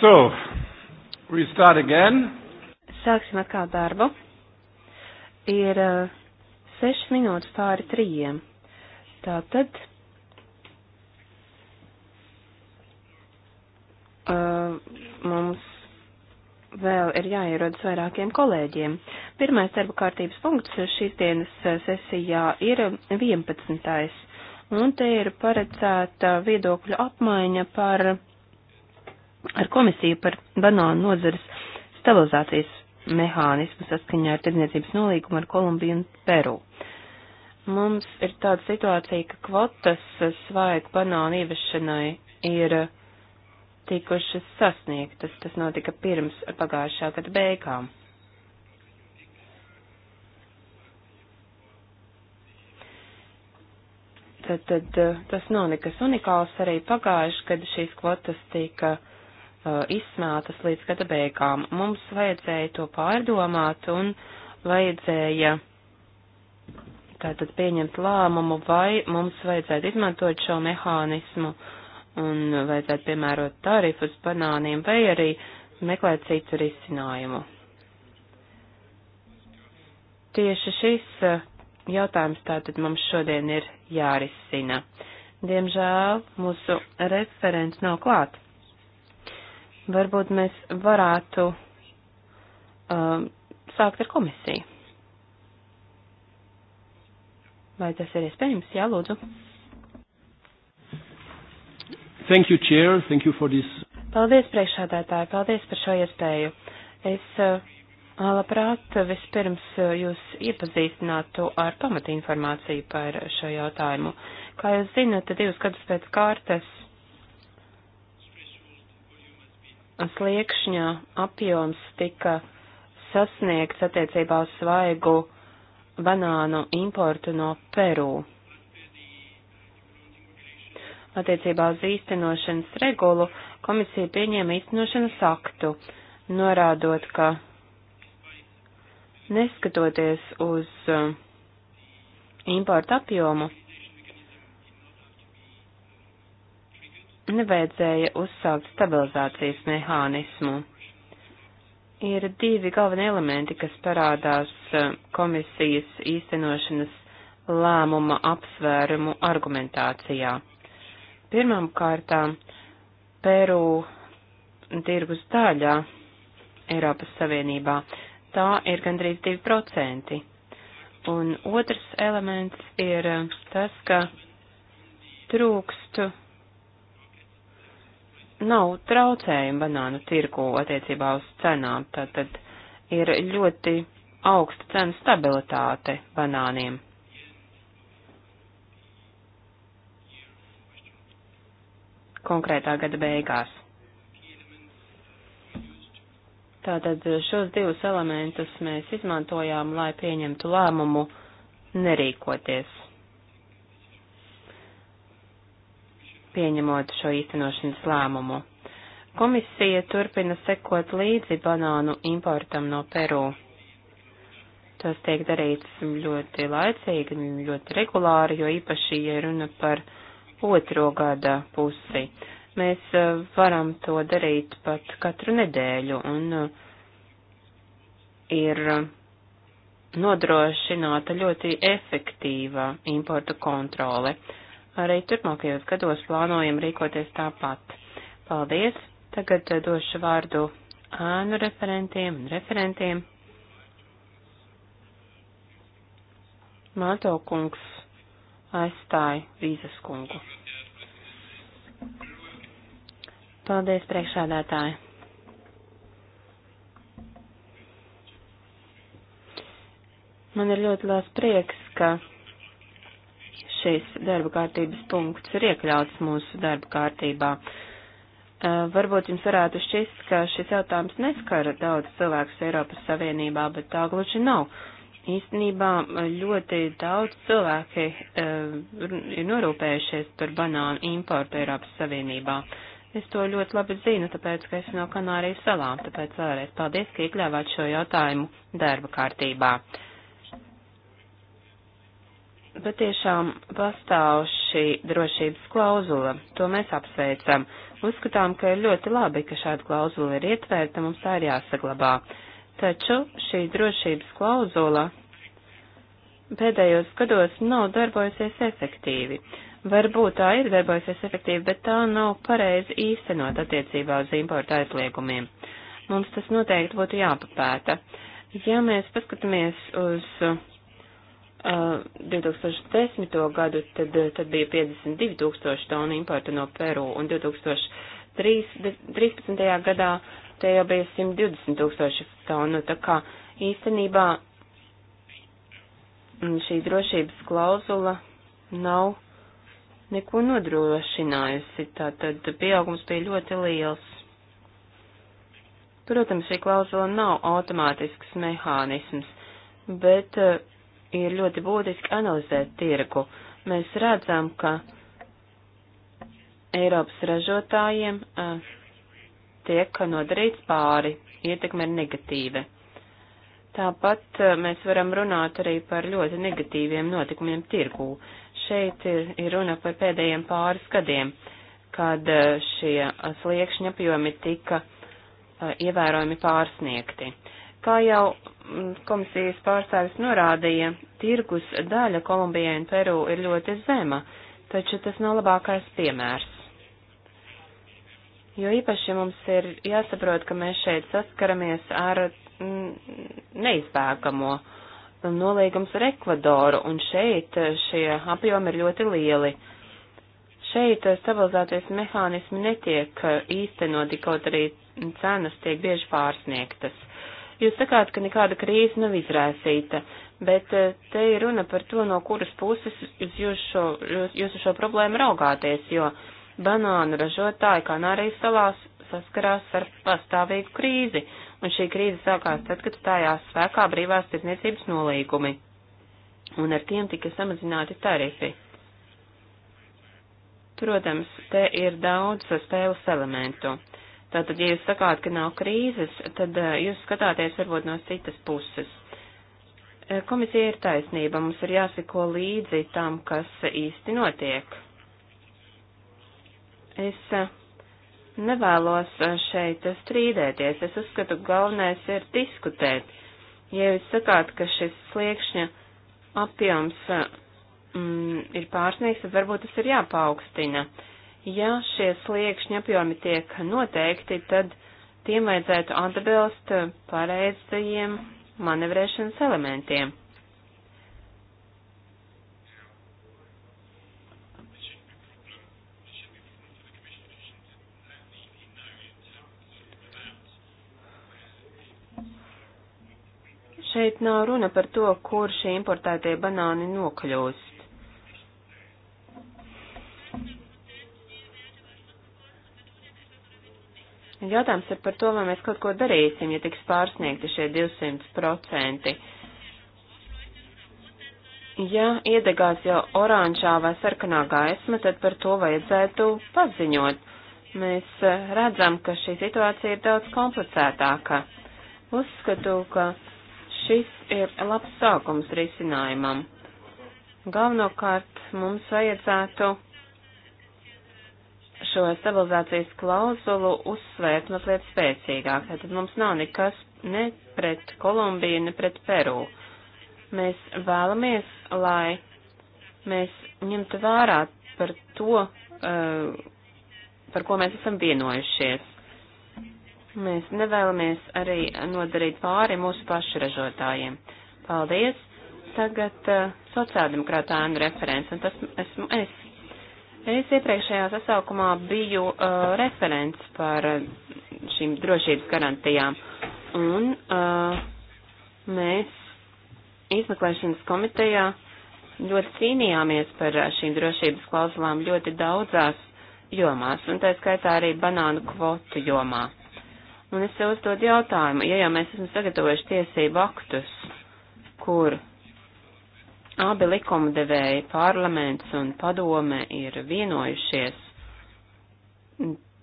So, we start again. Sāksim atkal darbu. Ir uh, eh, 6 minūtes pāri trījiem. Tātad uh, mums vēl ir jāierodas vairākiem kolēģiem. Pirmais darba kārtības punkts šīs dienas eh, sesijā ir 11. Un te ir paredzēta viedokļu apmaiņa par ar komisiju par banānu nozares stabilizācijas mehānismu saskaņā ar tirdzniecības nolīgumu ar Kolumbiju un Peru. Mums ir tāda situācija, ka kvotas svaigu banānu ieviešanai ir tikušas sasniegtas. Tas notika pirms pagājušā gada beigām. Tad, tad tas nav nekas unikāls. Arī pagājuši, kad šīs kvotas tika Uh, izsmeltas līdz gada beigām. Mums vajadzēja to pārdomāt un vajadzēja tātad pieņemt lēmumu, vai mums vajadzētu izmantot šo mehānismu un vajadzētu piemērot tarifus banāniem vai arī meklēt citu risinājumu. Tieši šis uh, jautājums tātad mums šodien ir jārisina. Diemžēl mūsu referents nav klāts. Varbūt mēs varētu um, sākt ar komisiju. Vai tas ir iespējams? Jā, lūdzu. Thank you, Chair. Thank you for this. Paldies, priekšādētāji. Paldies par šo iespēju. Es uh, labprāt vispirms uh, jūs iepazīstinātu ar pamatinformāciju par šo jautājumu. Kā jūs zinat, divus gadus pēc kārtas sliekšņa apjoms tika sasniegts attiecībā uz svaigu banānu importu no Peru. Attiecībā uz īstenošanas regulu komisija pieņēma īstenošanas aktu, norādot, ka neskatoties uz uh, importu apjomu, nevajadzēja uzsākt stabilizācijas mehānismu. Ir divi galveni elementi, kas parādās eh, komisijas īstenošanas lēmuma apsvērumu argumentācijā. Pirmām kārtām Peru tirgus daļā Eiropas Savienībā tā ir gandrīz 2%. Un otrs elements ir tas, ka trūkstu nav traucējumi banānu tirgu attiecībā uz cenām, tātad ir ļoti augsta cenu stabilitāte banāniem. Konkrētā gada beigās. Tātad šos divus elementus mēs izmantojām, lai pieņemtu lēmumu nerīkoties pieņemot šo īstenošanas lēmumu. Komisija turpina sekot līdzi banānu importam no Peru. Tas tiek darīts ļoti laicīgi, ļoti regulāri, jo īpaši, ja runa par otro gada pusi, mēs eh, varam to darīt pat katru nedēļu un eh, ir nodrošināta ļoti efektīva importa kontrole. Uh, Arī turpmākajos gados plānojam rīkoties tāpat. Paldies! Tagad eh, došu vārdu ānu referentiem un referentiem. Māto kungs aizstāja vīzas kungu. Paldies, priekšādātāji! Man ir ļoti liels prieks, ka šis darba kārtības punkts ir iekļauts mūsu darba kārtībā. Eh, varbūt jums varētu šķist, ka šis jautājums neskara daudz cilvēkus Eiropas Savienībā, bet tā gluži nav. Īstenībā eh, ļoti daudz cilvēki eh, ir norūpējušies par banānu importu Eiropas Savienībā. Es to ļoti labi zinu, tāpēc, ka esmu no Kanārijas salām, tāpēc vēlreiz paldies, ka iekļāvāt šo jautājumu darba kārtībā. Uh, patiešām pastāv šī drošības klauzula. To mēs apsveicam. Uzskatām, ka ir ļoti labi, ka šāda klauzula ir ietvērta, mums tā ir jāsaglabā. Taču šī drošības klauzula pēdējos gados nav darbojusies efektīvi. Varbūt tā ir darbojusies efektīvi, bet tā nav pareizi īstenot attiecībā uz importu aizliegumiem. Mums tas noteikti būtu jāpapēta. Ja mēs paskatāmies uz uh, 2010. Uh, gadu tad, eh, tad bija 52 tūkstoši tonu importu no Peru, un 2013. gadā te jau bija 120 tūkstoši tonu, tā kā īstenībā mm, šī drošības klauzula nav neko nodrošinājusi, tātad pieaugums bija ļoti liels. Protams, šī klauzula nav automātisks mehānisms, bet eh, ir ļoti būtiski analizēt tirgu. Mēs redzam, ka Eiropas ražotājiem uh, tiek nodarīts pāri, ietekme ir negatīva. Tāpat uh, mēs varam runāt arī par ļoti negatīviem notikumiem tirgū. Šeit ir, ir runa par pēdējiem pāris gadiem, kad uh, šie sliekšņa apjomi tika ievērojami pārsniegti. Kā jau mm, komisijas pārstāvis norādīja, tirgus daļa Kolumbijai un Peru ir ļoti zema, taču tas nav labākais piemērs. Jo īpaši mums ir jāsaprot, ka mēs šeit saskaramies ar mm, neizbēgamo nolīgums ar Ekvadoru, un šeit šie apjomi ir ļoti lieli. Šeit stabilizācijas mehānismi netiek īstenoti, kaut arī cenas tiek bieži pārsniegtas. Jūs sakāt, ka nekāda krīze nav izraisīta, bet eh, te ir runa par to, no kuras puses jūs uz šo, jūs, jūs šo problēmu raugāties, jo banānu ražotāji Kanārijas salās saskarās ar pastāvīgu krīzi, un šī krīze sākās tad, kad stājās spēkā brīvās tirdzniecības nolīgumi, un ar tiem tika samazināti tarifi. Protams, te ir daudz spēles elementu. Tātad, ja jūs sakāt, ka nav krīzes, tad eh, jūs skatāties varbūt no citas puses. Eh, komisija ir taisnība, mums ir jāseko līdzi tam, kas īsti notiek. Es eh, nevēlos šeit strīdēties, es uzskatu, galvenais ir diskutēt. Ja jūs sakāt, ka šis sliekšņa apjoms mm, ir pārsniegts, tad varbūt tas ir jāpaukstina. Uh, Ja šie sliekšņa apjomi tiek noteikti, tad tiem vajadzētu atbilst pareizajiem manevrēšanas elementiem. Šeit nav runa par to, kur šie importētie banāni nokļūs. Jautājums ir par to, vai mēs kaut ko darīsim, ja tiks pārsniegti šie 200%. Ja iedegās jau oranžā vai sarkanā gaisma, tad par to vajadzētu paziņot. Mēs eh, redzam, ka šī situācija ir daudz komplicētāka. Uzskatu, ka šis ir labs sākums risinājumam. Galvenokārt mums vajadzētu šo stabilizācijas klauzulu uzsvērt mazliet spēcīgāk. Tātad mums nav nekas ne pret Kolumbiju, ne pret Peru. Mēs vēlamies, lai mēs ņemtu vērā par to, eh, par ko mēs esam vienojušies. Mēs nevēlamies arī nodarīt pāri mūsu pašu ražotājiem. Paldies! Tagad eh, sociāldemokrātā referents, un tas esmu es. Es iepriekšējā sasaukumā biju uh, referents par uh, šīm drošības garantijām, un uh, mēs izmeklēšanas komitejā ļoti cīnījāmies par uh, šīm drošības klauzulām ļoti daudzās jomās, un tā skaitā arī banānu kvotu jomā. Un es sev uzdod jautājumu, ja jau mēs esam sagatavojuši tiesību aktus, kur abi likumdevēji, parlaments un padome, ir vienojušies,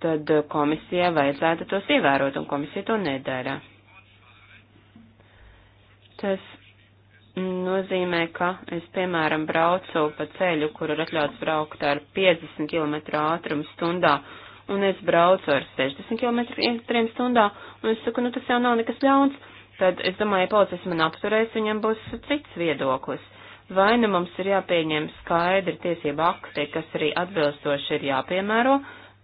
tad komisijai vajadzētu tos ievērot, un komisija to nedara. Tas nozīmē, ka es, piemēram, braucu pa ceļu, kur ir atļauts braukt ar 50 km ātrumu stundā, un es braucu ar 60 km stundā, un es saku, nu tas jau nav nekas ļauns, tad es domāju, ja policis man apturēs, viņam būs cits viedoklis vai nu mums ir jāpieņem skaidri tiesība akti, kas arī atbilstoši ir jāpiemēro,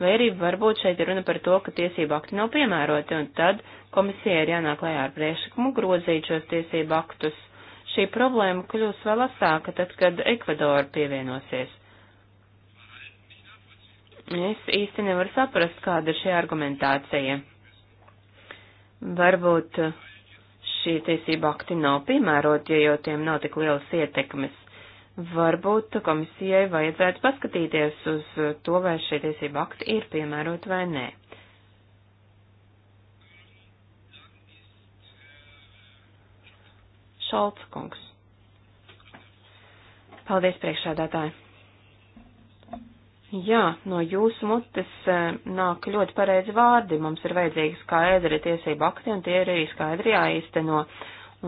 vai arī varbūt šeit ir runa par to, ka tiesība akti nav piemēroti, un tad komisija ir jānāk lējā ar priekšlikumu grozīt šos tiesību aktus. Šī problēma kļūs vēl asāka tad, kad Ekvadora pievienosies. Es īsti nevaru saprast, kāda ir šī argumentācija. Varbūt šie tiesība akti nav piemēroti, jo tiem nav tik lielas ietekmes. Varbūt komisijai vajadzētu paskatīties uz to, vai šie tiesība akti ir piemēroti vai nē. Šalts kungs. Paldies priekšādātāji. Jā, no jūsu mutes eh, nāk ļoti pareizi vārdi. Mums ir vajadzīgi skaidri tiesību akti, un tie ir arī skaidri jāīsteno.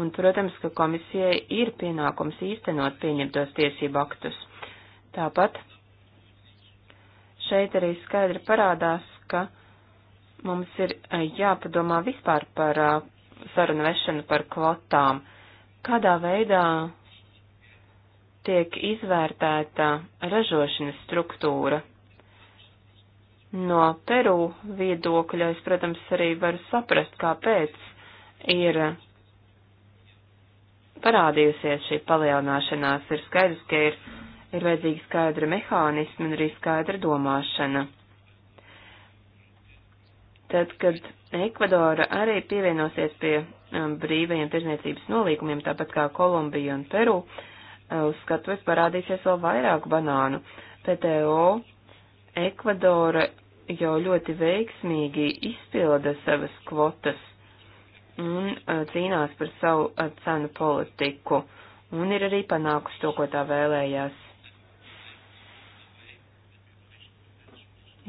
Un, protams, ka komisijai ir pienākums īstenot pieņemtos tiesību aktus. Tāpat šeit arī skaidri parādās, ka mums ir eh, jāpadomā vispār par eh, sarunu vešanu par kvotām. Kādā veidā tiek izvērtēta ražošanas struktūra. No Peru viedokļa es, protams, arī varu saprast, kāpēc ir parādījusies šī palielināšanās. Ir skaidrs, ka ir, ir vajadzīgi skaidra mehānismi un arī skaidra domāšana. Tad, kad Ekvadora arī pievienosies pie um, brīvajiem tirzniecības nolīkumiem, tāpat kā Kolumbija un Peru, uh, uz skatuves parādīsies vēl vairāk banānu. PTO Ekvadora jau ļoti veiksmīgi izpilda savas kvotas un uh, cīnās par savu uh, cenu politiku un ir arī panākusi to, ko tā vēlējās.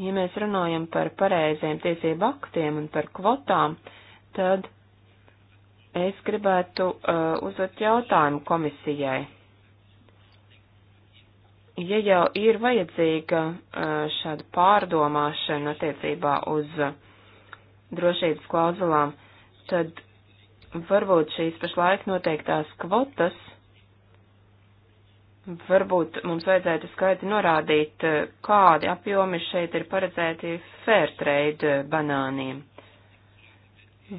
Ja mēs runājam par pareiziem tiesību aktiem un par kvotām, tad es gribētu uh, uzdot jautājumu komisijai ja jau ir vajadzīga eh, šāda pārdomāšana attiecībā uz eh, drošības klauzulām, tad varbūt šīs pašlaik noteiktās kvotas, varbūt mums vajadzētu skaidri norādīt, eh, kādi apjomi šeit ir paredzēti fair trade banāniem.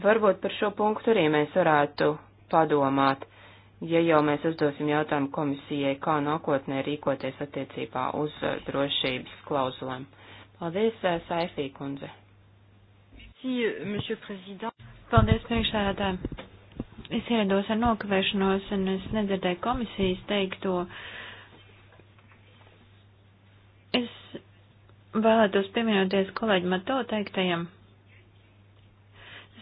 Varbūt par šo punktu arī mēs varētu padomāt ja jau mēs uzdosim jautājumu komisijai, kā nākotnē rīkoties attiecībā uz uh, drošības klauzulēm. Paldies, uh, Saifī kundze. Uh, Paldies, priekšsēdētāji. Es ierados ar nokavēšanos un es nedzirdēju komisijas teikto. Es vēlētos pievienoties kolēģi Mato teiktajam.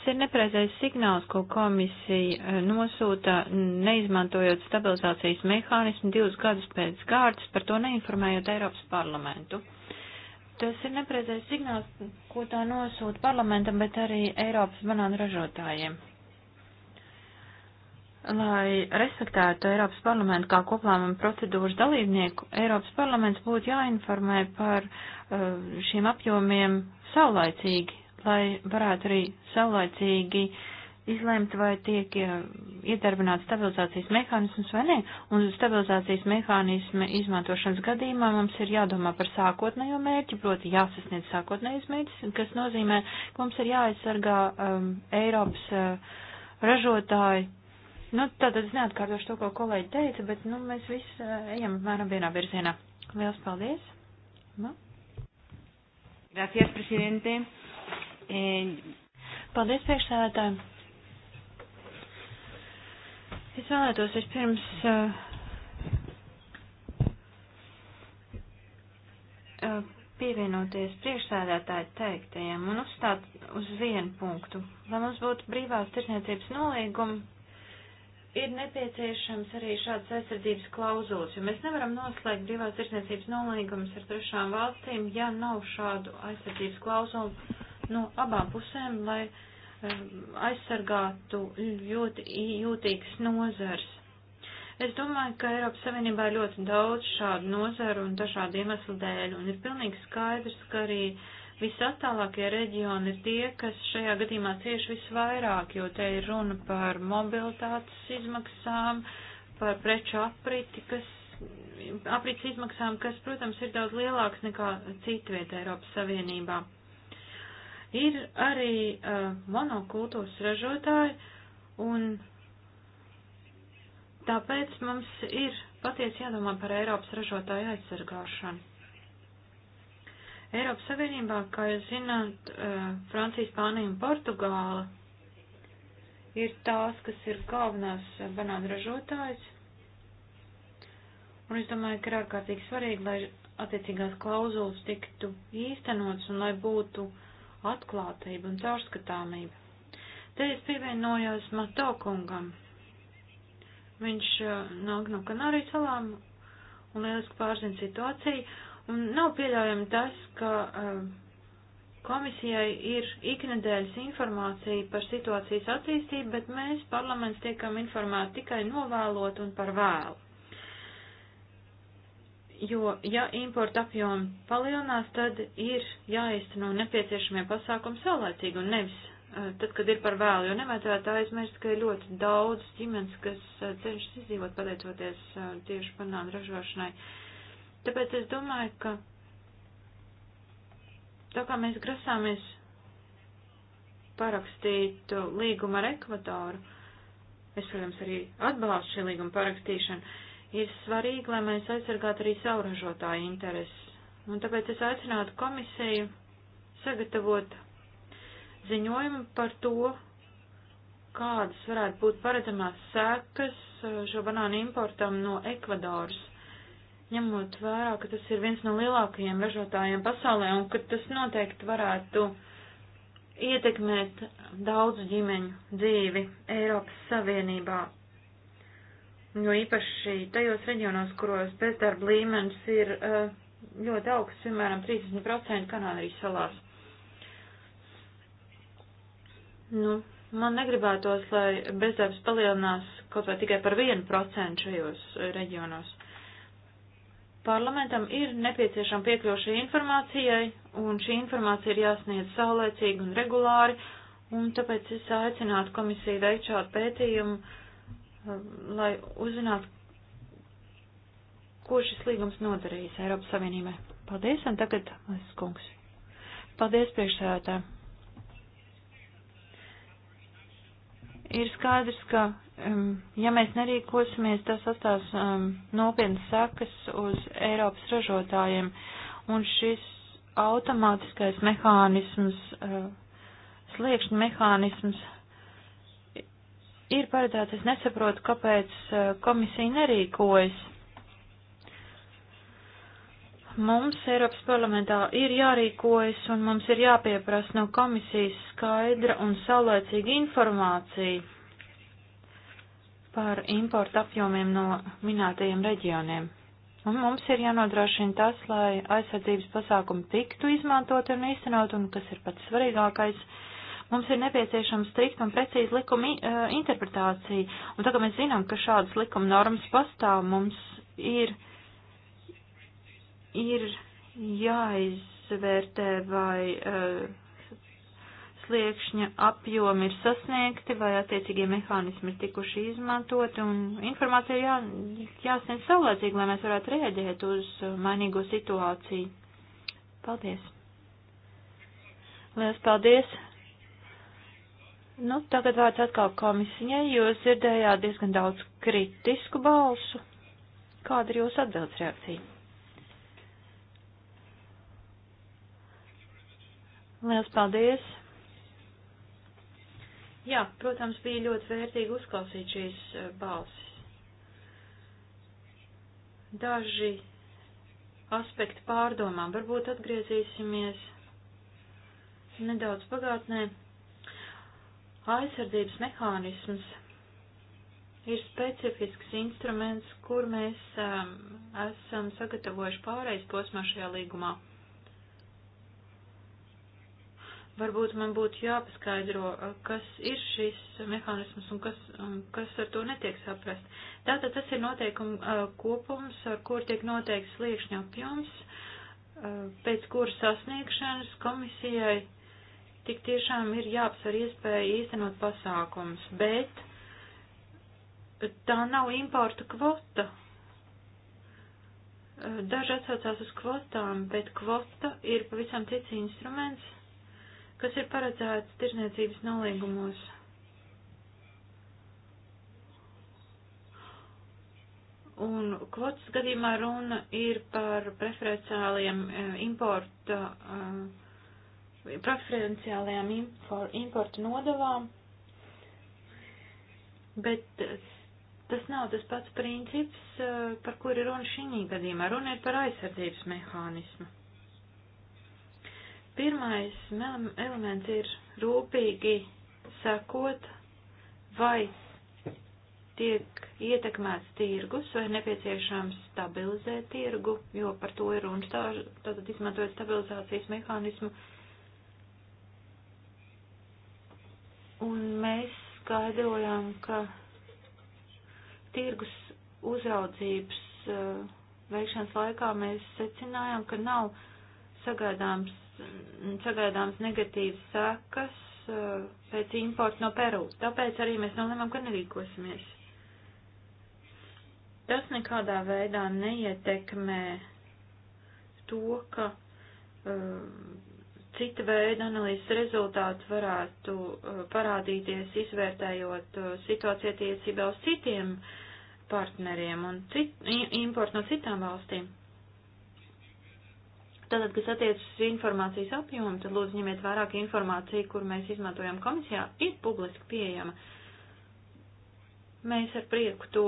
Tas ir nepreizais signāls, ko komisija eh, nosūta, neizmantojot stabilizācijas mehānismu divus gadus pēc kārtas, par to neinformējot Eiropas parlamentu. Tas ir nepreizais signāls, ko tā nosūta parlamentam, bet arī Eiropas banānu ražotājiem. Lai respektētu Eiropas parlamentu kā koplāmuma procedūras dalībnieku, Eiropas parlaments būtu jāinformē par eh, šiem apjomiem saulaicīgi, lai varētu arī saulaicīgi izlemt, vai tiek iedarbināts stabilizācijas mehānisms vai nē, un stabilizācijas mehānisma izmantošanas gadījumā mums ir jādomā par sākotnējo mērķi, proti jāsasniedz sākotnējais mērķis, kas nozīmē, ka mums ir jāaizsargā um, Eiropas uh, ražotāji. Nu, tātad es neatkārtošu to, ko kolēģi teica, bet, nu, mēs visi uh, ejam apmēram vienā virzienā. Liels paldies! Nu. Gracias, presidente. Paldies priekšsēdētājiem. Es vēlētos vispirms pievienoties priekšsēdētāju teiktajiem un uzstāt uz vienu punktu. Lai mums būtu brīvās tirsniecības nolīgumi, ir nepieciešams arī šāds aizsardzības klauzulis, jo mēs nevaram noslēgt brīvās tirsniecības nolīgumus ar trešām valstīm, ja nav šādu aizsardzības klauzulu no nu, abām pusēm, lai um, aizsargātu ļoti jūtīgas nozars. Es domāju, ka Eiropas Savienībā ir ļoti daudz šādu nozaru un dažādu iemeslu dēļ, un ir pilnīgi skaidrs, ka arī visattālākie reģioni ir tie, kas šajā gadījumā cieši visvairāk, jo te ir runa par mobilitātes izmaksām, par preču apriti, kas aprits izmaksām, kas, protams, ir daudz lielāks nekā citvieta Eiropas Savienībā. Ir arī uh, monokultūras ražotāji, un tāpēc mums ir patiesi jādomā par Eiropas ražotāju aizsargāšanu. Eiropas Savienībā, kā jūs zināt, uh, Francija, Spānija un Portugāla ir tās, kas ir galvenās banānu ražotājas. Un es domāju, ka ir ārkārtīgi svarīgi, lai attiecīgās klauzulas tiktu īstenots un lai būtu uh, atklātība un caurskatāmība. Te es pievienojos Mato kungam. Viņš uh, nāk no Kanārijas salām un lieliski pārzina situāciju, un nav pieļaujami tas, ka uh, komisijai ir iknedēļas informācija par situācijas attīstību, bet mēs parlaments tiekam informēti tikai novēlot un par vēlu jo, ja importa apjomi palielinās, tad ir jāizteno nepieciešamie pasākumi saulēcīgi un nevis eh, tad, kad ir par vēlu, jo nevajadzētu aizmirst, ka ir ļoti daudz ģimenes, kas eh, cenšas izdzīvot pateicoties eh, tieši banānu ražošanai. Tāpēc es domāju, ka tā kā mēs grasāmies parakstīt līgumu ar Ekvadoru, es, protams, arī atbalstu šī līguma parakstīšanu, ir svarīgi, lai mēs aizsargātu arī savu ražotāju intereses. Un tāpēc es aicinātu komisiju sagatavot ziņojumu par to, kādas varētu būt paredzamās sekas uh, šo banānu importam no Ekvadoras, ņemot vērā, ka tas ir viens no lielākajiem ražotājiem pasaulē un ka tas noteikti varētu ietekmēt daudzu ģimeņu dzīvi Eiropas Savienībā jo īpaši tajos reģionos, kuros bezdarba līmenis ir eh, ļoti augsts, piemēram, 30% Kanādijas salās. Nu, man negribētos, lai bezdarbs palielinās kaut vai tikai par 1% šajos eh, reģionos. Parlamentam ir nepieciešama piekļuva informācijai, un šī informācija ir jāsniedz saulēcīgi un regulāri, un tāpēc es aicinātu komisiju veikt šādu pētījumu, uh, lai uzzinātu, ko šis līgums nodarīs Eiropas Savienībai. Paldies, un tagad, Lēsis kungs. Paldies, priekšsēdētā. Ir skaidrs, ka, um, ja mēs nerīkosimies, tas atstās um, nopietnas sekas uz Eiropas ražotājiem, un šis automātiskais mehānisms, uh, sliekšņa mehānisms ir paredzēts, es nesaprotu, kāpēc eh, komisija nerīkojas. Mums Eiropas parlamentā ir jārīkojas un mums ir jāpieprasa no komisijas skaidra un saulēcīga informācija par importu apjomiem no minētajiem reģioniem. Un mums ir jānodrošina tas, lai aizsardzības pasākumi tiktu izmantot un īstenot, un kas ir pats svarīgākais, uh, Mums ir nepieciešama strikta un precīza likuma e, interpretācija. Un tagad mēs zinām, ka šādas likuma normas pastāv. Mums ir, ir jāizvērtē, vai uh, sliekšņa apjomi ir sasniegti, vai attiecīgie mehānismi ir tikuši izmantoti, un informācija jā, jāsniedz saulēcīgi, lai mēs varētu rēģēt uz e, mainīgo situāciju. Paldies! Lielas paldies! Nu, tagad vārds atkal komisijai, jūs dzirdējāt diezgan daudz kritisku balsu. Kāda ir jūsu atbildes reakcija? Liels paldies! Jā, protams, bija ļoti vērtīgi uzklausīt šīs e, balsis. Daži aspekti pārdomām varbūt atgriezīsimies nedaudz pagātnē. Aizsardzības mehānisms ir specifisks instruments, kur mēs um, esam sagatavojuši pārējais posmā šajā līgumā. Varbūt man būtu jāpaskaidro, uh, kas ir šis mehānisms un kas, un kas ar to netiek saprast. Tātad tas ir noteikumu uh, kopums, ar kur tiek noteikts sliekšņa apjoms, uh, pēc kuras sasniegšanas komisijai tik tiešām ir jāapsver iespēja īstenot pasākums, bet tā nav importa kvota. Daži atsaucās uz kvotām, bet kvota ir pavisam cits instruments, kas ir paredzēts tirzniecības nolīgumos. Un kvotas gadījumā runa ir par preferenciāliem eh, importa uh, preferenciālajām importu nodavām, bet tas nav tas pats princips, eh, par kuru ir runa šī gadījumā. Runa ir par aizsardzības mehānismu. Pirmais elements ir rūpīgi sekot, vai tiek ietekmēts tirgus vai nepieciešams stabilizēt tirgu, jo par to ir runa tātad izmantojot stabilizācijas mehānismu. Uh, Un mēs skaidrojām, ka tirgus uzraudzības uh, veikšanas laikā mēs secinājām, ka nav sagaidāms, sagaidāms negatīvas sekas uh, pēc importa no Peru. Tāpēc arī mēs nolēmām, ka nerīkosimies. Tas nekādā veidā neietekmē to, ka uh, cita veida analīzes rezultāti varētu uh, parādīties, izvērtējot uh, situāciju attiecībā uz citiem partneriem un cit, importu no citām valstīm. Tātad, kas attiecas uz informācijas apjomu, tad lūdzu ņemiet vairāk informāciju, kur mēs izmantojam komisijā, ir publiski pieejama. Mēs ar prieku to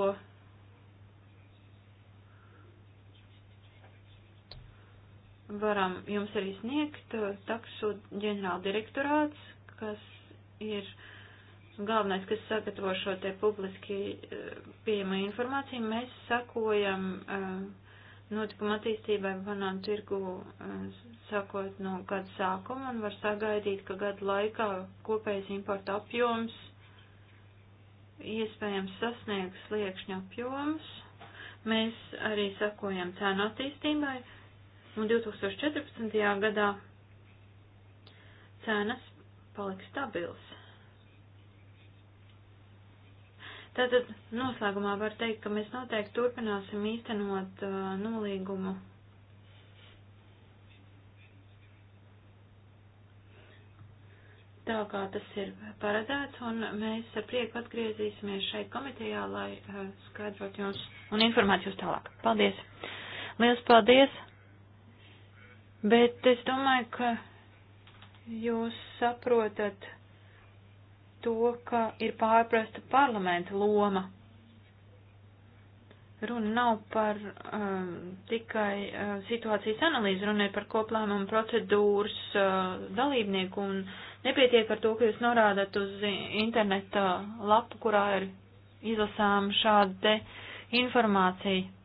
varam jums arī sniegt uh, taksu ģenerāla direktorāts, kas ir galvenais, kas sagatavo šo te publiski uh, pieejamo informāciju. Mēs sakojam uh, notikuma attīstībai banānu tirgu sākot no gada sākuma un var sagaidīt, ka gada laikā kopējais importa apjoms iespējams sasniegs sliekšņa apjoms. Mēs arī sakojam cēnu attīstībai un 2014. gadā cenas paliks stabils. Tātad noslēgumā var teikt, ka mēs noteikti turpināsim īstenot uh, nolīgumu. Tā kā tas ir paredzēts, un mēs ar prieku atgriezīsimies šeit komitejā, lai uh, skaidrot jums un informēt jūs tālāk. Paldies! Lielas paldies! Bet es domāju, ka jūs saprotat to, ka ir pārprasta parlamenta loma. Runa nav par um, tikai uh, situācijas analīzi, runa ir par koplēmumu procedūras uh, dalībnieku un nepietiek ar to, ka jūs norādat uz interneta lapu, kurā ir izlasām šāda informācija.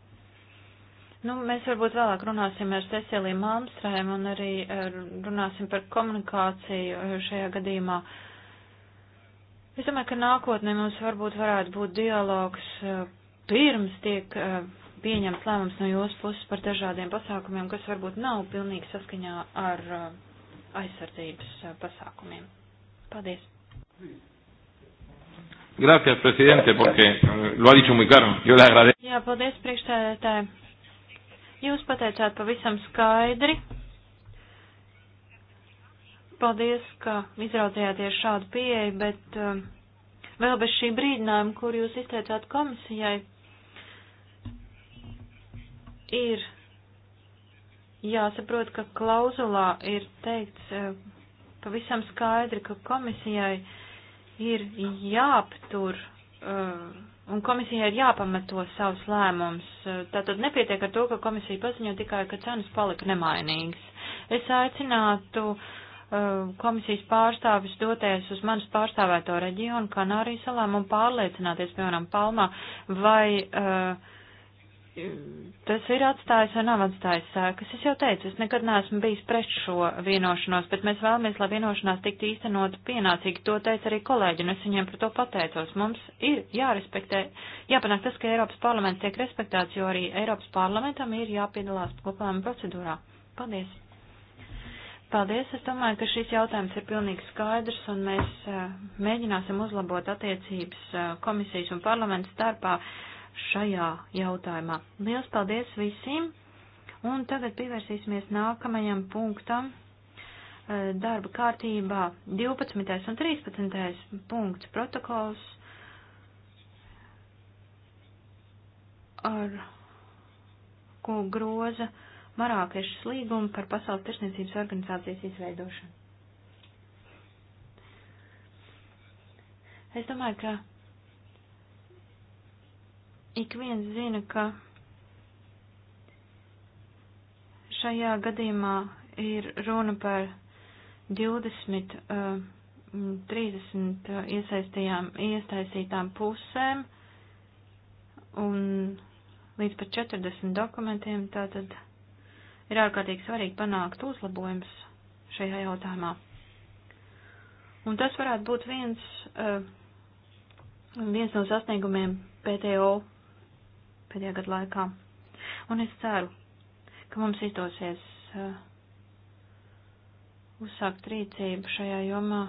Nu, mēs varbūt vēlāk runāsim ar Ceciliju Malmstrēm un arī e, runāsim par komunikāciju e, šajā gadījumā. Es domāju, ka nākotnē mums varbūt varētu būt dialogs e, pirms tiek pieņemts lēmums no jūsu puses par dažādiem pasākumiem, kas varbūt nav pilnīgi saskaņā ar aizsardzības pasākumiem. Paldies. Gracias, presidente, porque eh, lo ha dicho muy claro. Yo le agradezco. Jā, paldies, priekšstādētāji. Jūs pateicāt pavisam skaidri. Paldies, ka izraudzījāties šādu pieeju, bet uh, vēl bez šī brīdinājuma, kur jūs izteicāt komisijai, ir jāsaprot, ka klauzulā ir teikts uh, pavisam skaidri, ka komisijai ir jāaptur. Uh, Un komisijai ir jāpamato savus lēmumus. Tātad nepietiek ar to, ka komisija paziņo tikai, ka cenas palika nemainīgas. Es aicinātu uh, komisijas pārstāvis doties uz manas pārstāvēto reģionu, Kanārijas salām, un pārliecināties, piemēram, Palmā, vai uh, tas ir atstājis un nav atstājis sēkas. Es jau teicu, es nekad neesmu bijis pret šo vienošanos, bet mēs vēlamies, lai vienošanās tiktu īstenot pienācīgi. To teica arī kolēģi, un es viņiem par to pateicos. Mums ir jārespektē, jāpanāk tas, ka Eiropas parlaments tiek respektēts, jo arī Eiropas parlamentam ir jāpiedalās kopējām procedūrā. Paldies! Paldies! Es domāju, ka šis jautājums ir pilnīgi skaidrs, un mēs eh, mēģināsim uzlabot attiecības eh, komisijas un parlamentu starpā šajā jautājumā. Liels paldies visiem! Un tagad pievērsīsimies nākamajam punktam eh, darba kārtībā 12. un 13. punkts protokols ar ko groza Marākešas līgumu par Pasaules tirsniecības organizācijas izveidošanu. Es domāju, ka ik viens zina, ka šajā gadījumā ir runa par 20, 30 iesaistījām, iesaistītām pusēm un līdz pat 40 dokumentiem, tātad ir ārkārtīgi svarīgi panākt uzlabojums šajā jautājumā. Un tas varētu būt viens, eh, viens no sasniegumiem PTO pēdējā gada laikā. Un es ceru, ka mums izdosies uh, uzsākt rīcību šajā jomā.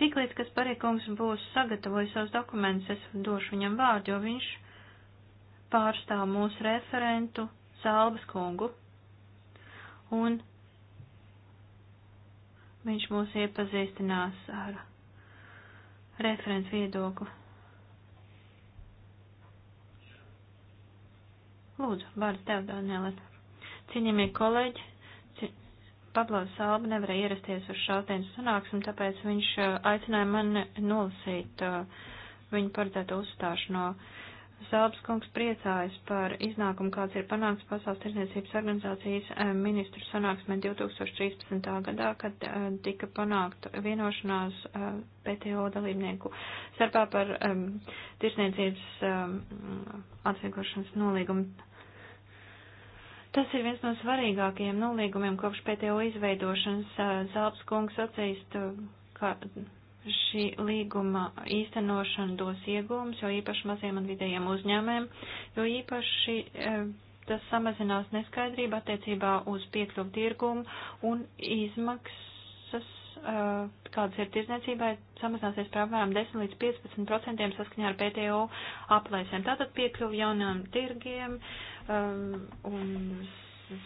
Tiklīdz, kas parīkums būs sagatavojis savus dokumentus, es došu viņam vārdu, jo viņš pārstāv mūsu referentu Zalbas kungu. Un viņš mūs iepazīstinās ar referents viedokli. Lūdzu, vārds tev, Danielis. Cienījamie kolēģi, ci... Pablo Salba nevarēja ierasties uz šādienas sanāksmi, tāpēc viņš uh, aicināja mani nolasīt uh, viņu paredzēto uzstāšanos. No Zalbs kungs priecājas par iznākumu, kāds ir panāks Pasaules tirdzniecības organizācijas eh, ministru sanāksmē 2013. gadā, kad eh, tika panākta vienošanās eh, PTO dalībnieku starpā par tirdzniecības atvieglošanas nolīgumu. Tas ir viens no svarīgākajiem nolīgumiem kopš PTO izveidošanas. Zalbs kungs atzīst, ka šī līguma īstenošana dos iegūmus, jo īpaši maziem un vidējiem uzņēmēm, jo īpaši e, tas samazinās neskaidrību attiecībā uz piekļuvu tirgumu un izmaksas, e, kādas ir tirzniecībai, samazināsies par apmēram 10 līdz 15 procentiem saskaņā ar PTO aplēsēm. Tātad piekļuvu jaunām tirgiem e, un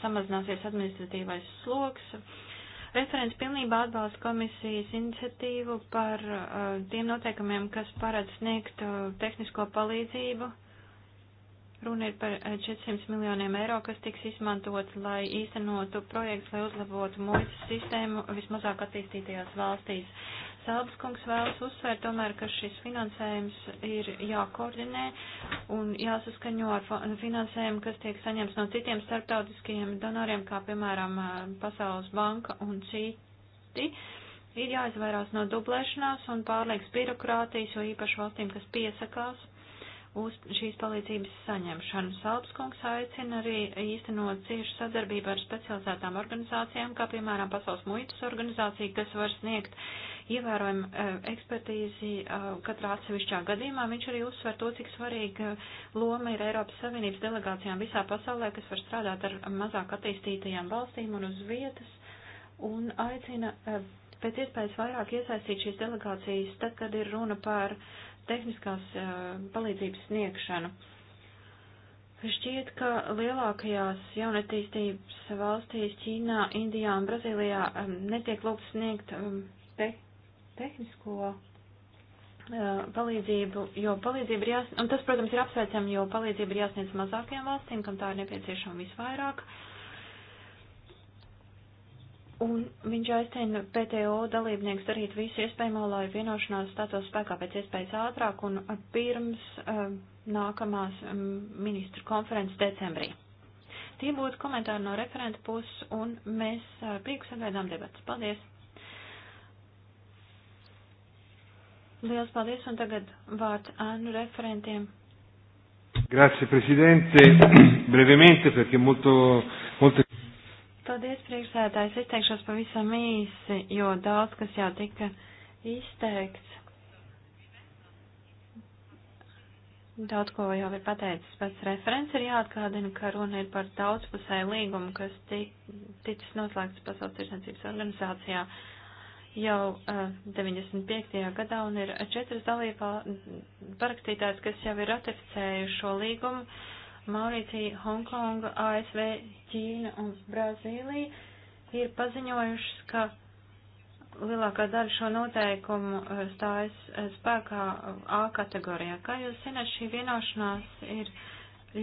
samazināsies administratīvais sloks Referents pilnībā atbalsta komisijas iniciatīvu par uh, tiem noteikumiem, kas paredz sniegt uh, tehnisko palīdzību. Runa ir par 400 uh, miljoniem eiro, kas tiks izmantot, lai īstenotu projekts, lai uzlabotu muitas sistēmu vismazāk attīstītajās valstīs. Saldas kungs vēlas uzsvērt tomēr, ka šis finansējums ir jākoordinē un jāsaskaņo ar finansējumu, kas tiek saņemts no citiem starptautiskajiem donoriem, kā piemēram eh, Pasaules banka un citi. Ir jāizvairās no dublēšanās un pārliekas birokrātijas, jo īpaši valstīm, kas piesakās uz šīs palīdzības saņemšanu. Salpskungs aicina arī īstenot ciešu sadarbību ar specializētām organizācijām, kā piemēram Pasaules muitas organizācija, kas var sniegt ievērojama e, ekspertīzi e, katrā atsevišķā gadījumā. Viņš arī uzsver to, cik svarīga loma ir Eiropas Savienības delegācijām visā pasaulē, kas var strādāt ar mazāk attīstītajām valstīm un uz vietas, un aicina e, pēc iespējas vairāk iesaistīt šīs delegācijas, tad, kad ir runa par tehniskās palīdzības sniegšanu. Šķiet, ka lielākajās jaunatīstības valstīs Ķīnā, Indijā un Brazīlijā netiek lūgts sniegt te tehnisko eh, palīdzību, jo palīdzība ir jāsniedz, un tas, protams, ir apsveicam, jo palīdzība ir jāsniedz mazākajām valstīm, kam tā ir nepieciešama visvairāk. Un viņš aicina PTO dalībniekus darīt visu iespējamo, lai vienošanās stātos spēkā pēc iespējas ātrāk un pirms uh, nākamās um, ministru konferences decembrī. Tie būtu komentāri no referenta puses, un mēs ar eh, prieku sagaidām debatas. Paldies! Liels paldies, un tagad vārds ēnu referentiem. Grazie, prezidente. Brevemente, perché molto, molto... Paldies, priekšsēdājs. Izteikšos pavisam īsi, jo daudz, kas jau tika izteikts. Daudz ko jau ir pateicis pats referents, ir jāatgādina, ka runa ir par daudzpusēju līgumu, kas ticis noslēgts Pasaules tirsniecības organizācijā. Uh, jau uh, 95. gadā un ir četras dalībā parakstītājs, kas jau ir ratificējuši šo līgumu - Maurīcija, Hongkonga, ASV, Ķīna un Brazīlija - ir paziņojušas, ka lielākā daļa šo noteikumu stājas spēkā A kategorijā. Kā jūs zināt, šī vienošanās ir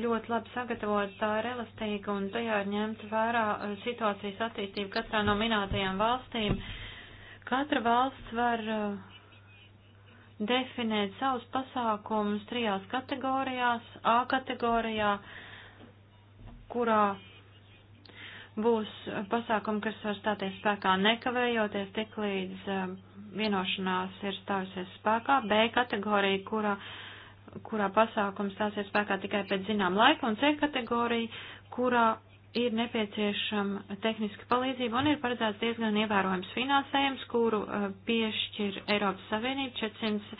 ļoti labi sagatavot, tā ir elastīga un tajā ir ņemta vērā situācijas attīstība katrā no minētajām valstīm. Uh, Katra valsts var uh, definēt savus pasākumus trijās kategorijās. A kategorijā, kurā būs pasākumi, kas var stāties spēkā nekavējoties tik līdz uh, vienošanās ir stājusies spēkā. B kategorija, kurā, kurā pasākums stāsies spēkā tikai pēc zinām laika. Un C kategorija, kurā ir nepieciešama tehniska palīdzība un ir paredzēts diezgan ievērojams finansējums, kuru uh, piešķir Eiropas Savienība 400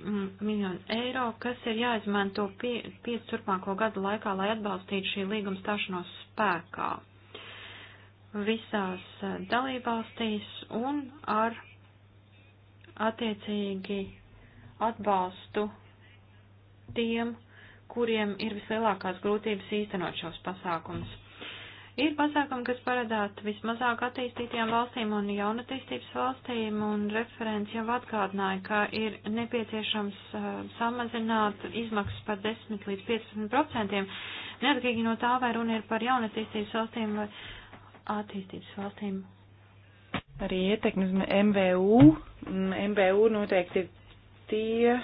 mm, miljonu eiro, kas ir jāizmanto pie, piecu turpmāko gadu laikā, lai atbalstītu šī līguma stāšanos spēkā visās uh, dalībvalstīs un ar attiecīgi atbalstu tiem, kuriem ir vislielākās grūtības īstenot šos pasākumus. Ir pasākumi, kas paredzēti vismazāk attīstītajām valstīm un jaunatīstības valstīm, un referents jau atgādināja, ka ir nepieciešams uh, samazināt izmaksas par 10 līdz 15 procentiem, neatkarīgi no tā, vai runa ir par jaunatīstības valstīm vai attīstības valstīm. Arī ietekmi uz MVU. MVU mm, noteikti ir tie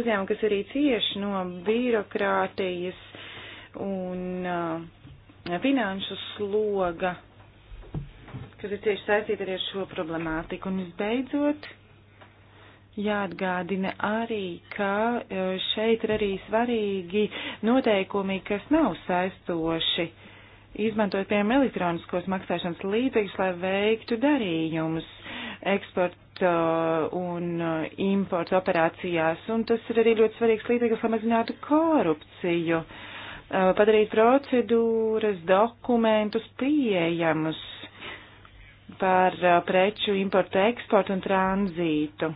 uzņēmumi, kas arī cieši no birokrātijas un uh, finanšu sloga, kas ir tieši saistīta arī ar šo problemātiku. Un visbeidzot, jāatgādina arī, ka e, šeit ir arī svarīgi noteikumi, kas nav saistoši. Izmantojot, piemēram, elektroniskos maksāšanas līdzekļus, lai veiktu darījumus eksporta e, un e, importa operācijās, un tas ir arī ļoti svarīgs līdzeklis, lai mazinātu korupciju. Uh, Uh, padarīt procedūras, dokumentus pieejamus par uh, preču importu, eksportu un tranzītu.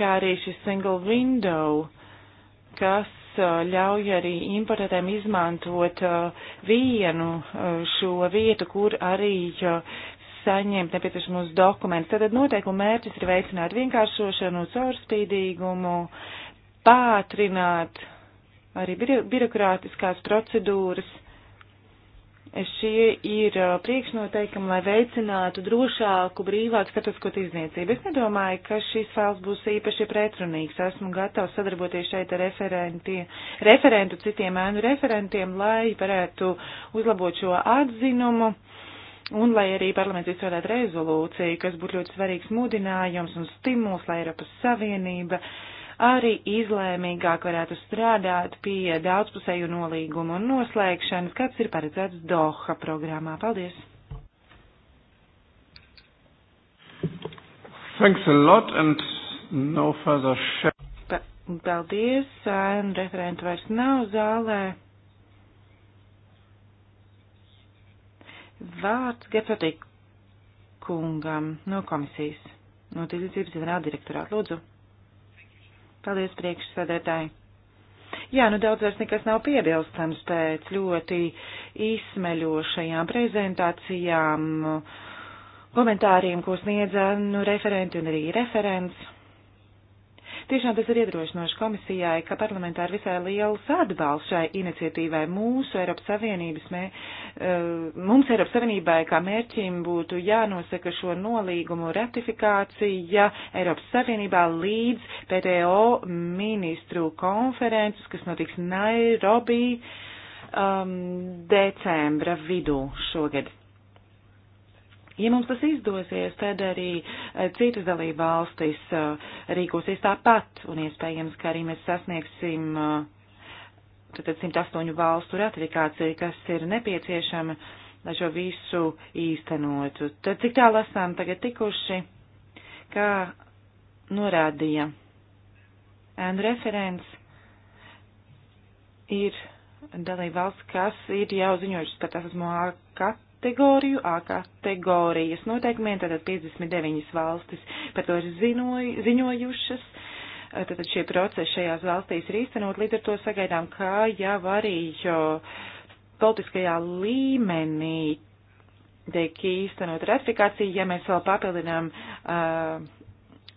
Kā arī šis single window, kas uh, ļauj arī importētēm izmantot vienu šo vietu, kur arī saņemt nepieciešamos dokumentus. Tātad noteikuma mērķis ir veicināt vienkāršošanu, caurspīdīgumu, uh, pātrināt arī birokrātiskās procedūras. Šie ir uh, priekšnoteikumi, lai veicinātu drošāku, brīvāku starptautisko izniecību. Es nedomāju, ka šis fails būs īpaši pretrunīgs. Esmu gatavs sadarboties šeit ar referentu, citiem ēnu referentiem, lai varētu uzlabot šo atzinumu un lai arī parlaments izstrādātu rezolūciju, kas būtu ļoti svarīgs mūdinājums un stimuls, lai Eiropas Savienība uh, arī izlēmīgāk varētu strādāt pie daudzpusēju nolīgumu un noslēgšanas, kāds ir paredzēts Doha programmā. Paldies! Thanks a lot and no further share. Pa paldies, referenti vairs nav zālē. Vārds Gepatik kungam no komisijas, no tīdzības ģenerāla direktorāta. Lūdzu. Paldies, priekšsēdētāji. Jā, nu daudz vairs nekas nav piebilstams pēc ļoti izsmeļošajām prezentācijām, komentāriem, ko sniedza nu, referenti un arī referents. Tiešām tas ir iedrošinoši komisijai, ka parlamentā ir visai liels atbalsts šai iniciatīvai. Mūsu Eiropas Savienības, mē, eh, mums Eiropas Savienībai kā mērķim būtu jānosaka šo nolīgumu ratifikācija Eiropas Savienībā līdz PTO ministru konferences, kas notiks Nairobi um, decembra vidū šogad. Ja mums tas izdosies, tad arī eh, citas dalība valstis eh, rīkosies tāpat, un iespējams, ka arī mēs sasniegsim tātad eh, 108 valstu ratifikāciju, kas ir nepieciešama, lai šo visu īstenotu. Tad cik tālu esam tagad tikuši, kā norādīja and referents, ir dalība valsts, kas ir jau ziņojušas, ka tas esmu kat kategoriju, A kategorijas noteikumiem, tātad 59 valstis par to ir zinoju, ziņojušas. Tātad šie procesi šajās valstīs ir īstenot, līdz ar to sagaidām, kā jau arī politiskajā līmenī tiek īstenot ratifikācija, ja mēs vēl papildinām uh,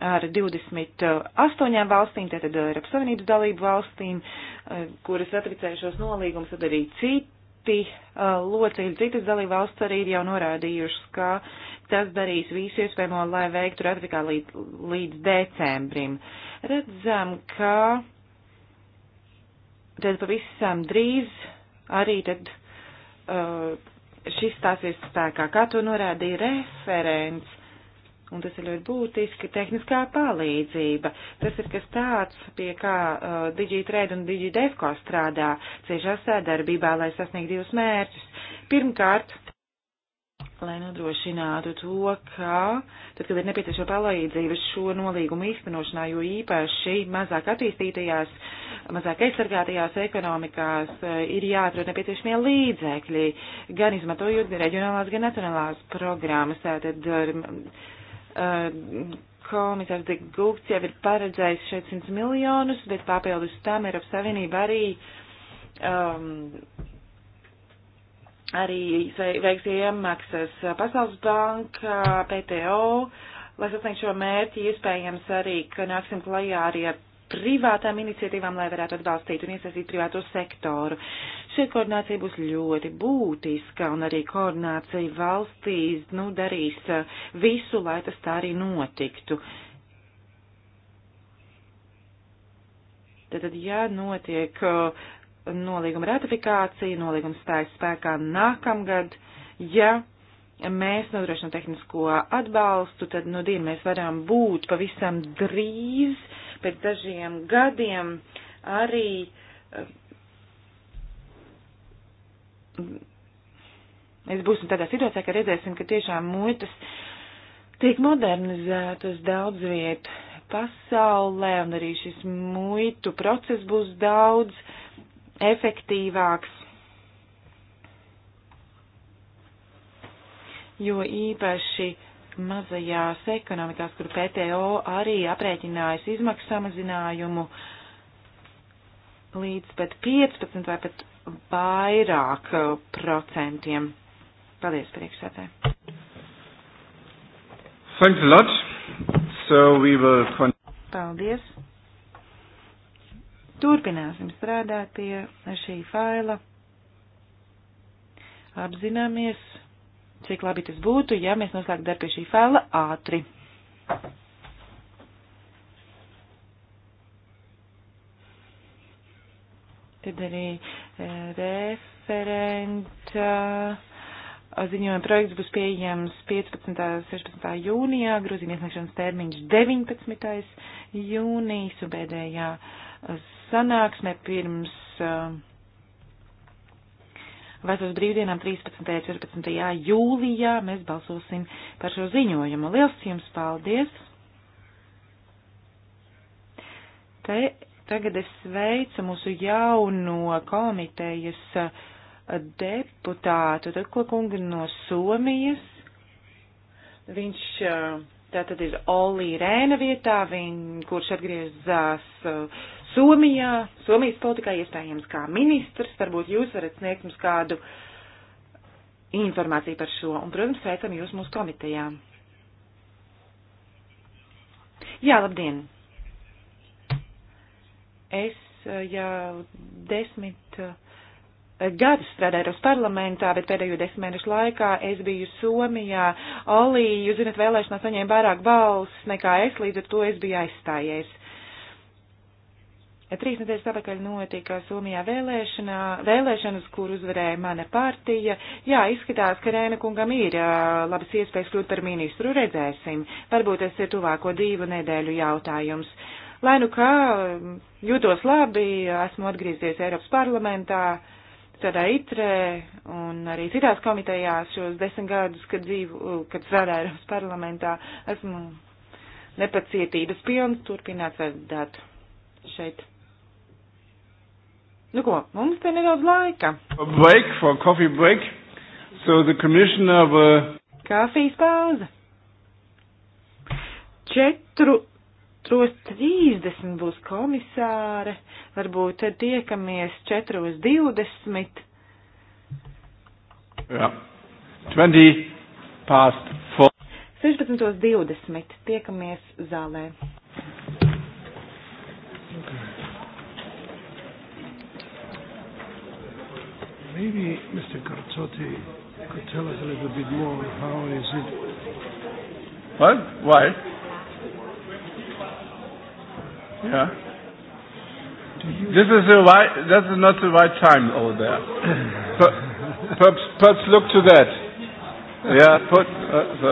ar 28 valstīm, tātad Eiropas Savienības dalību valstīm, uh, kuras ratificējušos nolīgumus, tad arī citu citi uh, locekļi, citas dalībvalsts arī ir jau norādījušas, ka tas darīs visu iespējamo, lai veiktu ratifikā līdz, līdz decembrim. Redzam, ka tad pavisam drīz arī tad uh, šis stāsies spēkā. Kā to norādīja referents, un tas ir ļoti būtiski, tehniskā palīdzība. Tas ir kas tāds, pie kā uh, DigiTrade un DigiDevco strādā ciešā sadarbībā, lai sasniegtu divus mērķus. Pirmkārt, lai nodrošinātu to, ka tad, kad ir nepieciešama palīdzība šo nolīgumu īstenošanā, jo īpaši mazāk attīstītajās, mazāk aizsargātajās ekonomikās uh, ir jāatrod nepieciešamie līdzekļi, gan izmantojot reģionālās, gan nacionālās programmas. Tātad, um, Eh, komisārs de Gūgts jau ir paredzējis šeit 100 miljonus, bet papildus tam Eiropas Savienība arī, um, arī veiks iemaksas Pasaules banka, PTO, lai sasniegtu šo mērķi, iespējams arī, ka nāksim klajā arī ar privātām iniciatīvām, lai varētu atbalstīt un iesaistīt privāto sektoru. Šī koordinācija būs ļoti būtiska un arī koordinācija valstīs, nu, darīs eh, visu, lai tas tā arī notiktu. Tātad, ja notiek eh, nolīguma ratifikācija, nolīguma stājas spēkā nākamgad, ja mēs nodrošinām tehnisko atbalstu, tad, nu, divi mēs varam būt pavisam drīz, pēc dažiem gadiem, arī eh, mēs būsim tādā situācijā, ka redzēsim, ka tiešām muitas tiek modernizētas daudz viet pasaulē, un arī šis muitu process būs daudz efektīvāks. Jo īpaši mazajās ekonomikās, kur PTO arī aprēķinājas izmaksu samazinājumu līdz pat 15 vai pat vairāk uh, procentiem. Paldies, priekšsēdē. Thanks a lot. So we will Paldies. Turpināsim strādāt pie šī faila. Apzināmies, cik labi tas būtu, ja mēs noslēgtu darbu pie šī faila ātri. Tad arī e, referenta e, ziņojuma projekts būs pieejams 15. un 16. jūnijā, grozījuma iesniegšanas termiņš 19. jūnijas un pēdējā e, sanāksme pirms vasaras brīvdienām 13. un 14. jūlijā mēs balsosim par šo ziņojumu. Liels jums paldies! Te Tagad es sveicu mūsu jauno komitejas eh, deputātu, tad ko kunga no Somijas. Viņš eh, tātad ir Olī Rēna vietā, viņ, kurš atgriezās eh, Somijā, Somijas politikā iestājams kā ministrs. Varbūt jūs varat sniegt mums kādu informāciju par šo. Un, protams, sveicam jūs mūsu komitejām. Jā, labdien! Es eh, jau desmit eh, gadus strādāju Eiropas parlamentā, bet pēdējo desmit mēnešu laikā es biju Somijā. Olī, jūs zinat, vēlēšanā saņēma vairāk balsis nekā es, līdz ar to es biju aizstājies. Trīs nedēļas atpakaļ notika Somijā vēlēšanā, vēlēšanas, kur uzvarēja mana partija. Jā, izskatās, ka Rēna kungam ir eh, labas iespējas kļūt par ministru. Redzēsim. Varbūt tas ir tuvāko divu nedēļu jautājums. Uh, Lai nu kā jūtos labi, esmu atgriezies Eiropas parlamentā, strādā ITRE un arī citās komitejās šos desmit gadus, kad dzīvu, kad strādāju Eiropas parlamentā, esmu nepacietības pilns turpināt strādāt šeit. Nu ko, mums te nedaudz laika. A break for coffee break. So the commissioner of... Uh... Kafijas pauze. Četru 4.30 būs komisāre, varbūt tad tiekamies 4.20. Jā, 20 past 4. 16.20. Tiekamies zālē. Maybe Mr. Garzotti could tell us a little bit more how is it? What? Why? Yeah. This is the right. That is not the right time over there. per, perhaps, perhaps look to that. Yeah. Put. Uh, the.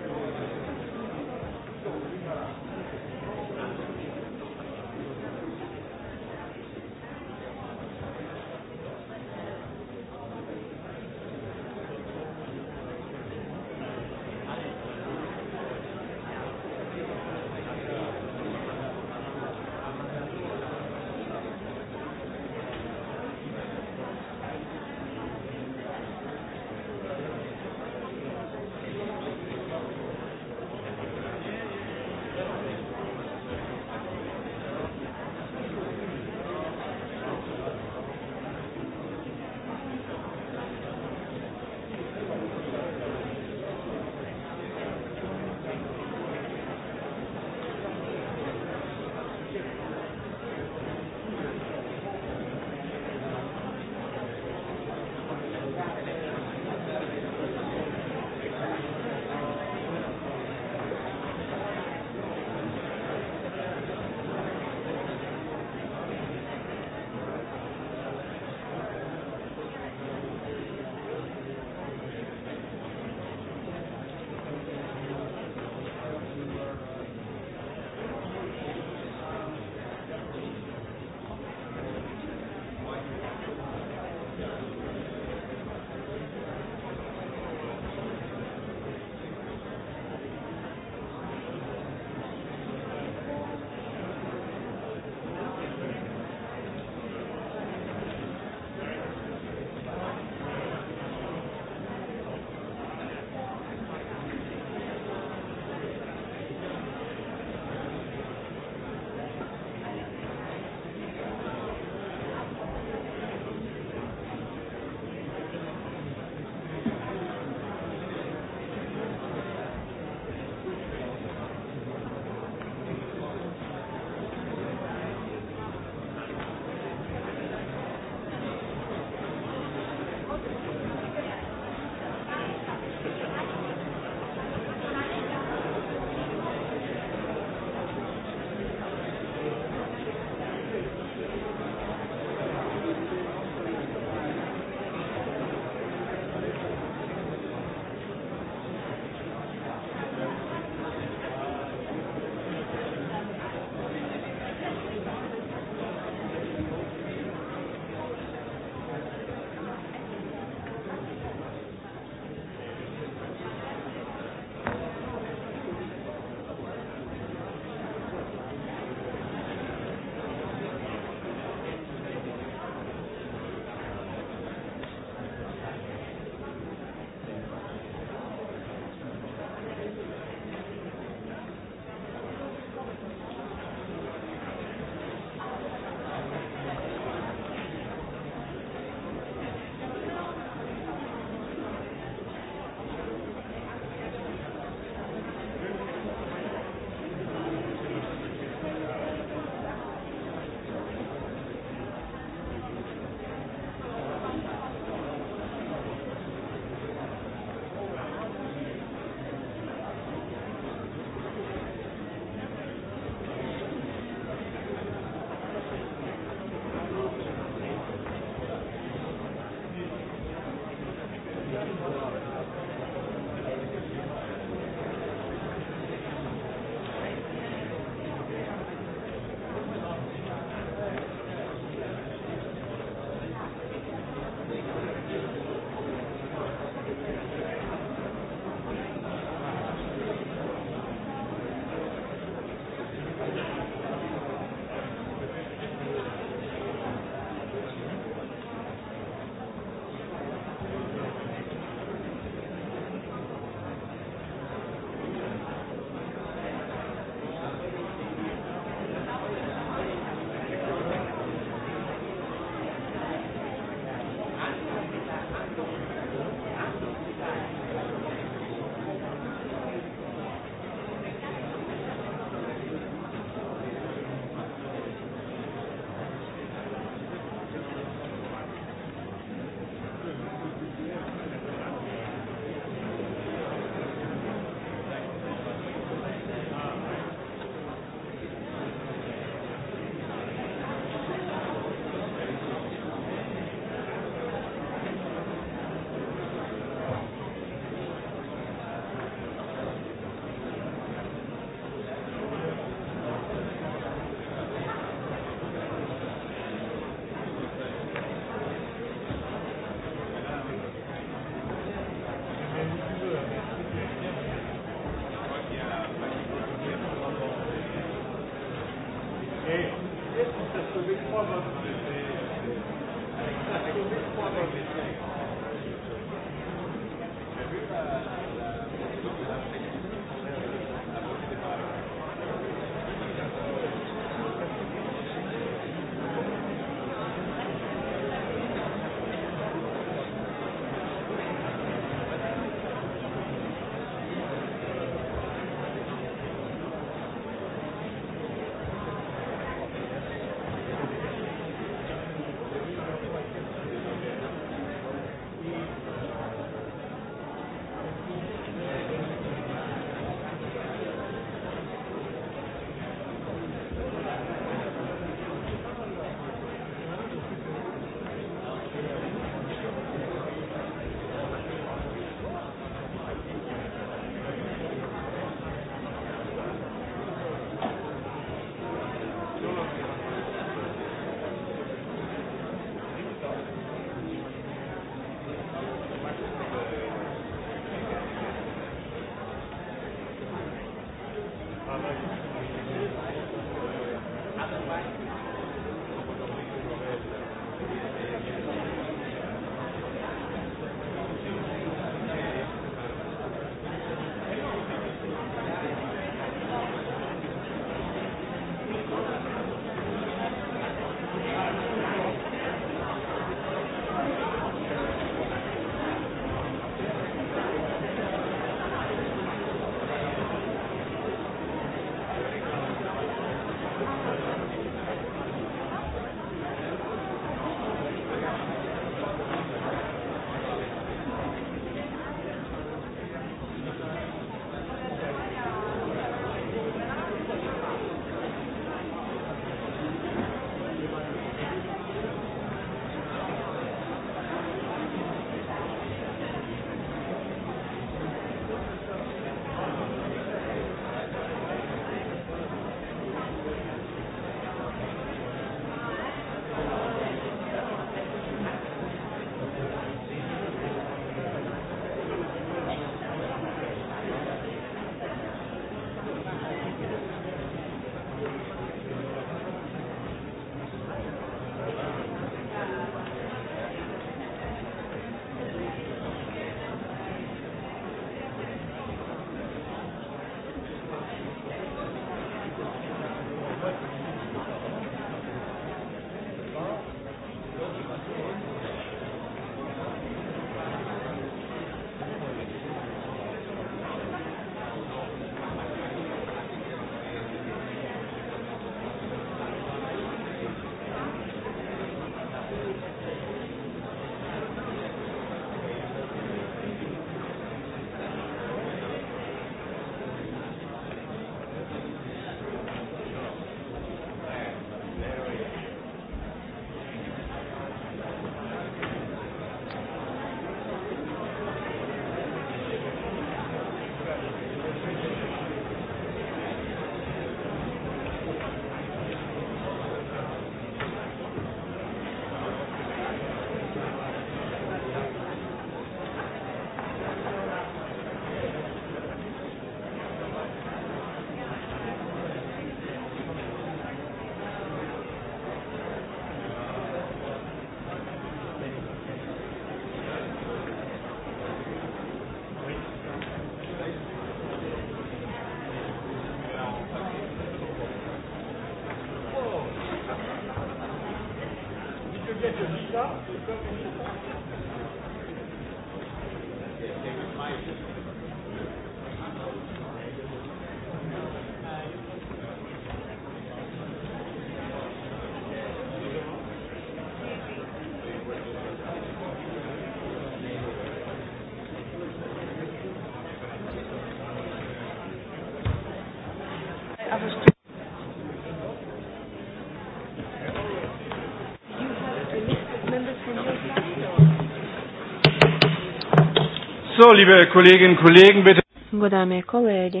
So, liebe Kolleginnen und Kollegen, bitte. Godāmie kolēģi,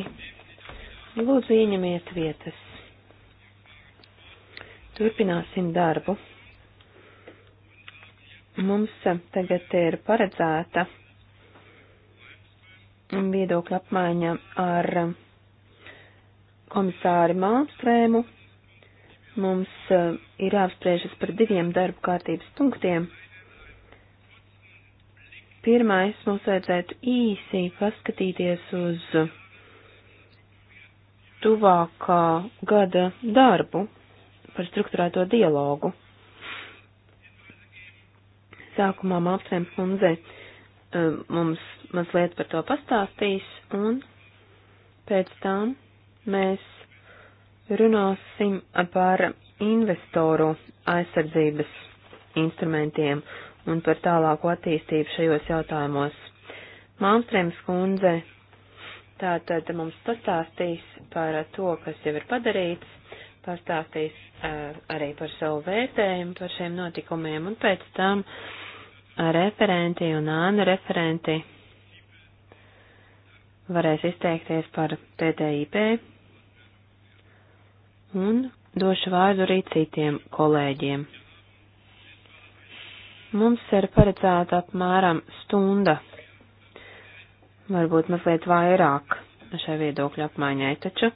lūdzu ieņemiet vietas. Turpināsim darbu. Mums tagad ir paredzēta viedokļa apmaiņa ar komisāri Mālstrēmu. Mums eh, ir jāapspriežas par diviem darba kārtības punktiem. Pirmais mums vajadzētu īsi paskatīties uz tuvākā gada darbu par struktūrēto dialogu. Sākumā Māpsēm kundze eh, mums mazliet par to pastāstīs, un pēc tam mēs runāsim par investoru aizsardzības instrumentiem un par tālāku attīstību šajos jautājumos. Māmstrēms kundze tātad mums pastāstīs par to, kas jau ir padarīts, pastāstīs uh, arī par savu vērtējumu par šiem notikumiem, un pēc tam referenti un āna referenti varēs izteikties par TTIP, un došu vārdu arī citiem kolēģiem. Mums ir paredzēta apmēram stunda, varbūt mazliet vairāk šai viedokļu apmaiņai, taču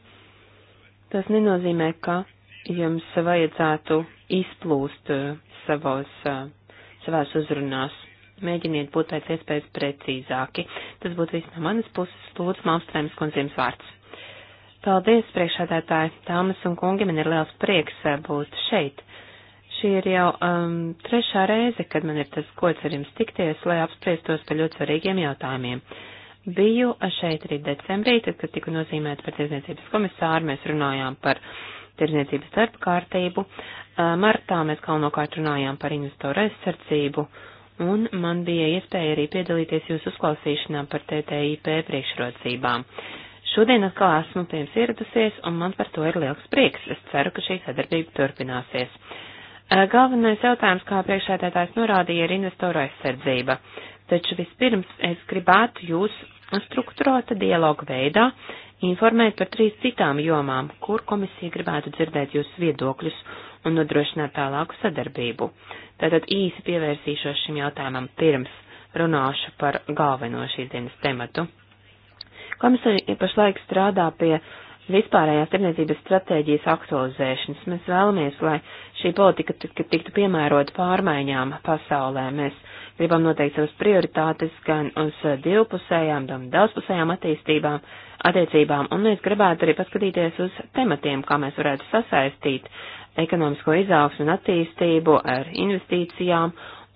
tas nenozīmē, ka jums vajadzētu izplūst uh, savos, uh, savās uzrunās. Mēģiniet būt pēc iespējas precīzāki. Tas būtu viss no manas puses. Lūdzu, Malmstrēms kundziems vārds. Paldies, priekšādātāji, tāmas un kungi, man ir liels prieks uh, būt šeit. Šī ir jau um, trešā reize, kad man ir tas gods ar jums tikties, lai apspriestos par ļoti svarīgiem jautājumiem. Biju šeit arī decembrī, tad, kad tika nozīmēta par tirzniecības komisāru, mēs runājām par tirzniecības darba kārtību. Uh, martā mēs galvenokārt runājām par investoru aizsardzību, un man bija iespēja arī piedalīties jūsu uzklausīšanā par TTIP priekšrocībām. Šodien atkal esmu pie jums ieradusies, un man par to ir liels prieks. Es ceru, ka šī sadarbība turpināsies. Galvenais jautājums, kā priekšētētājs norādīja, ir investoru aizsardzība. Taču vispirms es gribētu jūs struktūrota dialogu veidā informēt par trīs citām jomām, kur komisija gribētu dzirdēt jūsu viedokļus un nodrošināt tālāku sadarbību. Tātad īsi pievērsīšos šim jautājumam pirms runāšu par galveno šīs dienas tematu. Komisija pašlaik strādā pie vispārējās tirniecības stratēģijas aktualizēšanas. Mēs vēlamies, lai šī politika tiktu piemērota pārmaiņām pasaulē. Mēs gribam noteikt savas prioritātes gan uz divpusējām, gan daudzpusējām attīstībām, attiecībām, un mēs gribētu arī paskatīties uz tematiem, kā mēs varētu sasaistīt ekonomisko izaugsmu un attīstību ar investīcijām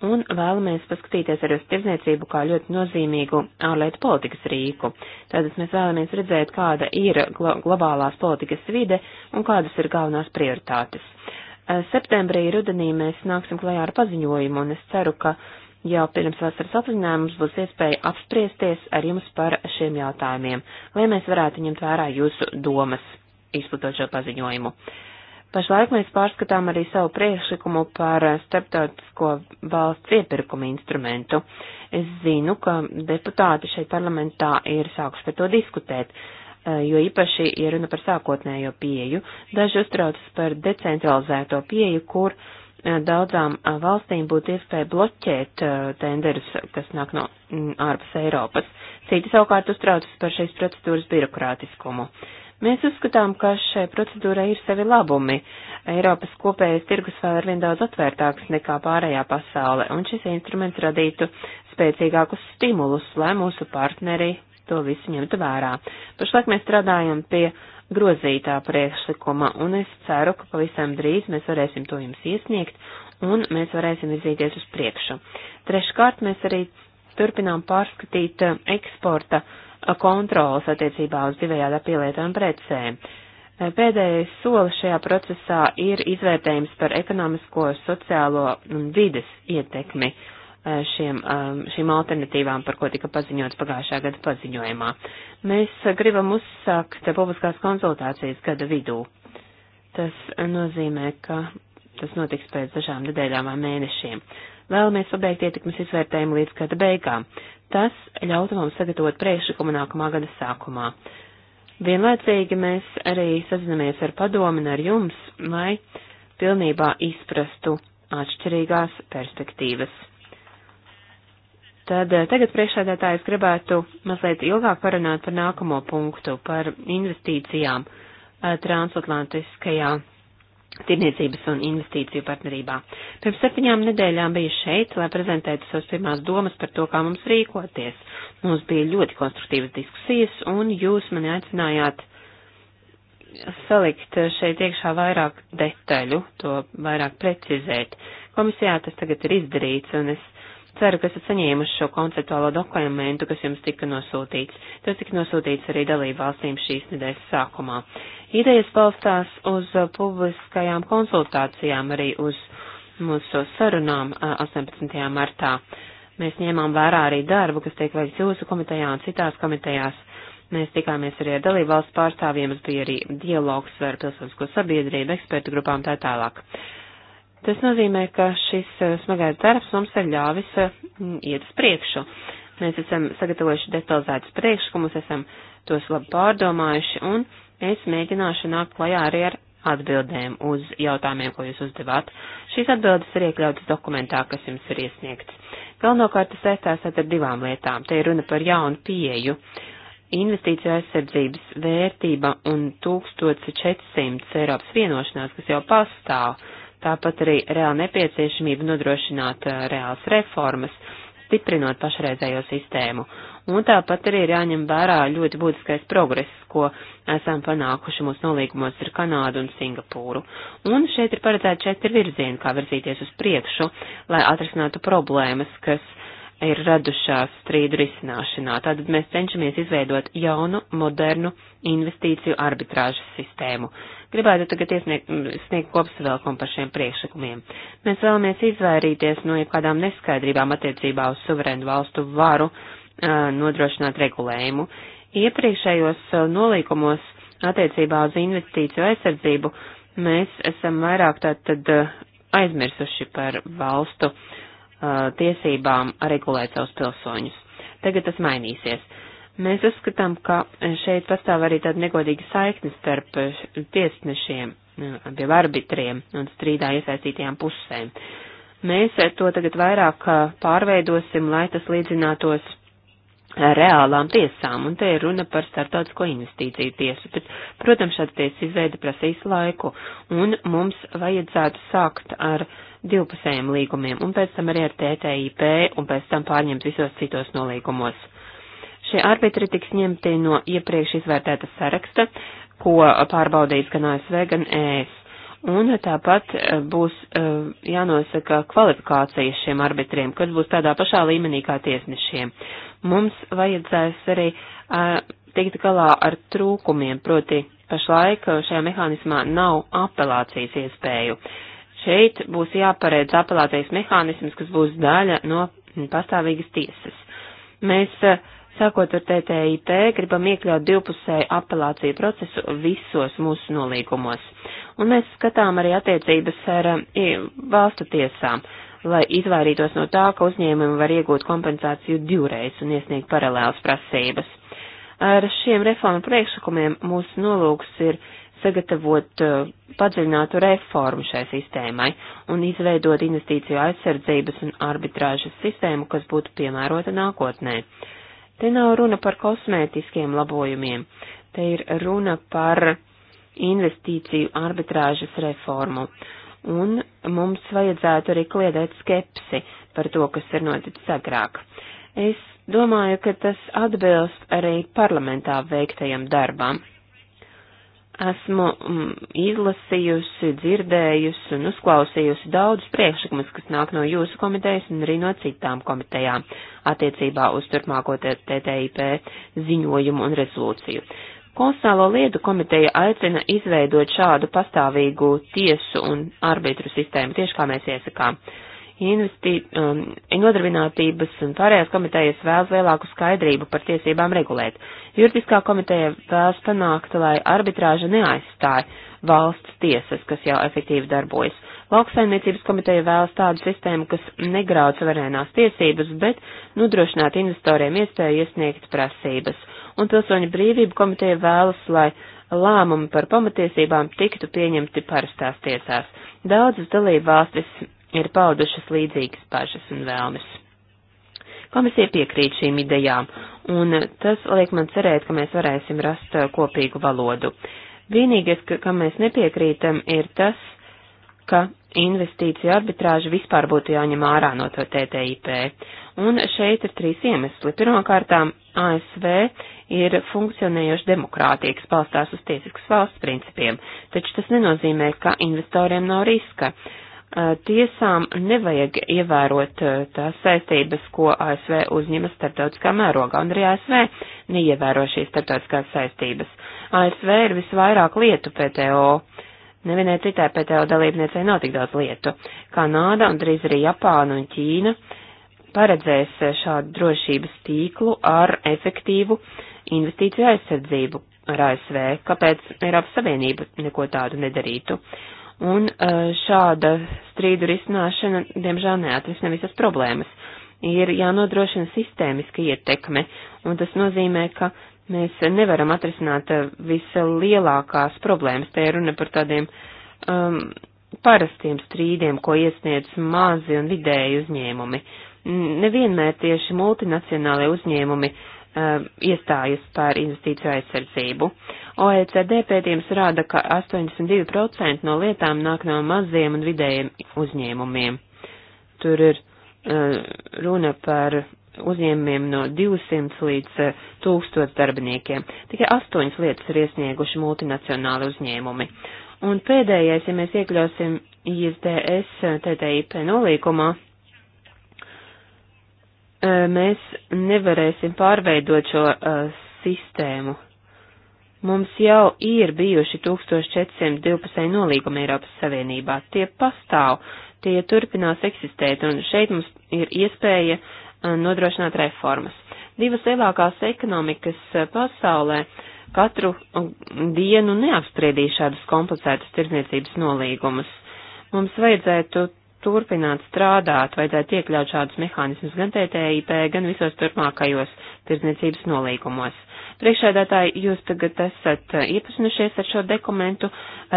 un vēlamies paskatīties arī uz tirdzniecību kā ļoti nozīmīgu ārlietu politikas rīku. Tātad mēs vēlamies redzēt, kāda ir glo globālās politikas vide un kādas ir galvenās prioritātes. Eh, septembrī rudenī mēs nāksim klajā ar paziņojumu, un es ceru, ka jau pirms vasaras atvaļinājuma mums būs iespēja apspriesties ar jums par šiem jautājumiem, lai mēs varētu ņemt vērā jūsu domas, izplatot šo paziņojumu. Uh, Pašlaik mēs pārskatām arī savu priekšlikumu par starptautisko valsts iepirkumu instrumentu. Es zinu, ka deputāti šeit parlamentā ir sākuši par to diskutēt, eh, jo īpaši ir runa par sākotnējo pieju. Daži uztraucas par decentralizēto pieju, kur eh, daudzām eh, valstīm būtu iespēja bloķēt tenderus, kas nāk no mm, ārpus Eiropas. Citi savukārt uztraucas par šīs procedūras birokrātiskumu. Uh, Mēs uzskatām, ka šai procedūrai ir sevi labumi. Eiropas kopējais tirgus vēl ir vien daudz atvērtāks nekā pārējā pasaule, un šis instruments radītu spēcīgākus stimulus, lai mūsu partneri to visu ņemtu vērā. Pašlaik mēs strādājam pie grozītā priekšlikuma, un es ceru, ka pavisam drīz mēs varēsim to jums iesniegt, un mēs varēsim virzīties uz priekšu. Treškārt mēs arī turpinām pārskatīt eh, eksporta uh, kontrolas attiecībā uz divējādā pielietojuma precēm. Pēdējais solis šajā procesā ir izvērtējums par ekonomisko, sociālo un vides ietekmi eh, šiem, um, šīm alternatīvām, par ko tika paziņots pagājušā gada paziņojumā. Mēs gribam uzsākt publiskās konsultācijas gada vidū. Tas nozīmē, ka tas notiks pēc dažām nedēļām vai mēnešiem. Uh, vēlamies pabeigt ietekmes izvērtējumu līdz gada beigām. Tas ļautu mums sagatavot priekšlikumu nākamā gada sākumā. Vienlaicīgi mēs arī sazinamies ar padomi un ar jums, lai pilnībā izprastu atšķirīgās perspektīvas. Tad eh, tagad priekšādātājs gribētu mazliet ilgāk parunāt par nākamo punktu, par investīcijām eh, transatlantiskajā tirniecības un investīciju partnerībā. Pirms septiņām nedēļām biju šeit, lai prezentētu savas pirmās domas par to, kā mums rīkoties. Mums bija ļoti konstruktīvas diskusijas, un jūs mani aicinājāt salikt šeit iekšā vairāk detaļu, to vairāk precizēt. Komisijā tas tagad ir izdarīts, un es Ceru, ka esat saņēmuši šo konceptuālo dokumentu, kas jums tika nosūtīts. Tas tika nosūtīts arī dalību valstīm šīs nedēļas sākumā. Idejas balstās uz uh, publiskajām konsultācijām, arī uz mūsu sarunām 18. Uh, martā. Mēs ņēmām vērā arī darbu, kas tiek veikts jūsu komitejā un citās komitejās. Mēs tikāmies arī ar dalību valsts pārstāvjiem, mums bija arī dialogs ar pilsonisko sabiedrību, ekspertu grupām tā tālāk. Uh, Tas nozīmē, ka šis uh, smagais darbs mums ir ļāvis uh, iet uz priekšu. Mēs esam sagatavojuši detalizētus priekšlikumus, esam tos labi pārdomājuši, un es mēģināšu nākt klajā arī ar atbildēm uz jautājumiem, ko jūs uzdevāt. Šīs atbildes ir iekļautas dokumentā, kas jums ir iesniegts. Galvenokārt tas saistās ar divām lietām. Te ir runa par jaunu pieeju. Investīciju aizsardzības vērtība un 1400 Eiropas vienošanās, kas jau pastāv tāpat arī reāla nepieciešamība nodrošināt eh, reāls reformas, stiprinot pašreizējo sistēmu. Un tāpat arī ir jāņem vērā ļoti būtiskais progress, ko esam panākuši mūsu nolīgumos ar Kanādu un Singapūru. Un šeit ir paredzēti četri virzieni, kā virzīties uz priekšu, lai atrisinātu problēmas, kas ir radušās strīdu risināšanā. Tātad mēs cenšamies izveidot jaunu, modernu investīciju arbitrāžas sistēmu gribētu tagad iesniegt, mm, sniegt kopsavilkumu par šiem priekšlikumiem. Mēs vēlamies izvairīties no jebkādām neskaidrībām attiecībā uz suverēnu valstu varu nodrošināt regulējumu. Iepriekšējos nolīkumos attiecībā uz investīciju aizsardzību mēs esam vairāk tātad aizmirsuši par valstu uh, tiesībām regulēt savus pilsoņus. Tagad tas mainīsies. Uh, Mēs uzskatām, ka šeit pastāv arī tāda negodīga saikne starp tiesnešiem, abiem arbitriem un strīdā iesaistītajām pusēm. Mēs to tagad vairāk pārveidosim, lai tas līdzinātos reālām tiesām, un te ir runa par startautisko investīciju tiesu, bet, protams, šāda tiesa izveida prasīs laiku, un mums vajadzētu sākt ar divpusējiem līgumiem, un pēc tam arī ar TTIP, un pēc tam pārņemt visos citos nolīgumos. Šie arbitri tiks ņemti no iepriekš izvērtēta saraksta, ko pārbaudīs gan ASV, gan ES. Un tāpat e, būs e, jānosaka kvalifikācija šiem arbitriem, kas būs tādā pašā līmenī kā tiesnešiem. Mums vajadzēs arī e, tikt galā ar trūkumiem, proti pašlaik šajā mehānismā nav apelācijas iespēju. Šeit būs jāparedz apelācijas mehānisms, kas būs daļa no pastāvīgas tiesas. Mēs uh, Sākot ar TTIP, gribam iekļaut divpusēju apelāciju procesu visos mūsu nolīgumos. Un mēs skatām arī attiecības ar e, valstu tiesām, lai izvairītos no tā, ka uzņēmumi var iegūt kompensāciju divreiz un iesniegt paralēlas prasības. Ar šiem reformu priekšlikumiem mūsu nolūks ir sagatavot uh, padziļinātu reformu šai sistēmai un izveidot investīciju aizsardzības un arbitrāžas sistēmu, kas būtu piemērota nākotnē. Uh, Te nav runa par kosmētiskiem labojumiem, te ir runa par investīciju arbitrāžas reformu. Un mums vajadzētu arī kliedēt skepsi par to, kas ir noticis agrāk. Es domāju, ka tas atbilst arī parlamentā veiktajam darbam esmu mm, izlasījusi, dzirdējusi un uzklausījusi daudz priekšlikumus, kas nāk no jūsu komitejas un arī no citām komitejām attiecībā uz turpmāko TTIP ziņojumu un rezolūciju. Konstitucionālo lietu komiteja aicina izveidot šādu pastāvīgu tiesu un arbitru sistēmu, tieši kā mēs iesakām. Uh, investī, um, nodarbinātības un pārējās komitejas vēlas lielāku skaidrību par tiesībām regulēt. Juridiskā komiteja vēlas panākt, lai arbitrāža neaizstāja valsts tiesas, kas jau efektīvi darbojas. Lauksaimniecības komiteja vēlas tādu sistēmu, kas negrauc suverēnās tiesības, bet nodrošinātu investoriem iespēju iesniegt prasības. Un pilsoņu brīvību komiteja vēlas, lai lēmumi par pamatiesībām tiktu pieņemti parastās tiesās. Daudzas dalībvalstis ir paudušas līdzīgas pašas un vēlmes. Komisija piekrīt šīm idejām, un tas liek man cerēt, ka mēs varēsim rast uh, kopīgu valodu. Vienīgais, ka, kam mēs nepiekrītam, ir tas, ka investīcija arbitrāža vispār būtu jāņem ārā no to TTIP. Un šeit ir trīs iemesli. Pirmkārtām, ASV ir funkcionējoša demokrātija, kas balstās uz tiesiskas valsts principiem, taču tas nenozīmē, ka investoriem nav riska. Uh, Eh, tiesām nevajag ievērot eh, tās saistības, ko ASV uzņemas starptautiskā mērogā, un arī ASV neievēro šīs starptautiskās saistības. ASV ir visvairāk lietu PTO. Nevienai citai PTO dalībniecei nav tik daudz lietu. Kanāda un drīz arī Japāna un Ķīna paredzēs eh, šādu drošības tīklu ar efektīvu investīciju aizsardzību ar ASV, kāpēc Eiropas Savienība neko tādu nedarītu. Uh, un eh, šāda strīdu risināšana, diemžēl, neatrisina visas problēmas. Ir jānodrošina sistēmiska ietekme, un tas nozīmē, ka mēs nevaram atrisināt eh, vislielākās problēmas. Te ir runa par tādiem um, parastiem strīdiem, ko iesniedz mazi un vidēji uzņēmumi. Nevienmēr tieši multinacionālai uzņēmumi uh, iestājas par investīciju aizsardzību. Uh, OECD pētījums rāda, ka 82% no lietām nāk no maziem un vidējiem uzņēmumiem. Tur ir uh, runa par uzņēmumiem no 200 līdz uh, eh, 1000 darbiniekiem. Tikai 8 lietas ir iesnieguši multinacionāli uzņēmumi. Un pēdējais, ja mēs iekļausim ISDS eh, TTIP nolīkumā, mēs nevarēsim pārveidot šo uh, sistēmu Mums jau ir bijuši 1400 divpusēji nolīgumi Eiropas Savienībā. Tie pastāv, tie turpinās eksistēt, un šeit mums ir iespēja uh, nodrošināt reformas. Divas lielākās ekonomikas uh, pasaulē katru uh, dienu neapspriedīs šādus komplicētus tirdzniecības nolīgumus. Mums vajadzētu turpināt strādāt, vajadzētu iekļaut šādus mehānismus gan TTIP, gan visos turpmākajos tirdzniecības nolīgumos. Priekšēdētāji, jūs tagad esat iepazinušies ar šo dokumentu,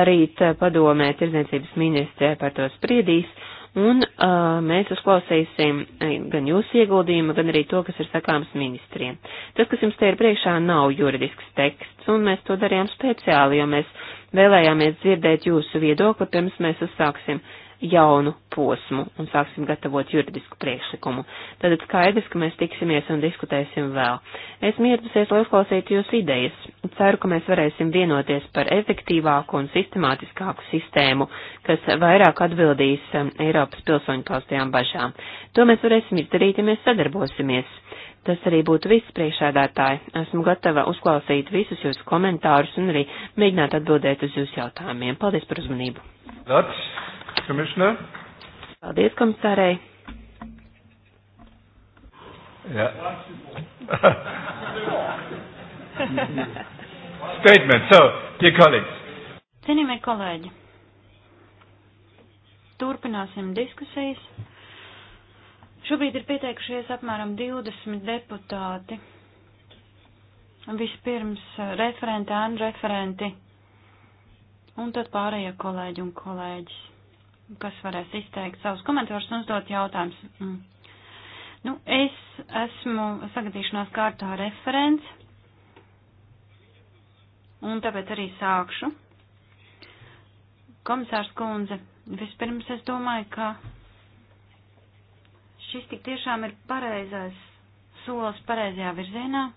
rīt padomē tirdzniecības ministrē par to spriedīs, un uh, mēs uzklausīsim eh, gan jūsu ieguldījumu, gan arī to, kas ir sakāms ministriem. Tas, kas jums te ir priekšā, nav juridisks teksts, un mēs to darījām speciāli, jo mēs vēlējāmies dzirdēt jūsu viedokli, pirms mēs uzsāksim jaunu posmu un sāksim gatavot juridisku priekšlikumu. Tad skaidrs, ka mēs tiksimies un diskutēsim vēl. Esmu ieradusies, lai uzklausītu jūsu idejas. Ceru, ka mēs varēsim vienoties par efektīvāku un sistemātiskāku sistēmu, kas vairāk atbildīs um, Eiropas pilsoņu paustajām bažām. To mēs varēsim izdarīt, ja mēs sadarbosimies. Tas arī būtu viss priekšādātāji. Esmu gatava uzklausīt visus jūsu komentārus un arī mēģināt atbildēt uz jūsu jautājumiem. Paldies par uzmanību. Lots. Commissioner. Paldies, komisārei. Jā. Statement. So, dear colleagues. Cienījamie kolēģi, turpināsim diskusijas. Šobrīd ir pieteikušies apmēram 20 deputāti. Vispirms eh, referenti, ānu referenti un tad pārējie kolēģi un kolēģis kas varēs izteikt savus komentārus un uzdot jautājumus. Mm. Nu, es esmu sagadīšanās kārtā referents, un tāpēc arī sākšu. Komisārs Kunze, vispirms es domāju, ka šis tik tiešām ir pareizais solis pareizajā virzienā.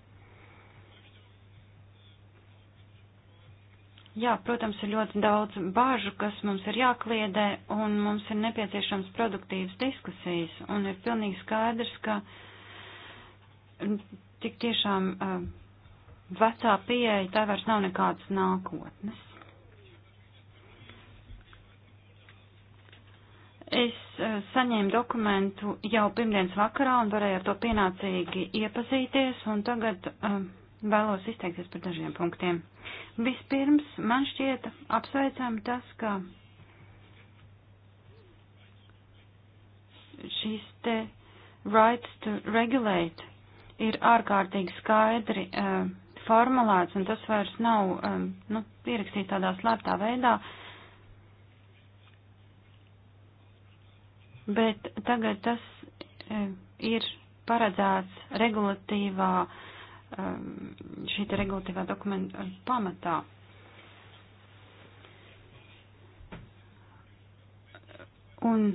Jā, protams, ir ļoti daudz bāžu, kas mums ir jākliedē, un mums ir nepieciešams produktīvas diskusijas, un ir pilnīgi skaidrs, ka tik tiešām eh, vecā pieeja, tā vairs nav nekādas nākotnes. Es eh, saņēmu dokumentu jau pirmdienas vakarā un varēju ar to pienācīgi iepazīties, un tagad uh, vēlos izteikties par dažiem punktiem. Vispirms, man šķiet apsveicami tas, ka šīs te rights to regulate ir ārkārtīgi skaidri uh, formulēts, un tas vairs nav um, nu, pierakstīts tādā slēptā veidā. Bet tagad tas uh, ir paredzēts regulatīvā uh, Um, šī regulatīvā dokumenta pamatā. Un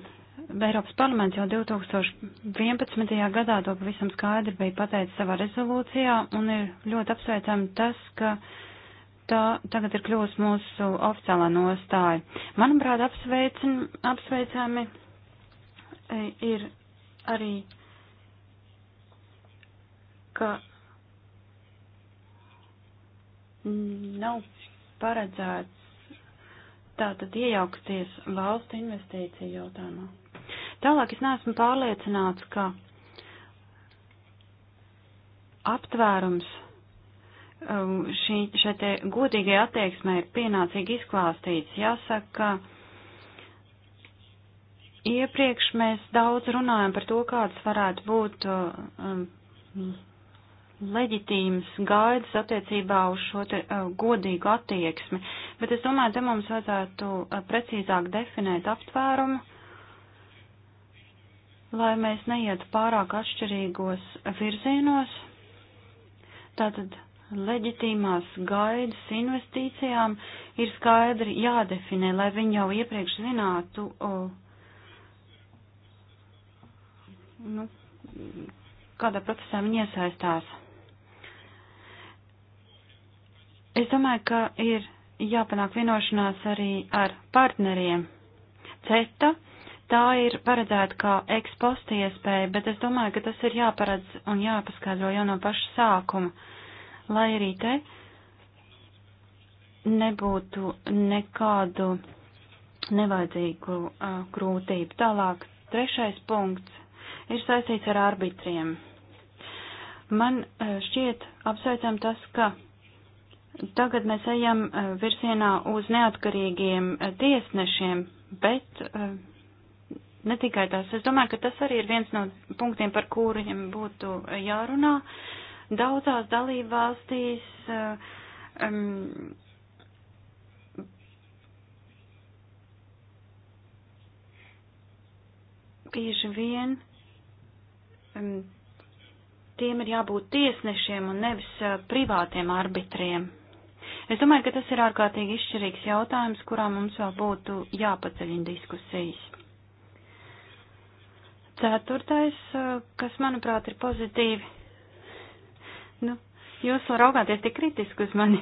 Eiropas parlaments jau 2011. gadā to pavisam skaidri bija pateicis savā rezolūcijā un ir ļoti apsveicami tas, ka tā tagad ir kļūst mūsu oficiālā nostāja. Manuprāt, apsveicami e, ir arī, ka nav paredzēts tātad iejaukties valstu investīciju jautājumā. Tālāk es neesmu pārliecināts, ka aptvērums um, šī, šai te godīgai attieksmē ir pienācīgi izklāstīts. Jāsaka, ka iepriekš mēs daudz runājam par to, kādas varētu būt uh, um, leģitīms gaidas attiecībā uz šo te, uh, godīgu attieksmi, bet es domāju, te mums vajadzētu uh, precīzāk definēt aptvērumu, lai mēs neietu pārāk atšķirīgos virzienos. Tātad leģitīmās gaidas investīcijām ir skaidri jādefinē, lai viņi jau iepriekš zinātu, uh, nu, kādā procesā viņi iesaistās. Es domāju, ka ir jāpanāk vienošanās arī ar partneriem. CETA tā ir paredzēta kā eksposta iespēja, bet es domāju, ka tas ir jāparedz un jāpaskaidro jau no paša sākuma, lai arī te nebūtu nekādu nevajadzīgu uh, grūtību. Tālāk, trešais punkts ir saistīts ar arbitriem. Man uh, šķiet apsveicam tas, ka Tagad mēs ejam eh, virsienā uz neatkarīgiem eh, tiesnešiem, bet eh, ne tikai tas. Es domāju, ka tas arī ir viens no punktiem, par kuriem būtu jārunā. Daudzās dalībvalstīs um, bieži vien um, tiem ir jābūt tiesnešiem un nevis uh, privātiem arbitriem. Es domāju, ka tas ir ārkārtīgi izšķirīgs jautājums, kurā mums vēl būtu jāpaceļina diskusijas. Ceturtais, kas manuprāt ir pozitīvi, nu, jūs vēl raugāties tik kritiski uz mani.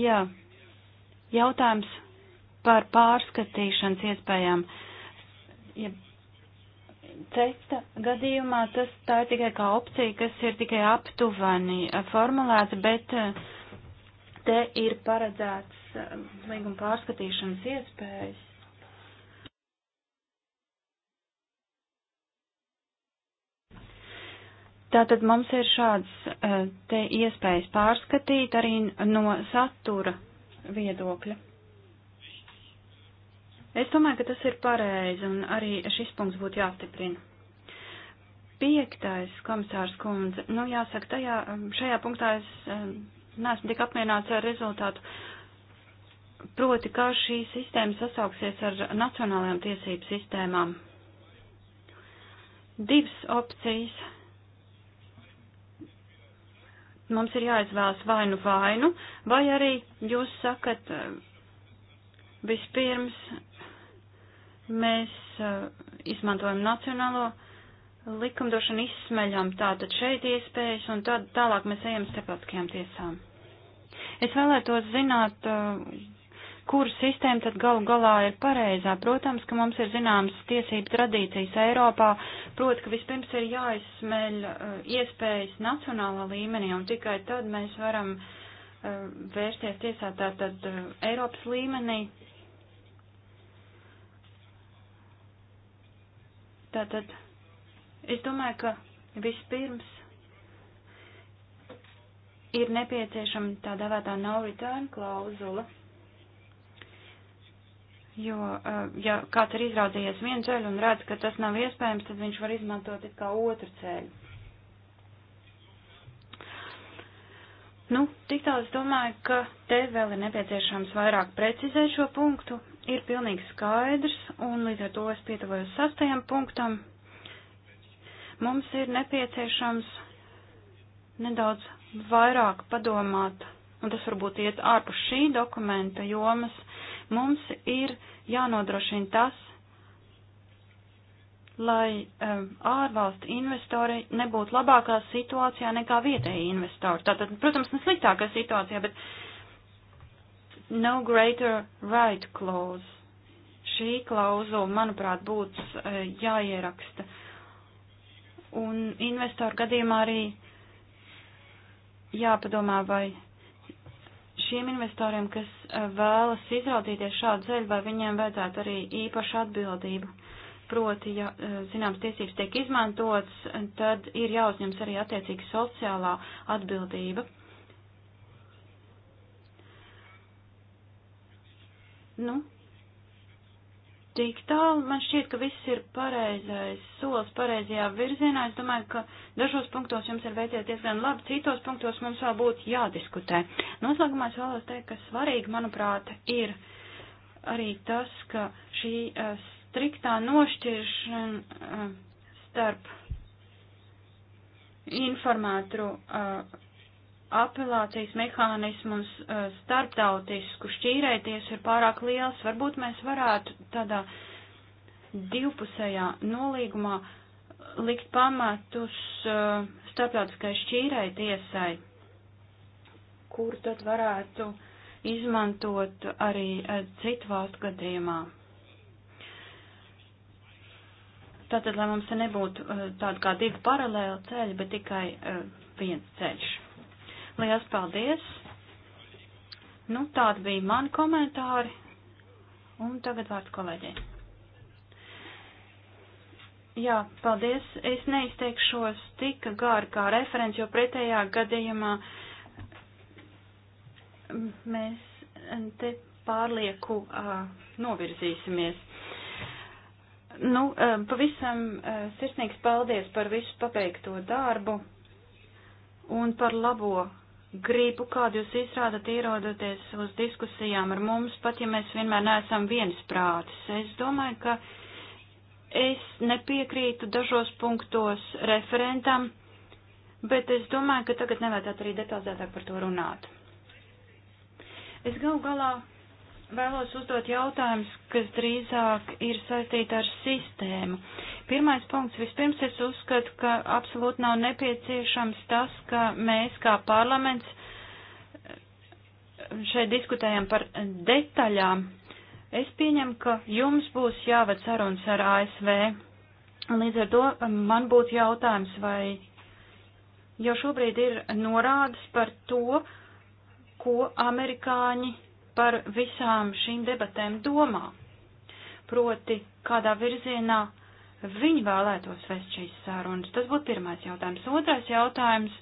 Jā, jautājums par pārskatīšanas iespējām, ja CETA gadījumā tas tā ir tikai kā opcija, kas ir tikai aptuveni formulēta, bet eh, te ir paredzēts eh, līguma pārskatīšanas iespējas. Tātad mums ir šāds eh, te iespējas pārskatīt arī no satura viedokļa. Es domāju, ka tas ir pareizi un arī šis punkts būtu jāstiprina. Piektais komisārs kundze, nu jāsaka, tajā, um, šajā punktā es um, neesmu tik apmierināts ar rezultātu. Proti, kā šī sistēma sasauksies ar nacionālajām tiesību sistēmām. Divas opcijas. Mums ir jāizvēlas vainu vainu, vai arī jūs sakat um, vispirms Mēs uh, izmantojam nacionālo likumdošanu, izsmeļam tātad šeit iespējas un tad tālāk mēs ejam starptautiskajām tiesām. Es vēlētos zināt, uh, eh, kur sistēma tad galu galā ir pareizā. Protams, ka mums ir zināmas tiesību tradīcijas Eiropā, proti, ka vispirms ir jāizsmeļ uh, iespējas nacionālā līmenī un tikai tad mēs varam vērsties tiesā tātad Eiropas līmenī, Tātad es domāju, ka vispirms ir nepieciešama tā dēvētā nav return klauzula, jo, eh, ja kāds ir izraudzījies vienu ceļu un redz, ka tas nav iespējams, tad viņš var izmantot it kā otru ceļu. Nu, tik tālu es domāju, ka te vēl ir nepieciešams vairāk precizēt šo punktu ir pilnīgi skaidrs, un līdz ar to es pietuvojos sastajam punktam. Mums ir nepieciešams nedaudz vairāk padomāt, un tas varbūt iet ārpus šī dokumenta jomas. Mums ir jānodrošina tas, lai um, ārvalstu investori nebūtu labākā situācijā nekā vietēji investori. Tātad, protams, ne sliktākā situācijā, bet no greater right clause. Šī klauzula, manuprāt, būtu e, jāieraksta. Un investoru gadījumā arī jāpadomā, vai šiem investoriem, kas e, vēlas izraudzīties šādu ceļu, vai viņiem vajadzētu arī īpašu atbildību. Proti, ja e, zināms tiesības tiek izmantots, tad ir jāuzņems arī attiecīga sociālā atbildība. Nu, tik tālu man šķiet, ka viss ir pareizais solis pareizajā virzienā. Es domāju, ka dažos punktos jums ir veicies diezgan labi, citos punktos mums vēl būtu jādiskutē. Noslēgumā es vēlos teikt, ka svarīgi, manuprāt, ir arī tas, ka šī uh, striktā nošķiršana uh, starp informātru uh, eh, apelācijas mehānismus eh, starptautisku šķīrēties ir pārāk liels. Varbūt mēs varētu tādā divpusējā nolīgumā likt pamatus eh, starptautiskai šķīrēji tiesai, kur tad varētu izmantot arī eh, citu valstu gadījumā. Tātad, lai mums te nebūtu tāda kā divi paralēli ceļi, bet tikai viens ceļš. Lielas paldies! Nu, tādi bija mani komentāri. Un tagad vārds kolēģiem. Jā, paldies. Es neizteikšos tik gāri kā referents, jo pretējā gadījumā mēs te pārlieku uh, novirzīsimies. Nu, uh, pavisam uh, sirsnīgs paldies par visu paveikto darbu un par labo gribu, kādu jūs izrādat, ierodoties uz diskusijām ar mums, pat ja mēs vienmēr neesam viensprātis. Es domāju, ka es nepiekrītu dažos punktos referentam, bet es domāju, ka tagad nevajadzētu arī detalizētāk par to runāt. Es gal galā vēlos uzdot jautājumus, kas drīzāk ir saistīti ar sistēmu. Pirmais punkts. Vispirms es uzskatu, ka absolūti nav nepieciešams tas, ka mēs kā parlaments eh, šeit diskutējam par detaļām. Es pieņemu, ka jums būs jāved sarunas ar ASV. Līdz ar to eh, man būtu jautājums, vai jau šobrīd ir norādes par to, ko amerikāņi par visām šīm debatēm domā. Proti, kādā virzienā viņi vēlētos vest šīs sarunas? Tas būtu pirmais jautājums. Otrais jautājums.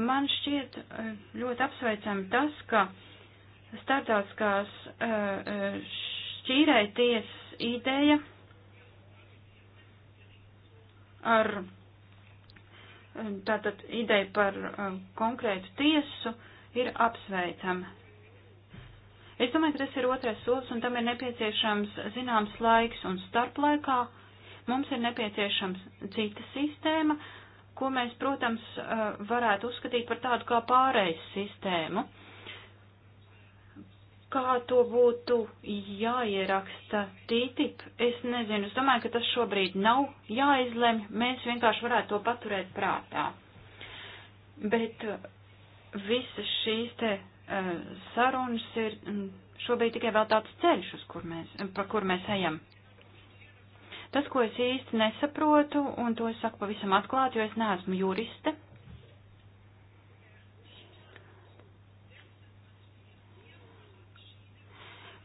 Man šķiet eh, ļoti apsveicami tas, ka starptautiskās eh, eh, šķīrēja tiesas ideja ar tātad ideja par konkrētu tiesu ir apsveicama. Es domāju, ka tas ir otrais solis un tam ir nepieciešams zināms laiks un starplaikā. laikā Mums ir nepieciešams cita sistēma, ko mēs, protams, eh, varētu uzskatīt par tādu kā pārejas sistēmu. Kā to būtu jāieraksta TTIP, es nezinu. Es domāju, ka tas šobrīd nav jāizlemj. Mēs vienkārši varētu to paturēt prātā. Bet eh, visas šīs te eh, sarunas ir mm, šobrīd tikai vēl tāds ceļš, uz kur mēs, pa kur mēs ejam. Tas, ko es īsti nesaprotu, un to es saku pavisam atklāti, jo es neesmu juriste.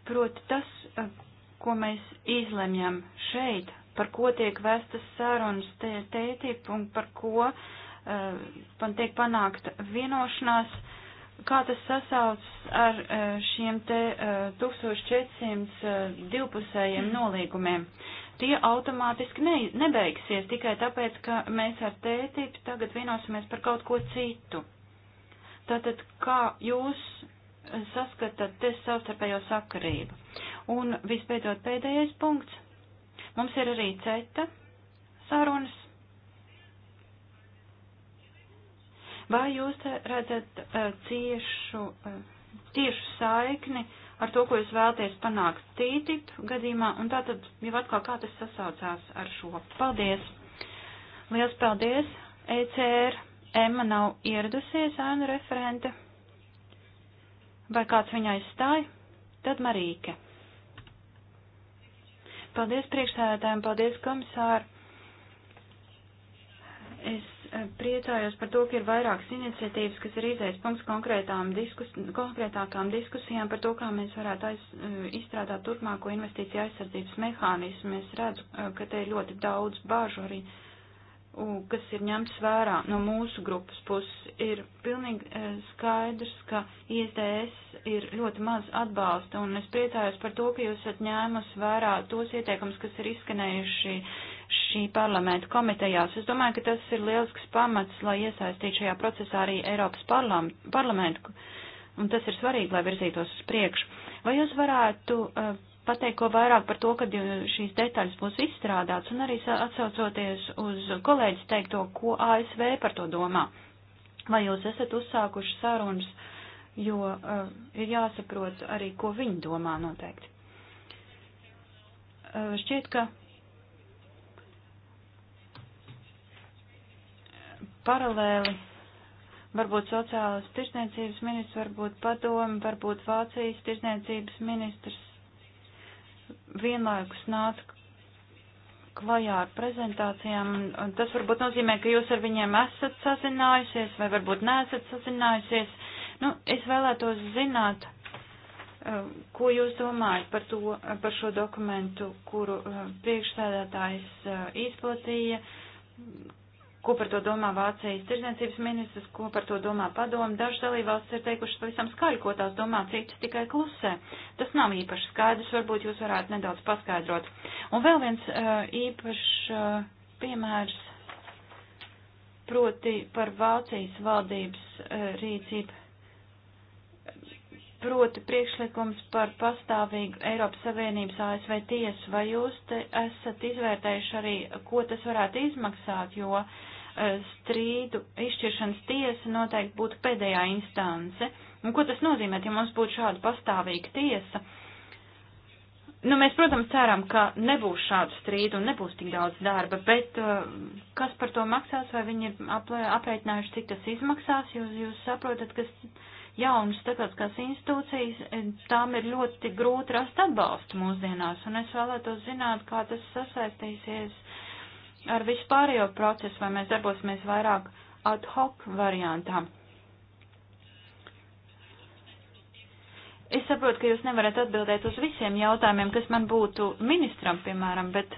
Proti tas, eh, ko mēs izlemjam šeit, par ko tiek vēstas sarunas tētīp un par ko man eh, uh, tiek panākta vienošanās, kā tas sasauc ar uh, šiem te uh, 1400 divpusējiem nolīgumiem. Uh, tie automātiski ne, nebeigsies tikai tāpēc, ka mēs ar tētību tagad vienosimies par kaut ko citu. Tātad, kā jūs saskatāt te savstarpējo sakarību? Un vispēdot pēdējais punkts. Mums ir arī ceta sarunas. Vai jūs redzat uh, ciešu, uh, eh, tiešu saikni uh, ar to, ko jūs vēlaties panākt TTIP gadījumā, un tātad jau atkal kā tas sasaucās ar šo. Paldies! Liels paldies! ECR Emma nav ieradusies, ēnu referente. Vai kāds viņai aizstāja? Tad Marīke. Paldies priekšsēdētājiem, paldies komisāru. Es priecājos par to, ka ir vairākas iniciatīvas, kas ir izējas punkts konkrētām diskus, konkrētākām diskusijām par to, kā mēs varētu aiz, eh, izstrādāt turpmāko investīciju aizsardzības mehānismu. Es redzu, eh, ka te ir ļoti daudz bāžu arī, kas ir ņemts vērā no mūsu grupas puses. Ir pilnīgi eh, skaidrs, ka ISDS ir ļoti maz atbalsta, un es priecājos par to, ka jūs esat ņēmus vērā tos ieteikums, kas ir izskanējuši šī parlamenta komitejās. Es domāju, ka tas ir lielisks pamats, lai iesaistītu šajā procesā arī Eiropas parlam parlamentu, un tas ir svarīgi, lai virzītos uz priekšu. Vai jūs varētu uh, pateikt ko vairāk par to, kad eh, šīs detaļas būs izstrādāts, un arī atsaucoties uz kolēģis teikto, ko ASV par to domā? Vai jūs esat uzsākuši sarunas, jo uh, ir jāsaprot arī, ko viņi domā noteikti? Uh, šķiet, ka paralēli. Varbūt sociālās tirsniecības ministrs, varbūt padomi, varbūt Vācijas tirsniecības ministrs vienlaikus nāca klajā ar prezentācijām, un tas varbūt nozīmē, ka jūs ar viņiem esat sazinājusies, vai varbūt neesat sazinājusies. Nu, es vēlētos zināt, eh, ko jūs domājat par, to, par šo dokumentu, kuru eh, priekšsēdētājs eh, izplatīja, ko par to domā Vācijas tirdzniecības ministrs, ko par to domā padomu. Dažas dalībvalstis ir teikušas pavisam skaļi, ko tās domā, citas tikai klusē. Tas nav īpaši skaidrs, varbūt jūs varētu nedaudz paskaidrot. Un vēl viens uh, īpašs uh, piemērs, proti par Vācijas valdības uh, rīcību proti priekšlikums par pastāvīgu Eiropas Savienības ASV tiesu, vai jūs te esat izvērtējuši arī, ko tas varētu izmaksāt, jo strīdu izšķiršanas tiesa noteikti būtu pēdējā instance. Un ko tas nozīmē, ja mums būtu šāda pastāvīga tiesa? Nu, mēs, protams, ceram, ka nebūs šādu strīdu un nebūs tik daudz darba, bet uh, kas par to maksās, vai viņi ir aprēķinājuši, cik tas izmaksās, jūs, jūs saprotat, ka jaunas starptautiskās institūcijas, eh, tām ir ļoti grūti rast atbalstu mūsdienās, un es vēlētos zināt, kā tas sasaistīsies ar vispārējo procesu, vai mēs darbosimies vairāk ad hoc variantā. Es saprotu, ka jūs nevarat atbildēt uz visiem jautājumiem, kas man būtu ministram, piemēram, bet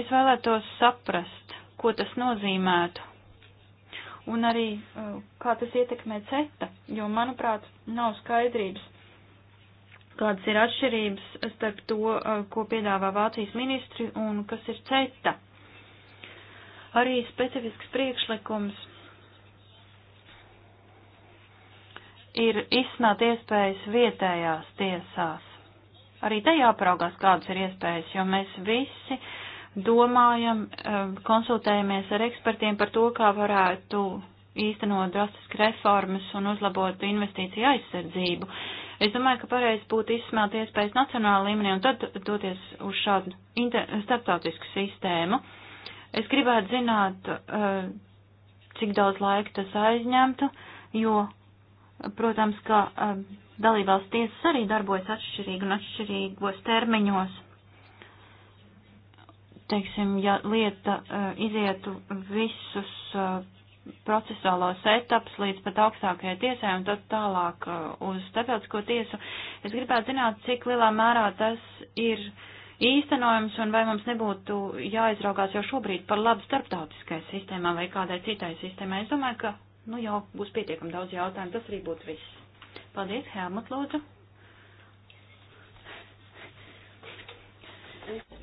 es vēlētos saprast, ko tas nozīmētu un arī uh, kā tas ietekmē CETA, jo, manuprāt, nav skaidrības kādas ir atšķirības starp to, ko piedāvā Vācijas ministri un kas ir CETA. Arī specifisks priekšlikums ir izsnāt iespējas vietējās tiesās. Arī te jāpraugās, kādas ir iespējas, jo mēs visi domājam, konsultējamies ar ekspertiem par to, kā varētu īstenot drastiski reformas un uzlabot investīciju aizsardzību. Es domāju, ka pareizi būtu izsmelt iespējas nacionāla līmenī un tad doties uz šādu starptautisku sistēmu. Es gribētu zināt, eh, cik daudz laika tas aizņemtu, jo, protams, ka eh, dalībvalsts tiesas arī darbojas atšķirīgi un atšķirīgos termiņos. Teiksim, ja lieta eh, izietu visus procesuālo setups līdz pat augstākajai tiesai un tad tālāk uh, uz starptautisko tiesu. Es gribētu zināt, cik lielā mērā tas ir īstenojams un vai mums nebūtu jāizraugās jau šobrīd par labu starptautiskai sistēmai vai kādai citai sistēmai. Es domāju, ka nu jau būs pietiekami daudz jautājumu. Tas arī būtu viss. Paldies, Helmut Lūdzu.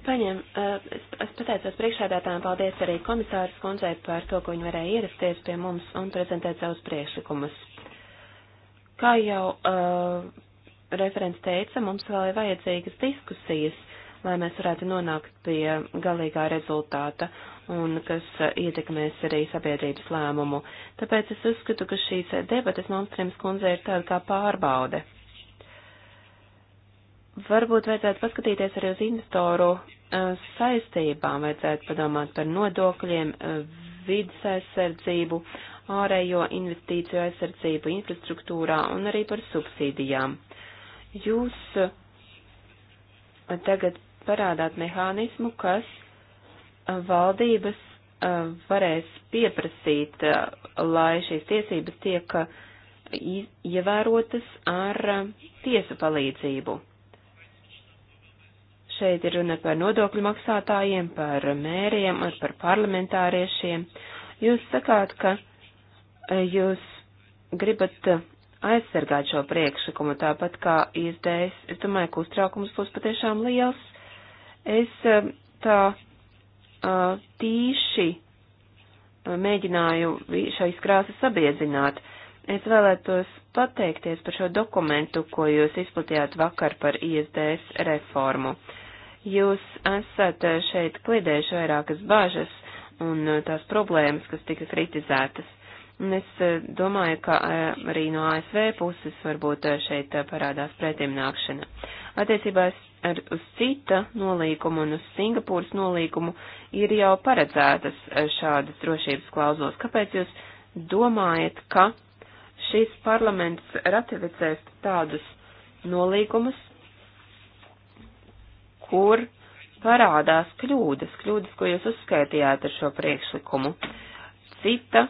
Paņem, eh, es, es pateicos priekšādātājiem, paldies arī komisāras kundzei par to, ka viņi varēja ierasties pie mums un prezentēt savus priekšlikumus. Kā jau uh, referents teica, mums vēl ir vajadzīgas diskusijas, lai mēs varētu nonākt pie galīgā rezultāta un kas eh, ietekmēs arī sabiedrības lēmumu. Tāpēc es uzskatu, ka šīs debatas Malmstrēms kundzei ir tāda kā pārbaude varbūt vajadzētu paskatīties arī uz investoru eh, saistībām, vajadzētu padomāt par nodokļiem, eh, vidas aizsardzību, ārējo investīciju aizsardzību infrastruktūrā un arī par subsīdijām. Jūs eh, tagad parādāt mehānismu, kas valdības varēs pieprasīt, lai šīs tiesības tiek ievērotas ar tiesu palīdzību. Šeit ir runa par nodokļu maksātājiem, par mēriem un par parlamentāriešiem. Jūs sakāt, ka e, jūs gribat aizsargāt šo priekšlikumu tāpat kā izdējas. Es domāju, ka uztraukums būs patiešām liels. Es e, tā e, tīši mēģināju šais krāsas sabiedzināt. Es vēlētos pateikties par šo dokumentu, ko jūs izplatījāt vakar par ISDS reformu. Jūs esat šeit klidējuši vairākas bažas un uh, tās problēmas, kas tika kritizētas. Un es uh, domāju, ka uh, arī no ASV puses varbūt šeit parādās pretimnākšana. Attiecībā ar, uz cita nolīkumu un uz Singapūras nolīkumu ir jau paredzētas šādas drošības klauzulas. Kāpēc jūs domājat, ka šīs parlaments ratificēs tādus nolīgumus, kur parādās kļūdas, kļūdas, ko jūs uzskaitījāt ar šo priekšlikumu. Cita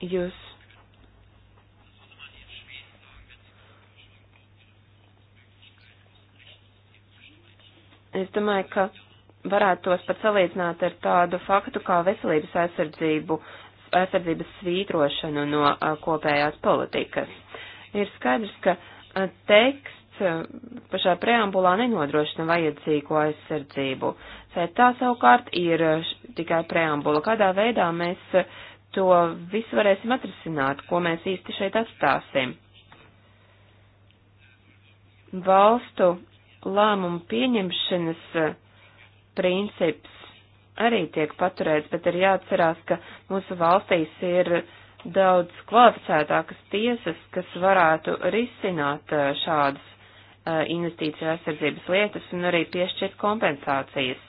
jūs. Es domāju, ka varētu tos pat salīdzināt ar tādu faktu kā veselības aizsardzību aizsardzības svītrošanu no kopējās politikas. Ir skaidrs, ka teksts pašā preambulā nenodrošina vajadzīgo aizsardzību. Tā savukārt ir tikai preambula. Kādā veidā mēs to visu varēsim atrisināt, ko mēs īsti šeit atstāsim? Valstu lēmumu pieņemšanas princips arī tiek paturēts, bet ir jāatcerās, ka mūsu valstīs ir daudz kvalificētākas tiesas, kas varētu risināt šādas investīciju aizsardzības lietas un arī piešķirt kompensācijas.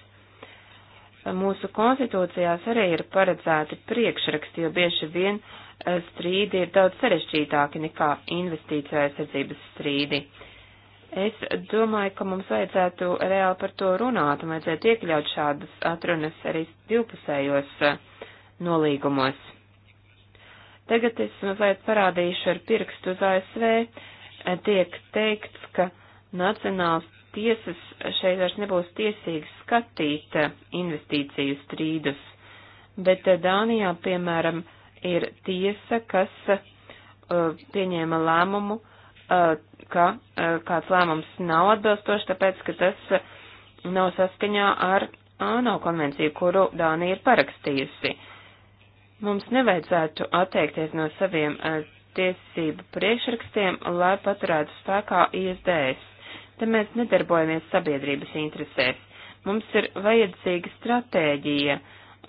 Mūsu konstitūcijās arī ir paredzēti priekšraksti, jo bieži vien strīdi ir daudz sarežģītāki nekā investīciju aizsardzības strīdi. Uh, Es domāju, ka mums vajadzētu reāli par to runāt un vajadzētu iekļaut šādas atrunas arī divpusējos eh, nolīgumos. Tagad es mazliet parādīšu ar pirkstu uz ASV. Eh, tiek teikts, ka nacionāls tiesas šeit vairs nebūs tiesīgs skatīt eh, investīciju strīdus, bet Dānijā, piemēram, ir tiesa, kas uh, pieņēma lēmumu, uh, Uh, ka uh, kāds lēmums nav atbilstošs, tāpēc, ka tas uh, nav saskaņā ar ANO konvenciju, kuru Dānija ir parakstījusi. Mums nevajadzētu atteikties no saviem tiesību priekšrakstiem, lai paturētu spēkā ISDS. Te mēs nedarbojamies sabiedrības interesēs. Mums ir vajadzīga stratēģija,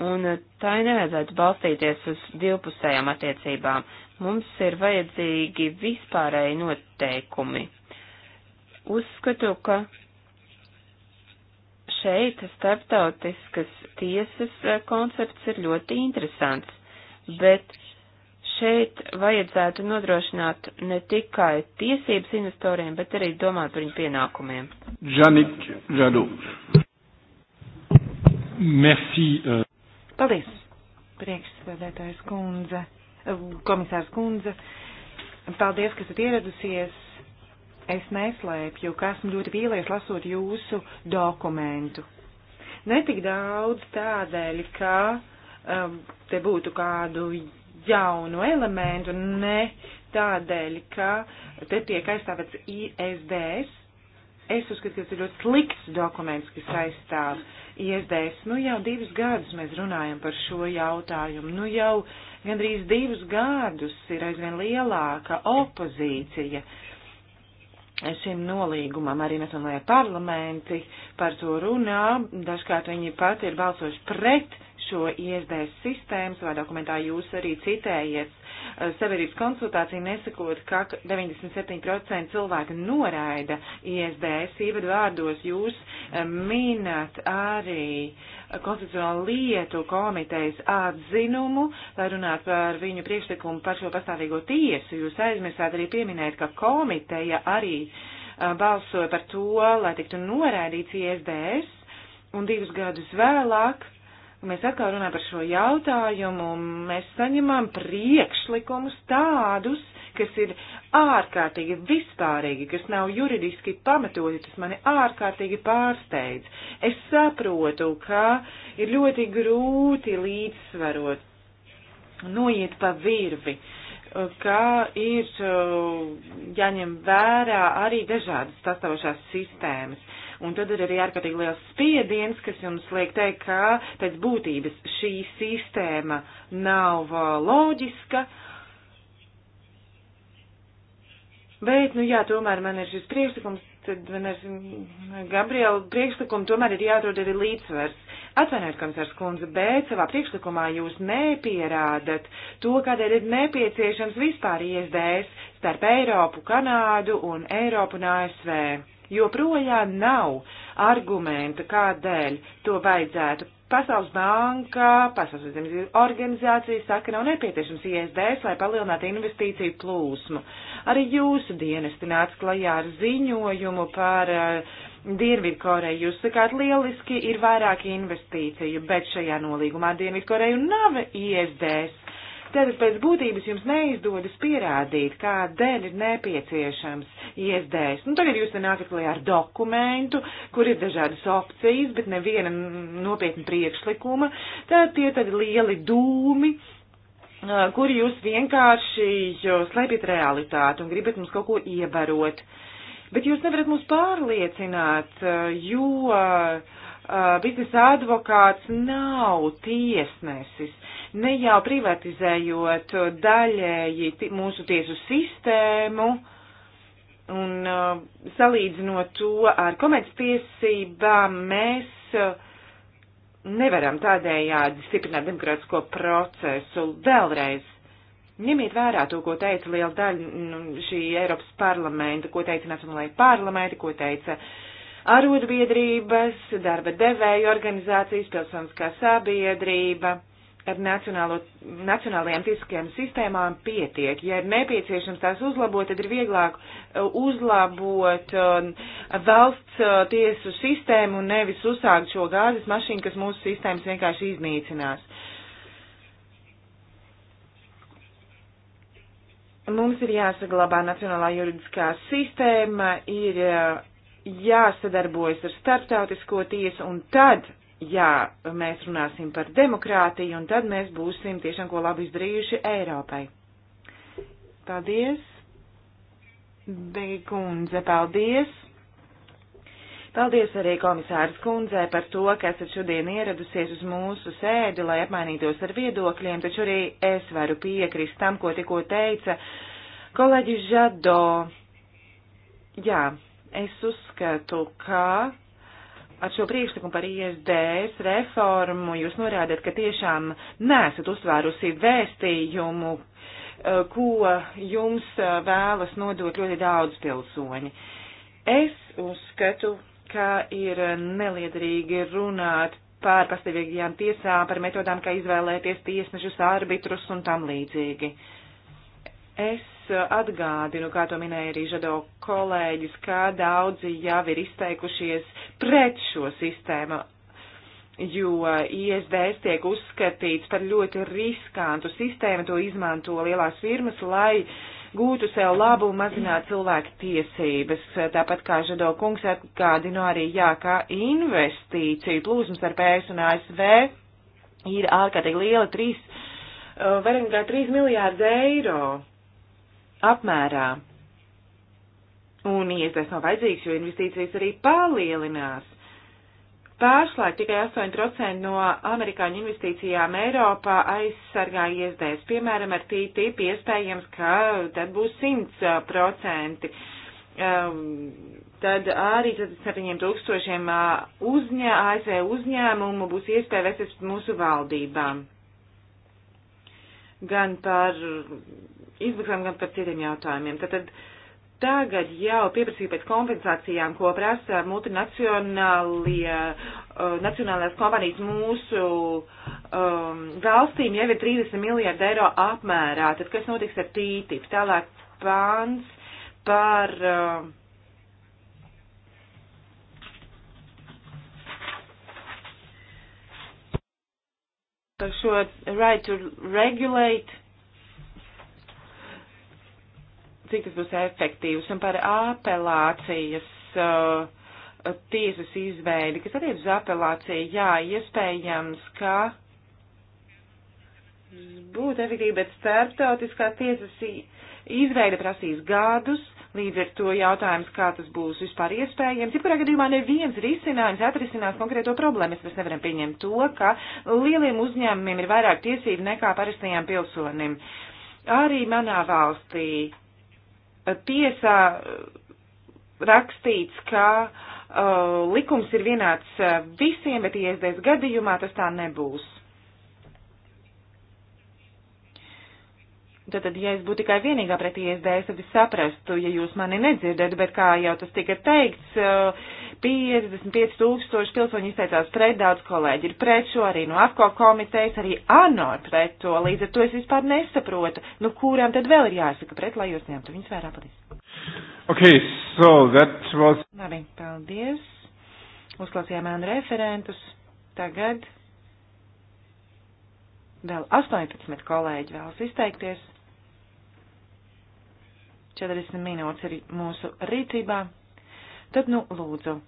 un tai nevajadzētu balstīties uz divpusējām attiecībām. Mums ir vajadzīgi vispārēji noteikumi. Uzskatu, ka šeit starptautiskas tiesas koncepts ir ļoti interesants, bet šeit vajadzētu nodrošināt ne tikai tiesības investoriem, bet arī domāt par viņu pienākumiem. Žanik Žadu. Merci. Euh. Paldies, priekšsēdētājs kundze komisārs kundze, paldies, ka esat ieradusies. Es neslēpju, ka esmu ļoti vīlies lasot jūsu dokumentu. Netik daudz tādēļ, ka um, te būtu kādu jaunu elementu, ne tādēļ, ka te tiek aizstāvēts ISDS. Es uzskatu, ka tas ir ļoti slikts dokuments, kas aizstāv ISDS. Nu jau divus gadus mēs runājam par šo jautājumu. Nu jau uh, Gandrīz divus gadus ir aizvien lielāka opozīcija šim nolīgumam. Arī nacionālajie parlamenti par to runā. Dažkārt viņi pat ir balsojuši pret šo ISDS sistēmu. Savā dokumentā jūs arī citējiet Eh, sabiedrības konsultāciju nesakot, ka 97% cilvēki noraida ISDS ievadu vārdos. Jūs eh, minat arī eh, konstitucionālo lietu komitejas atzinumu, lai runātu par viņu priekšlikumu par šo pastāvīgo tiesu. Jūs aizmirsāt arī pieminēt, ka komiteja arī balsoja par to, lai tiktu noraidīts ISDS, un divus gadus vēlāk mēs atkal runājam par šo jautājumu, mēs saņemam priekšlikumus tādus, kas ir ārkārtīgi vispārīgi, kas nav juridiski pamatoti, tas mani ārkārtīgi pārsteidz. Es saprotu, ka ir ļoti grūti līdzsvarot, noiet pa virvi, ka ir uh, jāņem vērā arī dažādas sastāvošās sistēmas Un tad ir arī ārkārtīgi liels spiediens, kas jums liek teikt, ka pēc būtības šī sistēma nav uh, loģiska. Bet, nu jā, tomēr man ir šis priekšlikums, tad man ir mm, Gabriela priekšlikuma, tomēr ir jāatrod arī līdzsvers. Atvainojiet, komisārs kundze, bet savā priekšlikumā jūs nepierādat to, kādēļ ir nepieciešams vispār ISDS starp Eiropu, Kanādu un Eiropu un ASV joprojām nav argumenta, kādēļ to vajadzētu. Pasaules banka, Pasaules zemes organizācija saka, nav nepieciešams ISDS, lai palielinātu investīciju plūsmu. Arī jūsu dienesti nāca klajā ar ziņojumu par uh, Dienvidkoreju. Jūs sakāt, lieliski ir vairāk investīciju, bet šajā nolīgumā Dienvidkoreju nav ISDS tad pēc būtības jums neizdodas pierādīt, kādēļ ir nepieciešams iesdējas. Nu, tagad jūs te nākat lai ar dokumentu, kur ir dažādas opcijas, bet neviena nopietna priekšlikuma, tad tie tad lieli dūmi, kur jūs vienkārši slēpjat realitāti un gribat mums kaut ko iebarot. Bet jūs nevarat mūs pārliecināt, jo uh, biznesa advokāts nav tiesnesis ne jau privatizējot daļēji mūsu tiesu sistēmu un uh, salīdzinot to ar komerctiesībām, mēs uh, nevaram tādējādi stiprināt demokrātisko procesu. Vēlreiz Ņemiet vērā to, ko teica liela daļa nu, šī Eiropas parlamenta, ko teica Nacionālajai parlamenti, ko teica arotbiedrības, darba devēju organizācijas, pilsoniskā sabiedrība ar nacionālo, nacionālajām tiesiskajām sistēmām pietiek. Ja ir nepieciešams tās uzlabot, tad ir vieglāk uh, uzlabot um, valsts uh, tiesu sistēmu un nevis uzsākt šo gāzes mašīnu, kas mūsu sistēmas vienkārši iznīcinās. Mums ir jāsaglabā nacionālā juridiskā sistēma, ir uh, jāsadarbojas ar starptautisko tiesu un tad jā, mēs runāsim par demokrātiju, un tad mēs būsim tiešām ko labi izdarījuši Eiropai. Paldies, Beigundze, paldies! Paldies arī komisāras kundzē par to, ka esat šodien ieradusies uz mūsu sēdi, lai apmainītos ar viedokļiem, taču arī es varu piekrist tam, ko tikko teica kolēģis Žado. Jā, es uzskatu, ka ar šo priekšlikumu par ISDS reformu jūs norādat, ka tiešām nesat uztvērusi vēstījumu, eh, ko jums eh, vēlas nodot ļoti daudz pilsoņi. Es uzskatu, ka ir neliederīgi runāt par pastāvīgajām tiesām, par metodām, kā izvēlēties tiesnešus, arbitrus un tam līdzīgi. Es atgādinu, kā to minēja arī Žado kolēģis, kā daudzi jau ir izteikušies pret šo sistēmu, jo ISDS tiek uzskatīts par ļoti riskantu sistēmu, to izmanto lielās firmas, lai gūtu sev labu un mazinātu cilvēku tiesības. Tāpat kā Žado kungs atgādino arī, jā, kā investīciju plūsmas ar PS un ASV ir ārkārtīgi liela, trīs, vairāk nekā 3 miljārdi eiro apmērā. Un, ja tas nav vajadzīgs, jo investīcijas arī palielinās. Pārslēg tikai 8% no amerikāņu investīcijām Eiropā aizsargā iesdēs, piemēram, ar TTIP iespējams, ka tad būs 100%. Um, tad arī 7 tūkstošiem uh, uzņē, ASV uzņēmumu būs iespēja vēsties mūsu valdībām. Gan par izmaksām, gan par citiem jautājumiem. Tātad tagad jau pieprasīja pēc kompensācijām, ko prasa multinacionālie, uh, nacionālās kompanijas mūsu um, valstīm jau ir 30 miljārdu eiro apmērā. Tad kas notiks ar TTIP? Tālāk pāns par. Uh, par šo right to regulate cik tas būs efektīvs un par apelācijas uh, tiesas izveidi, kas attiec uz apelāciju, jā, iespējams, ka būtu efektīvi, bet starptautiskā tiesas izveide prasīs gadus, līdz ar to jautājums, kā tas būs vispār iespējams. Jebkurā gadījumā neviens risinājums atrisinās konkrēto problēmu. Mēs vairs nevaram pieņemt to, ka lieliem uzņēmumiem ir vairāk tiesību nekā parastajiem pilsonim. Arī manā valstī tiesā eh, rakstīts, ka uh, likums ir vienāds eh, visiem, bet iesdēs gadījumā tas tā nebūs. Tātad, ja es būtu tikai vienīgā pret ISDS, tad es saprastu, ja jūs mani nedzirdat, bet kā jau tas tika teikts, uh, 55 tūkstoši pilsoņi izteicās pret, daudz kolēģi ir pret šo, arī no AFCO komitejas, arī ANO ir pret to, līdz ar to es vispār nesaprotu, nu kurām tad vēl ir jāsaka pret, lai jūs ņemtu viņus vērā, paldies. Ok, so that was. Labi, paldies. Uzklausījām ēnu referentus. Tagad vēl 18 kolēģi vēlas izteikties. 40 minūtes ir mūsu rīcībā tad nu lūdzu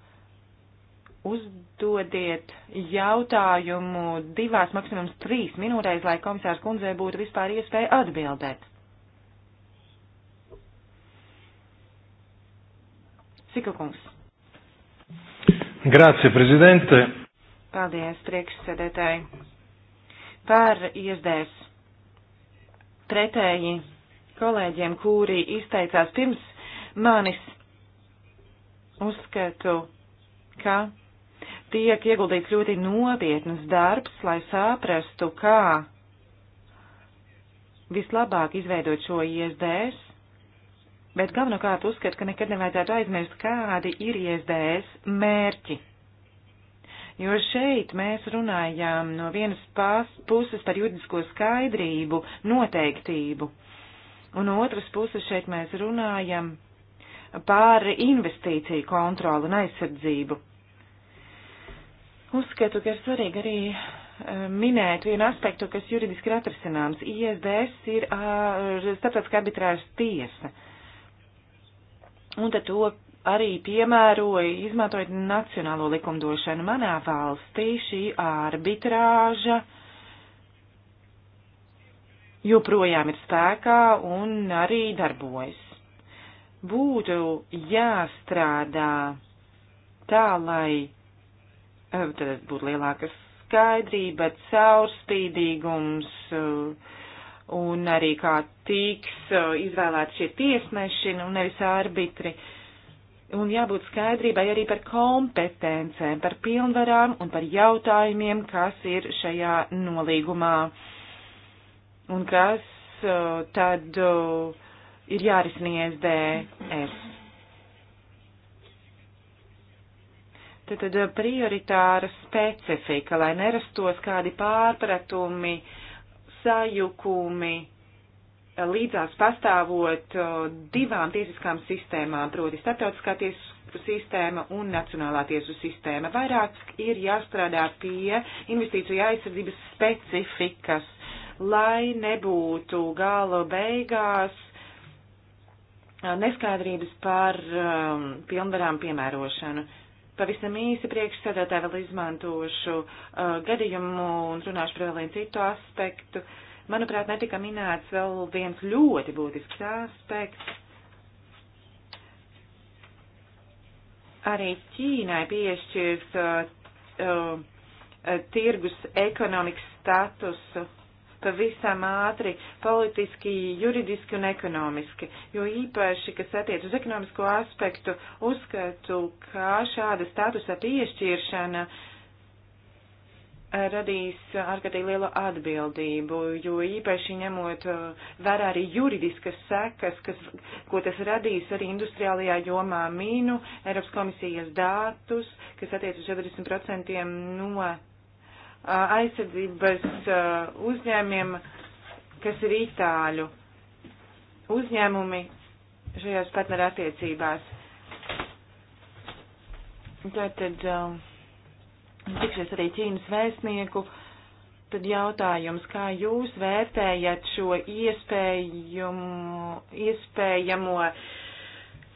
uzdodiet jautājumu divās, maksimums trīs minūtēs, lai komisārs kundzē būtu vispār iespēja atbildēt. Sikakungs. Grācija, prezidente. Paldies, priekšsēdētāji. Par iesdēs pretēji kolēģiem, kuri izteicās pirms manis, uzskatu, ka tiek ieguldīts ļoti nopietnas darbs, lai saprastu, kā vislabāk izveidot šo ISDS, bet galvenokārt uzskat, ka nekad nevajadzētu aizmirst, kādi ir ISDS mērķi. Jo šeit mēs runājām no vienas puses par juridisko skaidrību, noteiktību, un no otras puses šeit mēs runājam par investīciju kontroli un aizsardzību. Uzskatu, ka ir svarīgi arī e, minēt vienu aspektu, kas juridiski ir atrasināms. ISDS ir starptautiskā arbitrāžas tiesa. Un tad to arī piemēroja, izmantojot nacionālo likumdošanu. Manā valstī šī arbitrāža joprojām ir spēkā un arī darbojas. Būtu jāstrādā tā, lai Eh, tad būtu lielāka skaidrība, caurspīdīgums eh, un arī kā tiks eh, izvēlēti šie tiesneši un nu, nevis arbitri. Un jābūt skaidrībai arī par kompetencēm, par pilnvarām un par jautājumiem, kas ir šajā nolīgumā un kas tad ir jārisina ISDS. Tad eh, prioritāra specifika, lai nerastos kādi pārpratumi, sajukumi, eh, līdzās pastāvot eh, divām tiesiskām sistēmām, proti starptautiskā tiesu sistēma un nacionālā tiesu sistēma. Vairāk ir jāstrādā pie investīciju aizsardzības specifikas, lai nebūtu gala beigās neskaidrības par um, pilnvarām piemērošanu. Uh, Pavisam īsi priekšsēdētāji vēl izmantošu uh, gadījumu un runāšu par vēl vienu citu aspektu. Manuprāt, netika minēts vēl viens ļoti būtisks aspekts. Arī Ķīnai piešķirs uh, uh, tirgus ekonomikas statusu pavisam ātri politiski, juridiski un ekonomiski, jo īpaši, kas attiec uz ekonomisko aspektu, uzskatu, ka šāda statusa piešķiršana radīs ārkārtīgi lielu atbildību, jo īpaši ņemot uh, vērā arī juridiskas sekas, kas, ko tas radīs arī industriālajā jomā mīnu, Eiropas komisijas datus, kas attiec uz 40% no aizsardzības uzņēmiem, kas ir itāļu uzņēmumi šajās partnerattiecībās. Tātad tikšies arī Ķīnas vēstnieku. Tad jautājums, kā jūs vērtējat šo iespējumu, iespējamo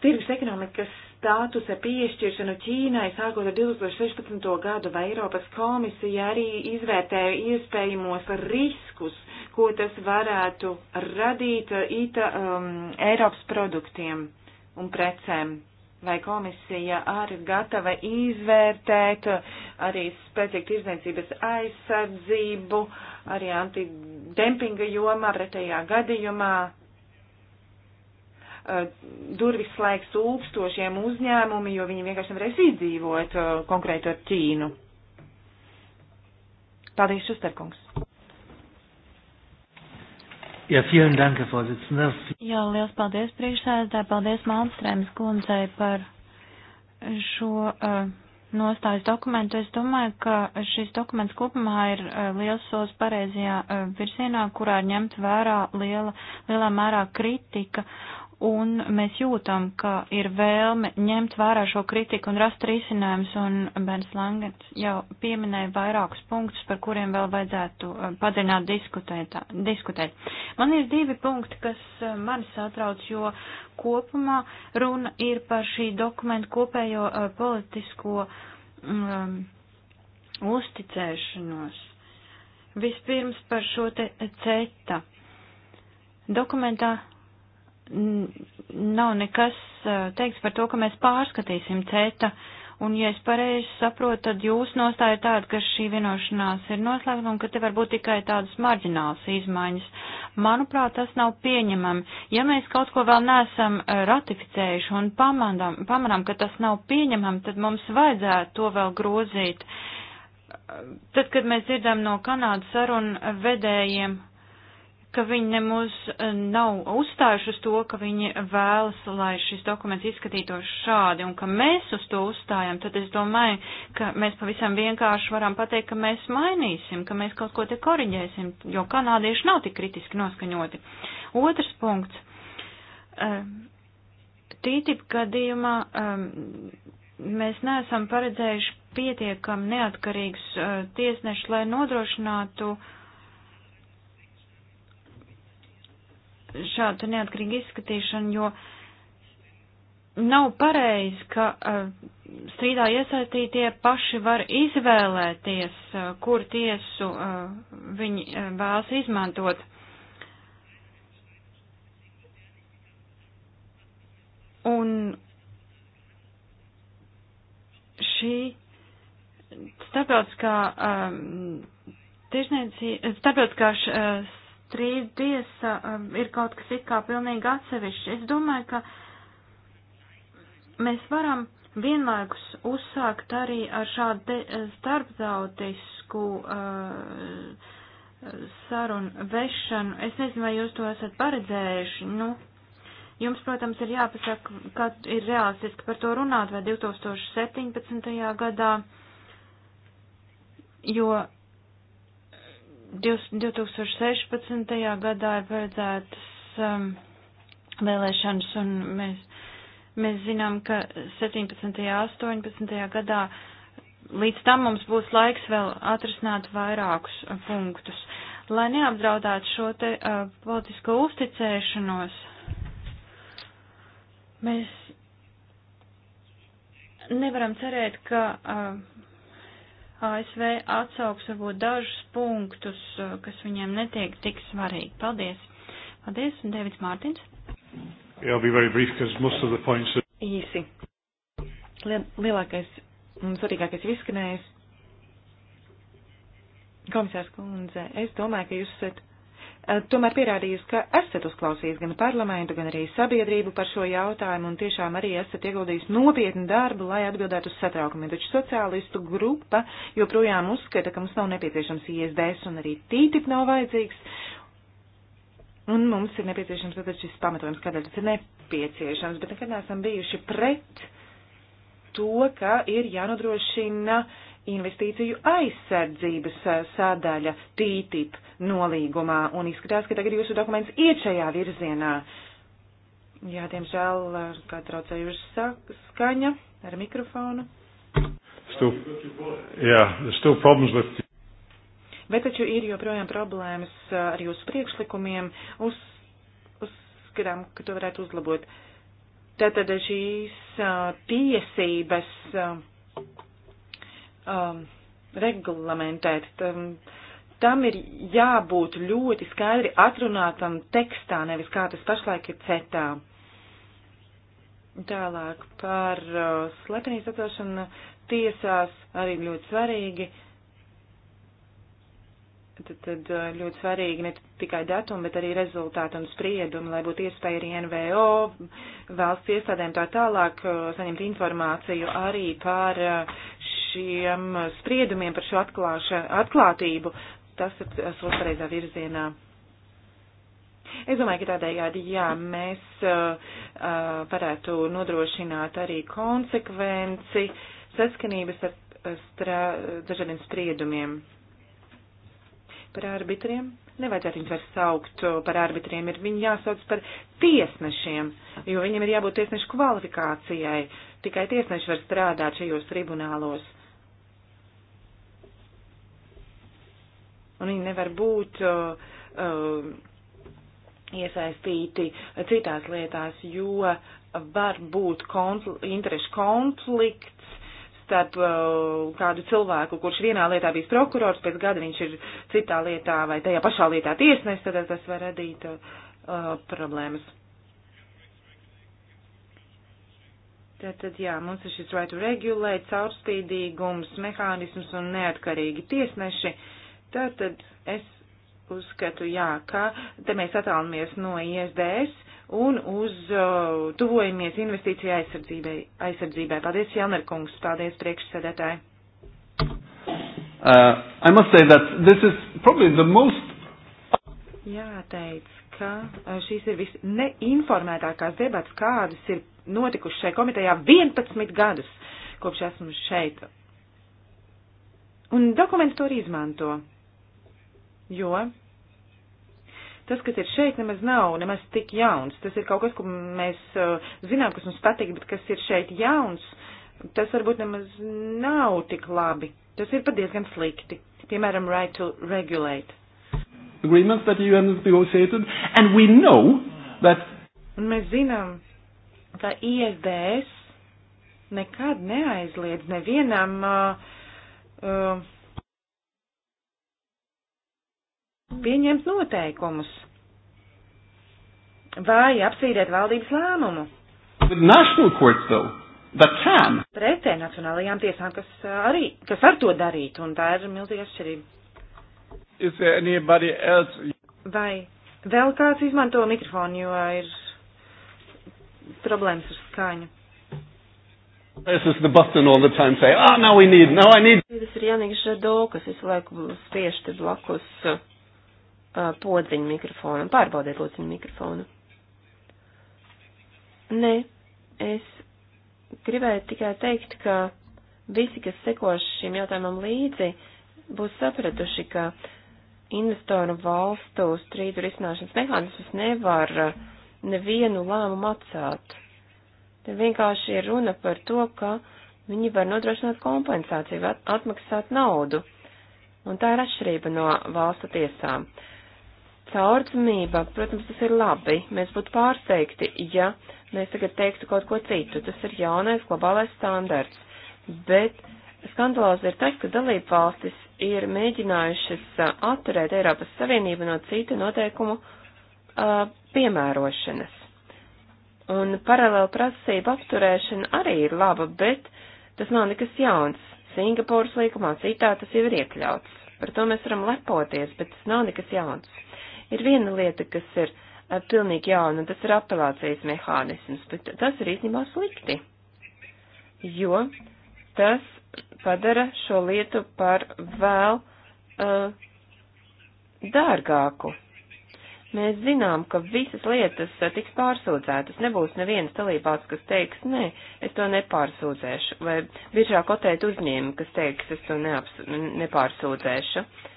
tirgus ekonomikas statusa piešķiršanu Ķīnai sākot ar 2016. gadu, vai Eiropas komisija arī izvērtēja iespējamos riskus, ko tas varētu radīt uh, ita, um, Eiropas produktiem un precēm. Vai komisija arī gatava izvērtēt uh, arī spēcīgu tirdzniecības aizsardzību, arī antidempinga jomā, pretējā gadījumā Uh, durvis slēgs tūkstošiem uzņēmumi, jo viņi vienkārši nevarēs izdzīvot uh, konkrēti ar Ķīnu. Paldies, Šusterkungs. Ja, vielen dank, Herr Vorsitzender. Jā, liels paldies priekšsēdētāji, paldies Malmstrēmas kundzei par šo uh, nostājas dokumentu. Es domāju, ka šis dokuments kopumā ir uh, liels solis pareizajā uh, virzienā, kurā ir ņemt vērā liela, lielā mērā kritika un mēs jūtam, ka ir vēlme ņemt vērā šo kritiku un rast risinājumus, un Bērns Langens jau pieminēja vairākus punktus, par kuriem vēl vajadzētu eh, padzināt diskutēt, diskutēt. Man ir divi punkti, kas eh, mani satrauc, jo kopumā runa ir par šī dokumenta kopējo eh, politisko um, uzticēšanos. Vispirms par šo te ceta. Dokumentā nav nekas teiks par to, ka mēs pārskatīsim CETA. Un, ja es pareizi saprotu, tad jūs nostāja tāda, ka šī vienošanās ir noslēgta un ka te var būt tikai tādas marģinālas izmaiņas. Manuprāt, tas nav pieņemami. Ja mēs kaut ko vēl neesam ratificējuši un pamanām, pamanām ka tas nav pieņemami, tad mums vajadzētu to vēl grozīt. Tad, kad mēs dzirdam no Kanādas sarunu vedējiem ka viņi nemaz eh, nav uzstājuši uz to, ka viņi vēlas, lai šis dokuments izskatītos šādi un ka mēs uz to uzstājam, tad es domāju, ka mēs pavisam vienkārši varam pateikt, ka mēs mainīsim, ka mēs kaut ko te koriģēsim, jo kanādieši nav tik kritiski noskaņoti. Otrs punkts. Eh, Tītip gadījumā eh, mēs neesam paredzējuši pietiekam neatkarīgs tiesnešs, lai nodrošinātu uh, šādu neatkarīgu izskatīšanu, jo nav pareizi, ka eh, strīdā iesaistītie paši var izvēlēties, eh, kur tiesu eh, viņi vēlas izmantot. Un šī starptautiskā, um, starptautiskā š, uh, strīdu tiesa um, ir kaut kas it kā pilnīgi atsevišķs. Es domāju, ka mēs varam vienlaikus uzsākt arī ar šādu eh, starptautisku uh, sarunu vešanu. Es nezinu, vai jūs to esat paredzējuši. Nu, jums, protams, ir jāpasaka, kad ir realistiski par to runāt, vai 2017. gadā, jo 2016. gadā ir paredzētas um, vēlēšanas, un mēs, mēs zinām, ka 17. un 18. gadā līdz tam mums būs laiks vēl atrisināt vairākus uh, punktus, lai neapdraudētu šo te uh, politisko uzticēšanos. Mēs nevaram cerēt, ka uh, ASV atsauks varbūt dažus punktus, eh, kas viņiem netiek tik svarīgi. Paldies! Paldies, un Dēvids Mārtiņš. Yeah, brief, points... Īsi. Lielākais un svarīgākais ir izskanējis. Komisārs kundze, es domāju, ka jūs esat Eh, tomēr pierādījusi, ka esat uzklausījis gan parlamentu, gan arī sabiedrību par šo jautājumu un tiešām arī esat ieguldījis nopietnu darbu, lai atbildētu uz satraukumiem. Taču sociālistu grupa joprojām uzskata, ka mums nav nepieciešams ISDS un arī TTIP nav vajadzīgs. Un mums ir nepieciešams tātad šis pamatojums, kādēļ tas ir nepieciešams, bet nekad neesam bijuši pret to, ka ir jānodrošina uh, investīciju aizsardzības sādaļa TTIP nolīgumā, un izskatās, ka tagad jūsu dokuments iet šajā virzienā. Jā, diemžēl, kā traucējuši skaņa ar mikrofonu. Still, yeah, there's still problems with bet taču ir joprojām problēmas ar jūsu priekšlikumiem, uz, uzskatām, ka to varētu uzlabot. Tātad šīs tiesības um, reglamentēt. Tam, tam ir jābūt ļoti skaidri atrunātam tekstā, nevis kā tas pašlaik ir cetā. Tālāk par uh, slepenības atcelšanu tiesās arī ļoti svarīgi. Tad, tad uh, ļoti svarīgi ne tikai datumi, bet arī rezultāti un spriedumi, lai būtu iespēja arī NVO, valsts iestādēm tā tālāk uh, saņemt informāciju arī par uh, šiem spriedumiem, par šo atklāša, atklātību, tas ir solis pareizā virzienā. Es domāju, ka tādējādi, jā, mēs uh, uh, varētu nodrošināt arī konsekvenci saskanības ar strā, dažādiem spriedumiem. Par arbitriem nevajadzētu viņus vairs saukt par arbitriem, ir viņi jāsauc par tiesnešiem, jo viņiem ir jābūt tiesnešu kvalifikācijai. Tikai tiesneši var strādāt šajos tribunālos. Un viņi nevar būt uh, uh, iesaistīti citās lietās, jo var būt konfl interešu konflikts starp uh, kādu cilvēku, kurš vienā lietā bijis prokurors, pēc gada viņš ir citā lietā vai tajā pašā lietā tiesnes, tad tas var radīt uh, uh problēmas. Tātad, jā, mums ir šis right to regulate, caurspīdīgums, mehānisms un neatkarīgi tiesneši. Uh, Tātad es uzskatu, jā, ka te mēs attālinamies no ISDS un uz uh, tuvojamies investīcija aizsardzībai. aizsardzībai. Paldies, Jānerkungs, paldies priekšsēdētāji. Uh, I must say that this is probably the most. Jāteic, ka e, šīs ir visneinformētākās debats, kādas ir notikušas šai komitejā 11 gadus, kopš esmu šeit. Un dokuments to arī izmanto jo tas, kas ir šeit, nemaz nav nemaz tik jauns. Tas ir kaut kas, ko mēs eh, zinām, kas mums patīk, bet kas ir šeit jauns, tas varbūt nemaz nav tik labi. Tas ir pat diezgan slikti. Piemēram, right to regulate. Agreements that you have negotiated, and we know that. Un mēs zinām, ka ISDS nekad neaizliedz nevienam uh, uh, pieņemt noteikumus vai apsvīdēt valdības lēmumu. Pretē nacionālajām tiesām, kas, uh, arī, kas ar to darīt, un tā ir milzīga atšķirība. Vai vēl kāds izmanto mikrofonu, jo ir problēmas ar skaņu? presses the button all the time, say, ah, oh, now we need, now I need. Tas ir Janīgs Žado, kas visu laiku spiež te blakus. Uh, podziņu mikrofonam. Pārbaudiet podziņu mikrofonu. Nē, es gribēju tikai teikt, ka visi, kas sekoš šim jautājumam līdzi, būs sapratuši, ka investoru valstu strīdu risināšanas mehānismus nevar uh, nevienu lēmumu atcelt. Te vienkārši ir runa par to, ka viņi var nodrošināt kompensāciju, atmaksāt naudu. Un tā ir atšķirība no valstu tiesām. Uh, Caurdzamība, protams, tas ir labi. Mēs būtu pārsteigti, ja mēs tagad teiktu kaut ko citu. Tas ir jaunais globālais standarts. Bet skandalozi ir tas, ka dalību valstis ir mēģinājušas uh, atturēt Eiropas Savienību no cita noteikumu uh, piemērošanas. Un paralēla prasība apturēšana arī ir laba, bet tas nav nekas jauns. Singapūras līkumā citā tas jau ir iekļauts. Par to mēs varam lepoties, bet tas nav nekas jauns. Ir viena lieta, kas ir a, eh, pilnīgi jauna, un tas ir apelācijas mehānisms, bet tas ir īstenībā slikti, jo tas padara šo lietu par vēl uh, dārgāku. Mēs zinām, ka visas lietas eh, tiks pārsūdzētas. Nebūs nevienas dalībās, kas teiks, nē, es to nepārsūdzēšu. Vai biežāk otēt uzņēmumi, kas teiks, es to neaps, nepārsūdzēšu. Uh,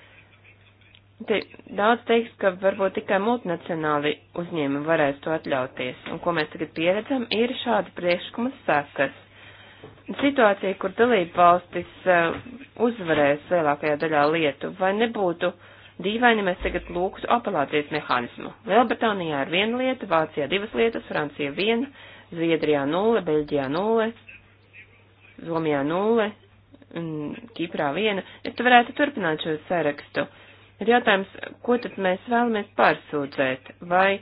Te daudz teiks, ka varbūt tikai multinacionāli uzņēmumi varēs to atļauties, un ko mēs tagad pieredzam, ir šāda priekšlikuma sakas. Situācija, kur dalība valstis eh, uzvarēs lielākajā daļā lietu, vai nebūtu dīvaini, mēs tagad lūgtu apelācijas mehānismu. Lielbritānijā ir viena lieta, Vācijā divas lietas, Francija viena, Zviedrijā nulle, Beļģijā nulle, Somijā nulle, Kiprā viena. Es te varētu turpināt šo sarakstu Ir jautājums, ko tad mēs vēlamies pārsūdzēt, vai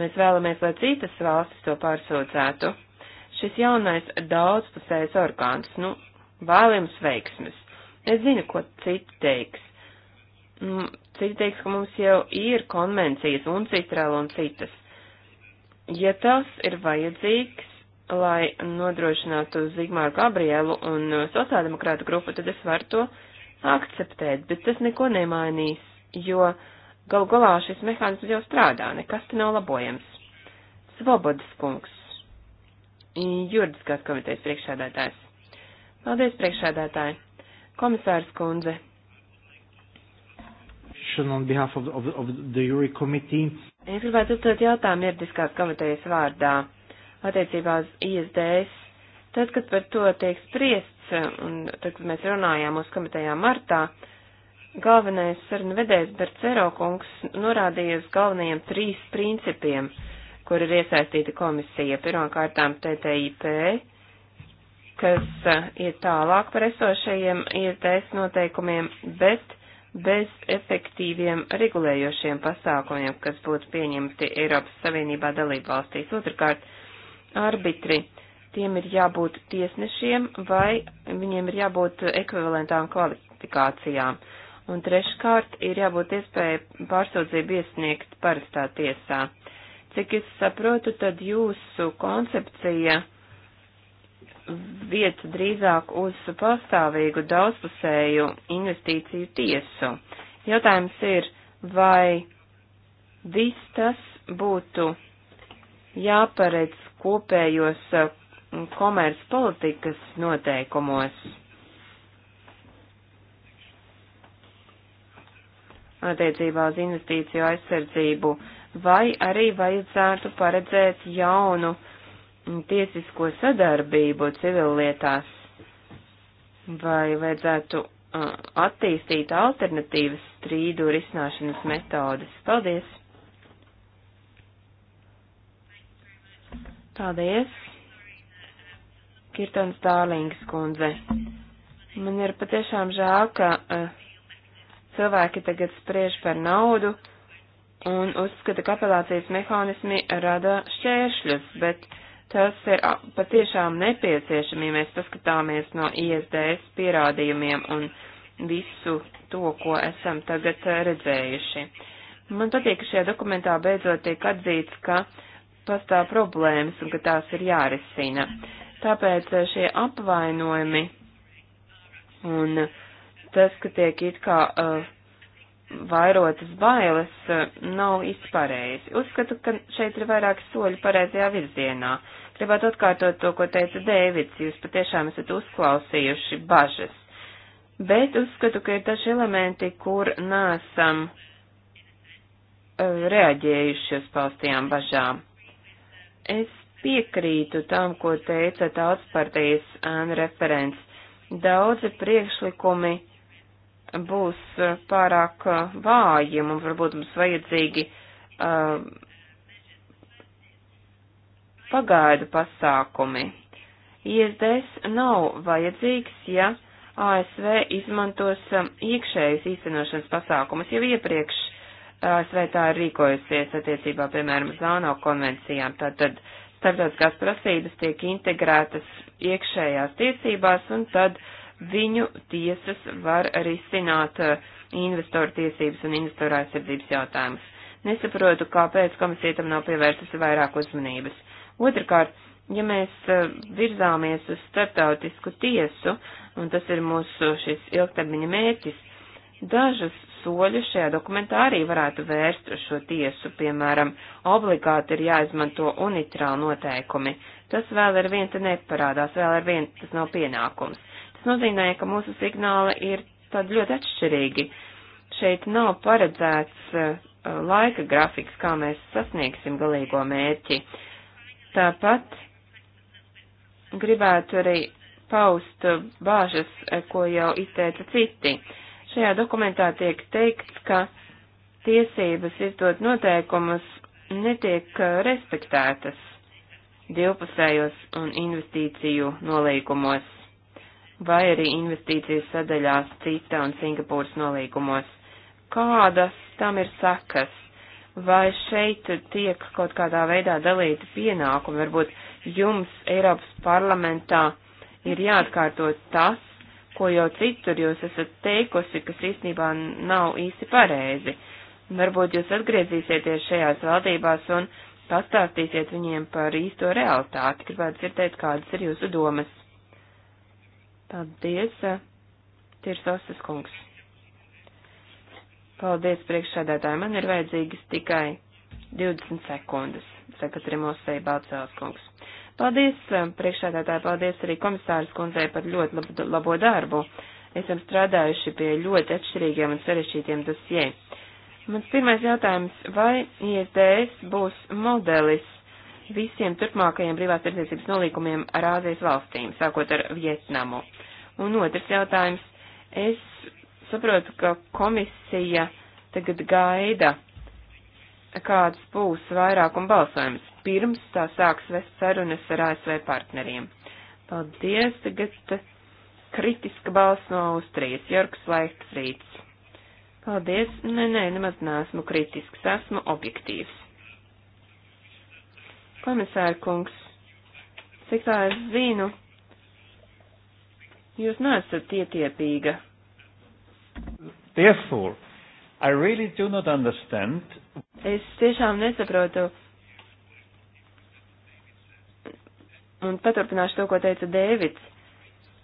mēs vēlamies, lai citas valstis to pārsūdzētu. Šis jaunais daudzpusējs orgāns, nu, vēlams veiksmes. Es zinu, ko citi teiks. Mm, citi teiks, ka mums jau ir konvencijas un citrāla un citas. Ja tas ir vajadzīgs, lai nodrošinātu Zigmāru Gabrielu un sociāldemokrātu grupu, tad es varu to akceptēt, bet tas neko nemainīs jo galu galā šis mehānisms jau strādā, nekas te nav labojams. Svobodas kungs, juridiskās komitejas priekšsēdētājs. Paldies, priekšsēdētāji. Komisārs kundze. On behalf of, of, of the jury committee. Es gribētu uzdot jautājumu juridiskās komitejas vārdā attiecībā uz ISDS. Tad, kad par to tiek spriests, un tad, kad mēs runājām uz komitejā martā, uh, galvenais sarunu vedējs Bercero kungs norādīja uz galvenajiem trīs principiem, kur ir iesaistīta komisija. Pirmkārtām TTIP, kas iet tālāk par esošajiem ISDS noteikumiem, bet bez efektīviem regulējošiem pasākumiem, kas būtu pieņemti Eiropas Savienībā dalību valstīs. Otrkārt, arbitri. Tiem ir jābūt tiesnešiem vai viņiem ir jābūt ekvivalentām kvalifikācijām. Un treškārt ir jābūt iespēja pārsūdzību iesniegt parastā tiesā. Cik es saprotu, tad jūsu koncepcija viet drīzāk uz pastāvīgu daudzpusēju investīciju tiesu. Jautājums ir, vai viss tas būtu jāparedz kopējos uh, komercpolitikas noteikumos? attiecībā uz investīciju aizsardzību, vai arī vajadzētu paredzēt jaunu tiesisko sadarbību civillietās, vai vajadzētu uh, attīstīt alternatīvas strīdu risināšanas metodes. Paldies! Paldies! Kirtons Dārlings kundze. Man ir patiešām žēl, ka uh, Cilvēki tagad spriež par naudu un uzskata, ka apelācijas mehānismi rada šķēršļus, bet tas ir patiešām nepieciešami, ja mēs paskatāmies no ISDS pierādījumiem un visu to, ko esam tagad redzējuši. Man patīk, ka šajā dokumentā beidzot tiek atzīts, ka pastāv problēmas un ka tās ir jārisina. Tāpēc e, šie apvainojumi un uh, tas, ka tiek it kā uh, vairotas bailes, uh, nav īsti pareizi. Uzskatu, ka šeit ir vairāk soļi pareizajā virzienā. Gribētu atkārtot to, ko teica Dēvids, jūs patiešām esat uzklausījuši bažas. Bet uzskatu, ka ir taši elementi, kur nesam uh, reaģējuši uz paustajām bažām. Es piekrītu tam, ko teica tautas partijas referents. Daudzi priekšlikumi būs eh, pārāk eh, vāji, un varbūt mums vajadzīgi uh, pagaidu pasākumi. ISDS nav vajadzīgs, ja ASV izmantos iekšējas īstenošanas pasākumus jau iepriekš. ASV tā ir rīkojusies attiecībā, piemēram, uz ANO konvencijām. Tātad starptautiskās prasības tiek integrētas iekšējās tiesībās un tad uh, viņu tiesas var risināt eh, investoru tiesības un investoru aizsardzības jautājumus. Nesaprotu, kāpēc komisija tam nav pievērsusi vairāk uzmanības. Otrakārt, ja mēs eh, virzāmies uz starptautisku tiesu, un tas ir mūsu šis ilgtermiņa mērķis, dažus soļus šajā dokumentā arī varētu vērst uz šo tiesu, piemēram, obligāti ir jāizmanto unitrāli noteikumi. Tas vēl ar vien te neparādās, vēl ar vien tas nav pienākums. Tas nozīmē, ka mūsu signāli ir tādi ļoti atšķirīgi. Šeit nav paredzēts uh, laika grafiks, kā mēs sasniegsim galīgo mērķi. Tāpat gribētu arī paust bāžas, uh, ko jau izteica citi. Šajā dokumentā tiek teikts, ka tiesības izdot noteikumus netiek uh, respektētas divpusējos un investīciju nolīgumos vai arī investīcijas sadaļās CITA un Singapūras nolīgumos. Kādas tam ir sakas? Vai šeit tiek kaut kādā veidā dalīti pienākumi? Varbūt jums Eiropas parlamentā ir jāatkārto tas, ko jau citur jūs esat teikusi, kas īstenībā nav īsti pareizi. Varbūt jūs atgriezīsieties šajās valdībās un pastāstīsiet viņiem par īsto realitāti. Gribētu dzirdēt, kādas ir jūsu domas. Paldies, Tirsosas kungs. Paldies, priekšsēdētāji. Man ir vajadzīgas tikai 20 sekundes, sekretari Mosei Balcēls kungs. Paldies, priekšsēdētāji, paldies arī komisāras kundzei par ļoti labo, labo darbu. Esam strādājuši pie ļoti atšķirīgiem un sarešķītiem dosjē. Mans pirmais jautājums, vai ISDS būs modelis visiem turpmākajiem brīvās tirdzniecības nolīkumiem ar Āzijas valstīm, sākot ar Vietnamu? Un otrs jautājums. Es saprotu, ka komisija tagad gaida, kāds būs vairākuma balsojums, pirms tā sāks vest sarunas ar ASV partneriem. Paldies, tagad kritiska balss no Austrijas, Jorgs Laiksrīts. Paldies, nē, nē, nemaz neesmu kritisks, esmu objektīvs. Komisāra kungs, cik tā es zinu, Jūs neesat ietiepīga. Therefore, I really do not understand. Es tiešām nesaprotu. Un paturpināšu to, ko teica Dēvids.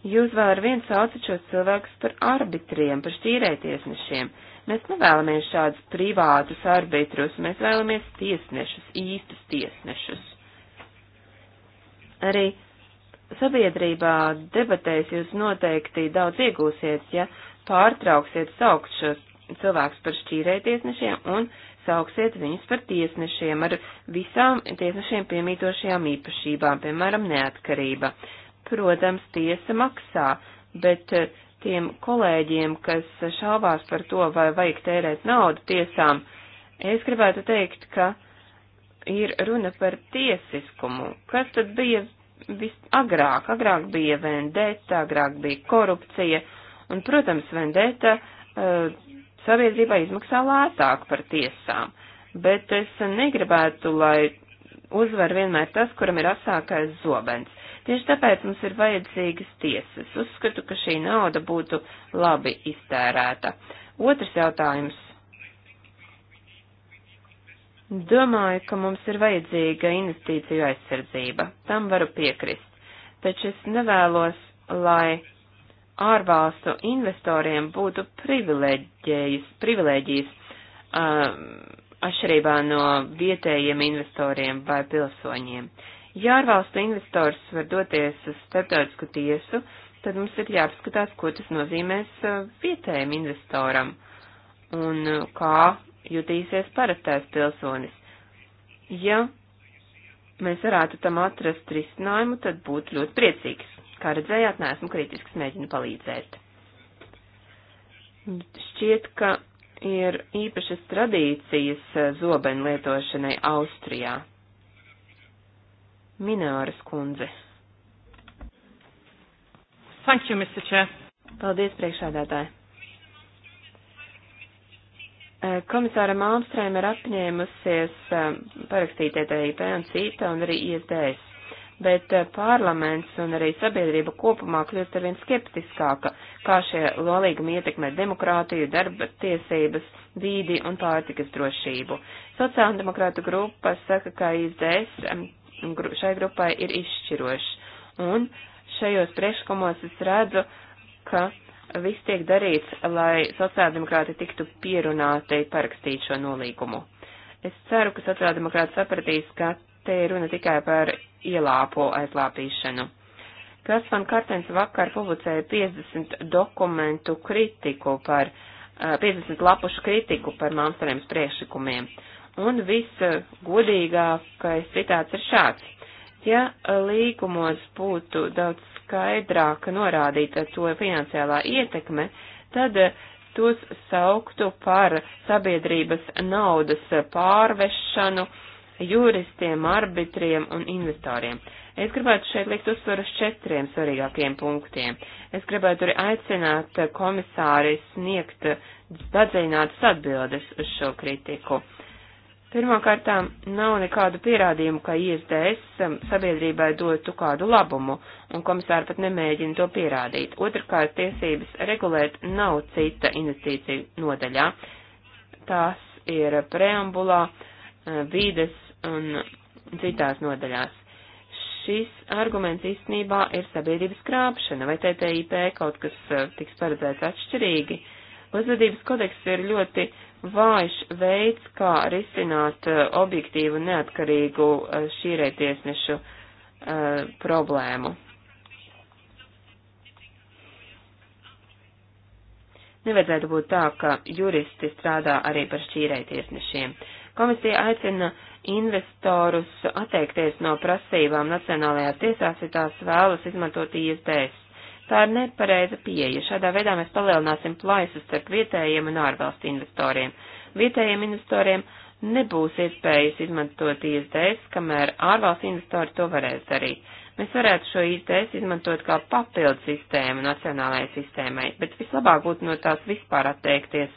Jūs vēl ar vienu saucat šos cilvēkus par arbitriem, par šķīrētiesnešiem. Mēs nevēlamies šādus privātus arbitrus, mēs vēlamies tiesnešus, īstus tiesnešus. Arī uh, sabiedrībā debatēs jūs noteikti daudz iegūsiet, ja pārtrauksiet saukt šos cilvēkus par šķīrētiesnešiem un sauksiet viņus par tiesnešiem ar visām tiesnešiem piemītošajām īpašībām, piemēram, neatkarība. Protams, tiesa maksā, bet eh, tiem kolēģiem, kas šaubās par to, vai vajag tērēt naudu tiesām, es gribētu teikt, ka ir runa par tiesiskumu. Kas tad bija vis, agrāk. Agrāk bija vendeta, agrāk bija korupcija, un, protams, vendeta uh, eh, sabiedrībai izmaksā lētāk par tiesām, bet es negribētu, lai uzvar vienmēr tas, kuram ir asākais zobens. Tieši tāpēc mums ir vajadzīgas tiesas. Uzskatu, ka šī nauda būtu labi iztērēta. Otrs jautājums Domāju, ka mums ir vajadzīga investīciju aizsardzība. Tam varu piekrist. Taču es nevēlos, lai ārvalstu investoriem būtu privilēģijas, privilēģijas um, uh, atšķirībā no vietējiem investoriem vai pilsoņiem. Ja ārvalstu investors var doties uz starptautisku tiesu, tad mums ir jāapskatās, ko tas nozīmēs uh, vietējiem investoram un uh, kā jutīsies parastais pilsonis. Ja mēs varētu tam atrast risinājumu, tad būtu ļoti priecīgs. Kā redzējāt, neesmu kritisks, mēģinu palīdzēt. Šķiet, ka ir īpašas tradīcijas zobenu lietošanai Austrijā. Minēras kundze. Thank you, Mr. Chair. Paldies, priekšādātāji. Eh, komisāra Malmstrēma ir apņēmusies eh, parakstīt ETIP un CITA un arī ISDS, bet eh, parlaments un arī sabiedrība kopumā kļūst arvien skeptiskāka, kā šie lolīgumi ietekmē demokrātiju, darba tiesības, vīdi un pārtikas drošību. Sociāldemokrātu grupa saka, ka ISDS šai grupai ir izšķirošs, un šajos priekšlikumos es redzu, ka viss tiek darīts, lai sociāldemokrāti tiktu pierunāti parakstīt šo nolīgumu. Es ceru, ka sociāldemokrāti sapratīs, ka te ir runa tikai par ielāpo aizlāpīšanu. Kas man kartens vakar publicēja 50 dokumentu kritiku par, 50 lapušu kritiku par Māmstarēmas priekšlikumiem. Un viss godīgākais citāts ir šāds. Ja līgumos būtu daudz skaidrāk norādīta to finansiālā ietekme, tad tos sauktu par sabiedrības naudas pārvešanu juristiem, arbitriem un investoriem. Es gribētu šeit likt uzsvaru uz četriem svarīgākiem punktiem. Es gribētu arī aicināt komisāri sniegt padziļinātas atbildes uz šo kritiku. Pirmkārtām, nav nekādu pierādījumu, ka ISDS um, sabiedrībai dotu kādu labumu, un komisāri pat nemēģina to pierādīt. Otrkārt, tiesības regulēt nav cita investīciju nodaļā. Tās ir preambulā, uh, vīdes un citās nodaļās. Šis arguments īstenībā ir sabiedrības krāpšana, vai TTIP kaut kas uh, tiks paredzēts atšķirīgi. Uzvedības kodeks ir ļoti vājš veids, kā risināt eh, objektīvu neatkarīgu eh, šīrētiesnešu eh, problēmu. Nevajadzētu būt tā, ka juristi strādā arī par šķīrētiesnešiem. Komisija aicina investorus atteikties no prasībām nacionālajās tiesās, ja tās vēlas izmantot ISDS. Tā ir nepareiza pieeja. Šādā veidā mēs palielināsim plaisu starp vietējiem un ārvalstu investoriem. Vietējiem investoriem nebūs iespējas izmantot ISDS, kamēr ārvalstu investori to varēs darīt. Mēs varētu šo ISDS izmantot kā papildu sistēmu nacionālajai sistēmai, bet vislabāk būtu no tās vispār atteikties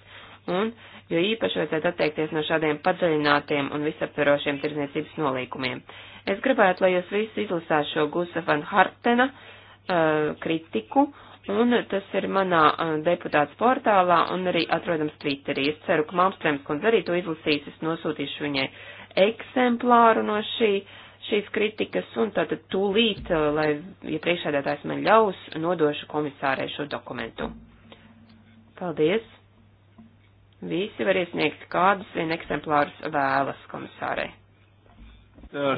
un, jo īpaši vajadzētu atteikties no šādiem padziļinātiem un visaptverošiem tirdzniecības nolīkumiem. Es gribētu, lai jūs visi izlasāt šo Gusa van Hartena Eh, kritiku, un tas ir manā eh, deputāts portālā un arī atrodams Twitterī. Es ceru, ka Malmstrēms kundze arī to izlasīs, es nosūtīšu viņai eksemplāru no šī, šīs kritikas, un tātad tūlīt, eh, lai, ja priekšādātājs man ļaus, nodošu komisārai šo dokumentu. Paldies! Visi var iesniegt kādus vien eksemplārus vēlas komisārai. Uh,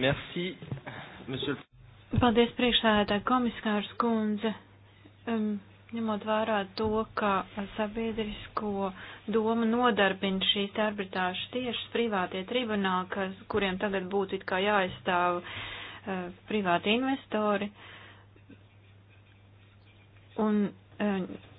Merci, monsieur. Paldies priekšsēdētāji komisārs kundze. Um, ņemot vērā to, ka sabiedrisko domu nodarbina šīs arbitrāžas tiešas privātie tribunāli, kas, kuriem tagad būtu it kā jāaizstāv uh, privāti investori. Un uh,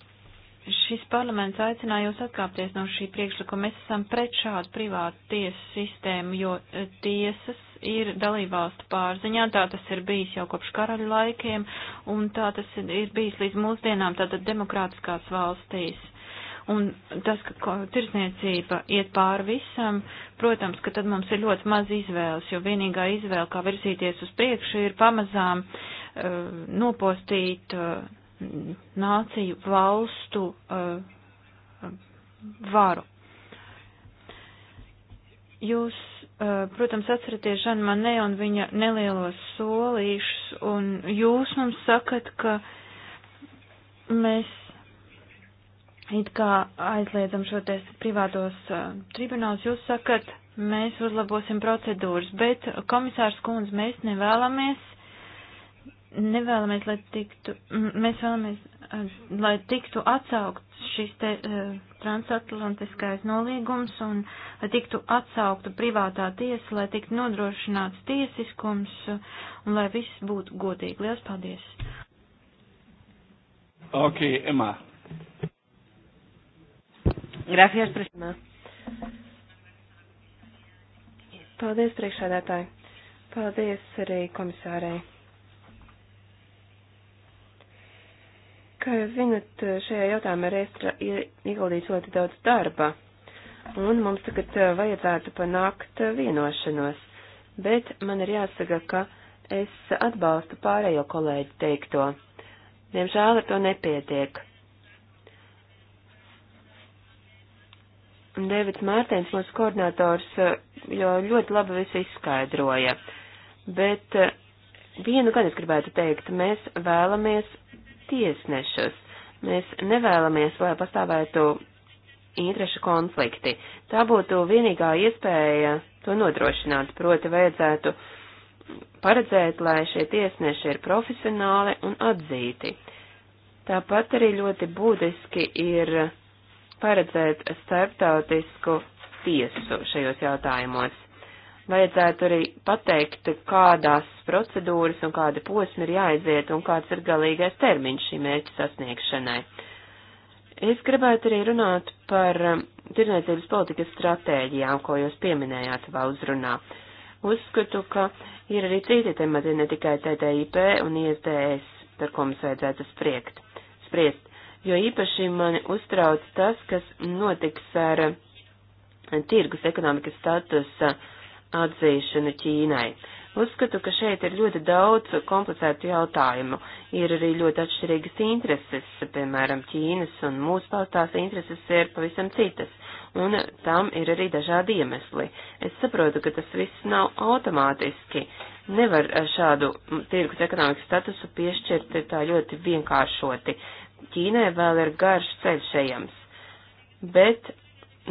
Šis parlaments aicināja jūs atkāpties no šī priekšlikuma. Mēs esam pret šādu privātu tiesu sistēmu, jo e, tiesas ir dalībvalstu pārziņā, tā tas ir bijis jau kopš karaļa laikiem, un tā tas ir bijis līdz mūsdienām, tātad demokrātiskās valstīs. Un tas, ka tirsniecība iet pāri visam, protams, ka tad mums ir ļoti maz izvēles, jo vienīgā izvēle, kā virzīties uz priekšu, ir pamazām uh, nopostīt uh, nāciju valstu uh, varu. Jūs, uh, protams, atceraties Žan Manē un viņa nelielos solīšus, un jūs mums sakat, ka mēs it kā aizliedzam šo te privātos uh, tribunālus, jūs sakat, mēs uzlabosim procedūras, bet komisārs kundze, mēs nevēlamies nevēlamies, lai tiktu, mēs vēlamies, lai tiktu atsaukt šis te e, transatlantiskais noliegums un lai tiktu atsaukta privātā tiesa, lai tiktu nodrošināts tiesiskums un lai viss būtu godīgi. Lielas paldies! Ok, Emma. Gracias, presidente. Paldies, priekšādātāji. Paldies arī komisārei. Kā jūs zinat, šajā jautājumā ir ieguldīts ļoti daudz darba, un mums tagad eh, vajadzētu panākt eh, vienošanos, bet man ir jāsaka, ka es atbalstu pārējo kolēģi teikto. Diemžēl ar to nepietiek. Dēvids Mārtiņš, mūsu koordinators, eh, jau ļoti labi visu izskaidroja. Bet vienu gan es gribētu teikt, mēs vēlamies tiesnešus. Mēs nevēlamies, lai pastāvētu interešu konflikti. Tā būtu vienīgā iespēja to nodrošināt, proti vajadzētu paredzēt, lai šie tiesneši ir profesionāli un atzīti. Tāpat arī ļoti būtiski ir paredzēt starptautisku tiesu šajos jautājumos vajadzētu arī pateikt, kādās procedūras un kādi posmi ir jāaiziet un kāds ir galīgais termiņš šī mērķa sasniegšanai. Es gribētu arī runāt par um, tirniecības politikas stratēģijām, ko jūs pieminējāt savā uzrunā. Uzskatu, ka ir arī citi temati, ne tikai TTIP un ISDS, par ko mums vajadzētu spriekt, spriest, jo īpaši mani uztrauc tas, kas notiks ar um, tirgus ekonomikas statusa uh, atzīšanu Ķīnai. Uzskatu, ka šeit ir ļoti daudz komplicētu jautājumu. Ir arī ļoti atšķirīgas intereses, piemēram, Ķīnas un mūsu paustās intereses ir pavisam citas, un tam ir arī dažādi iemesli. Es saprotu, ka tas viss nav automātiski. Nevar šādu tirgus ekonomikas statusu piešķirt tā ļoti vienkāršoti. Ķīnai vēl ir garš ceļš ejams, bet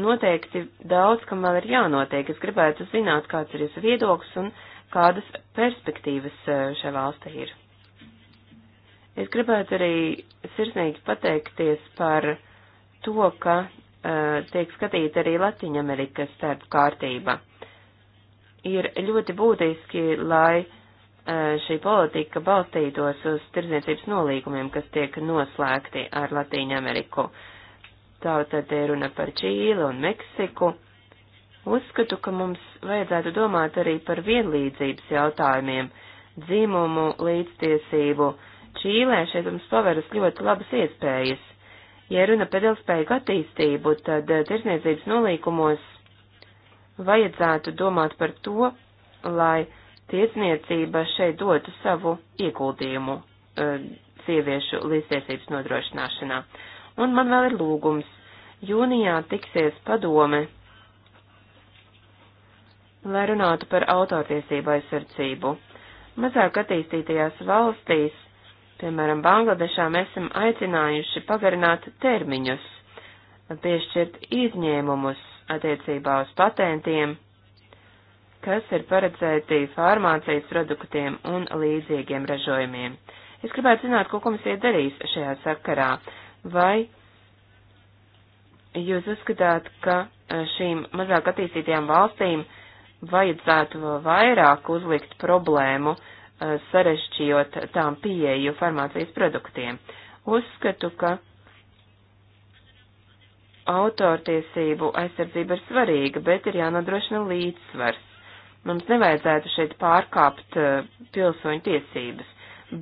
noteikti daudz, kam vēl ir jānotiek. Es gribētu zināt, kāds ir jūsu viedoklis un kādas perspektīvas eh, šai valstī ir. Es gribētu arī sirsnīgi pateikties par to, ka uh, tiek skatīta arī Latviņamerikas starp kārtība. Ir ļoti būtiski, lai uh, šī politika balstītos uz tirdzniecības nolīgumiem, kas tiek noslēgti ar Latīņameriku. Uh, tātad ir runa par Čīli un Meksiku. Uzskatu, ka mums vajadzētu domāt arī par vienlīdzības jautājumiem, dzimumu, līdztiesību. Čīlē šeit mums paveras ļoti labas iespējas. Ja runa par ilgspējīgu attīstību, tad eh, tirsniecības nolīkumos vajadzētu domāt par to, lai tiesniecība šeit dotu savu ieguldījumu e, sieviešu līdztiesības nodrošināšanā. Un man vēl ir lūgums jūnijā tiksies padome, lai runātu par autortiesību aizsardzību. Mazāk attīstītajās valstīs, piemēram, Bangladešā, mēs esam aicinājuši pagarināt termiņus, piešķirt izņēmumus attiecībā uz patentiem, kas ir paredzēti farmācijas produktiem un līdzīgiem ražojumiem. Es gribētu zināt, ko komisija darīs šajā sakarā, vai jūs uzskatāt, ka eh, šīm mazāk attīstītajām valstīm vajadzētu vēl vairāk uzlikt problēmu, eh, sarežģījot tām pieeju farmācijas produktiem. Uzskatu, ka autortiesību aizsardzība ir svarīga, bet ir jānodrošina līdzsvars. Mums nevajadzētu šeit pārkāpt eh, pilsoņu tiesības,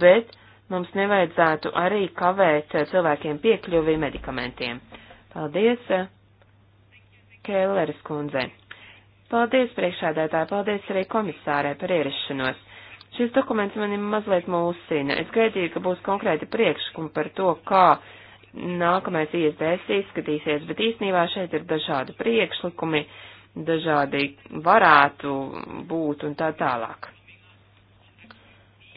bet mums nevajadzētu arī kavēt cilvēkiem piekļuvi medikamentiem. Uh, Paldies, eh, Kēleris kundze. Paldies priekšādētāji, paldies arī komisārē par ierašanos. Šis dokuments mani mazliet mulsina. Es gaidīju, ka būs konkrēti priekšlikumi par to, kā nākamais ISDS izskatīsies, bet īsnībā šeit ir dažādi priekšlikumi, dažādi varētu būt un tā tālāk.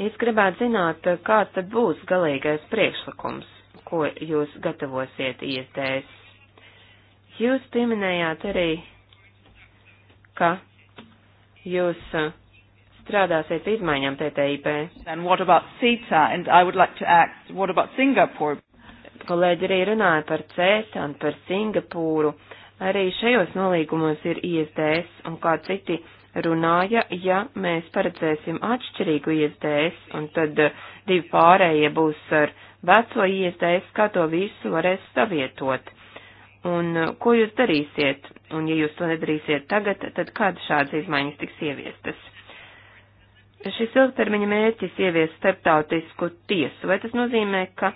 Es gribētu zināt, kāds tad būs galīgais priekšlikums, ko jūs gatavosiet ISDS Jūs pieminējāt arī, ka jūs uh, strādāsiet pie izmaiņām TTIP. Like Kolēģi arī runāja par CETA un par Singapūru. Arī šajos nolīgumos ir ISDS un kā citi runāja, ja mēs paredzēsim atšķirīgu ISDS un tad uh, divi pārējie būs ar veco ISDS, kā to visu varēs savietot. Un uh, ko jūs darīsiet? Un ja jūs to nedarīsiet tagad, tad kādas šādas izmaiņas tiks ieviestas? Šis ilgtermiņa mērķis ievies starptautisku tiesu, vai tas nozīmē, ka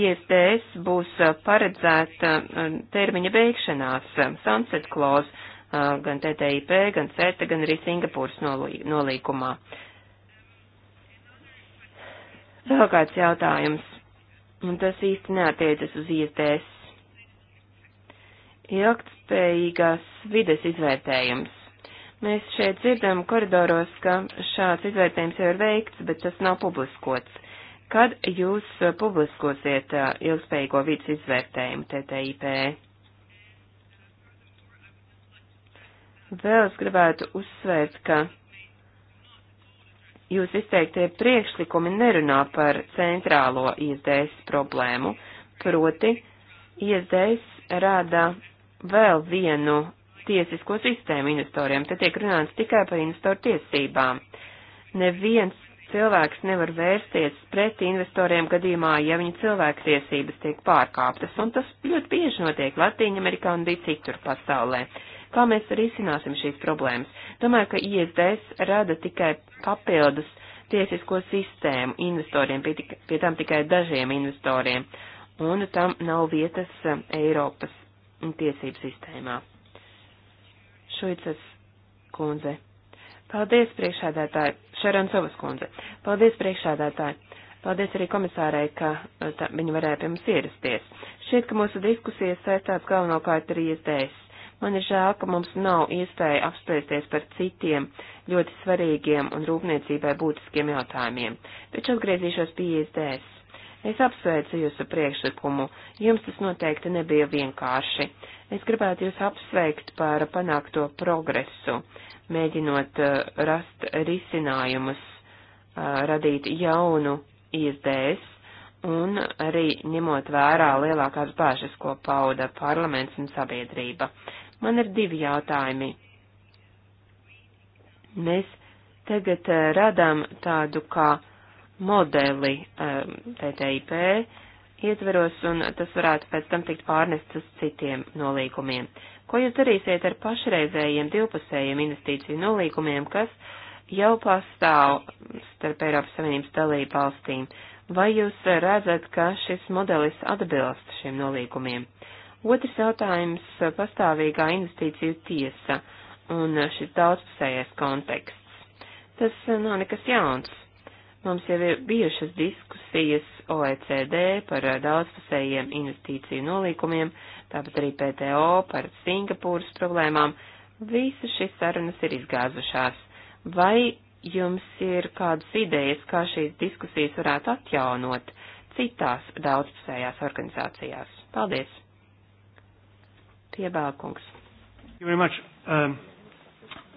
ISDS būs uh, paredzēta uh, termiņa beigšanās, sunset clause, gan TTIP, gan CETA, gan arī Singapūras nolīkumā? Vēl kāds jautājums, un tas īsti neatiecas uz ISDS ilgtspējīgās vides izvērtējums. Mēs šeit dzirdam koridoros, ka šāds izvērtējums jau ir veikts, bet tas nav publiskots. Kad jūs publiskosiet ilgspējīgo vidas izvērtējumu TTIP? Vēl es gribētu uzsvērt, ka jūs izteiktie priekšlikumi nerunā par centrālo ISDS problēmu, proti ISDS rāda vēl vienu tiesisko sistēmu investoriem. Te tiek runāts tikai par investoru tiesībām. Neviens cilvēks nevar vērsties pret investoriem gadījumā, ja viņa cilvēktiesības tiek pārkāptas, un tas ļoti bieži notiek Latīņamerikā un bija citur pasaulē. Kā mēs risināsim šīs problēmas? Domāju, ka ISDS rada tikai papildus tiesisko sistēmu investoriem, pie, tika, pie tam tikai dažiem investoriem, un tam nav vietas eh, Eiropas tiesību sistēmā. Šuicas kundze. Paldies, priekšādātāji. Šarancovas kundze. Paldies, priekšādātāji. Paldies arī komisārai, ka e, tā, viņa varēja pie mums ierasties. Šķiet, ka mūsu diskusijas saistās galvenokārt ar ISDS. Man ir žēl, ka mums nav iespēja apspriesties par citiem ļoti svarīgiem un rūpniecībai būtiskiem jautājumiem, taču atgriezīšos pie ISDS. Es apsveicu jūsu priekšlikumu. Jums tas noteikti nebija vienkārši. Es gribētu jūs apsveikt par panākto progresu, mēģinot eh, rast risinājumus, eh, radīt jaunu ISDS un arī ņemot vērā lielākās bāžas, ko pauda parlaments un sabiedrība. Man ir divi jautājumi. Mēs tagad eh, radām tādu kā modeli um, TTIP ietveros, un tas varētu pēc tam tikt pārnests uz citiem nolīkumiem. Ko jūs darīsiet ar pašreizējiem divpusējiem investīciju nolīkumiem, kas jau pastāv starp Eiropas Savienības dalību valstīm? Vai jūs redzat, ka šis modelis atbilst šiem nolīkumiem? Otrs jautājums - pastāvīgā investīciju tiesa un šis daudzpusējais konteksts. Tas nav nekas jauns. Mums jau ir bijušas diskusijas OECD par daudzpusējiem investīciju nolīkumiem, tāpat arī PTO par Singapūras problēmām. Visas šīs sarunas ir izgāzušās. Vai jums ir kādas idejas, kā šīs diskusijas varētu atjaunot citās daudzpusējās organizācijās? Paldies! Piebākungs. Um...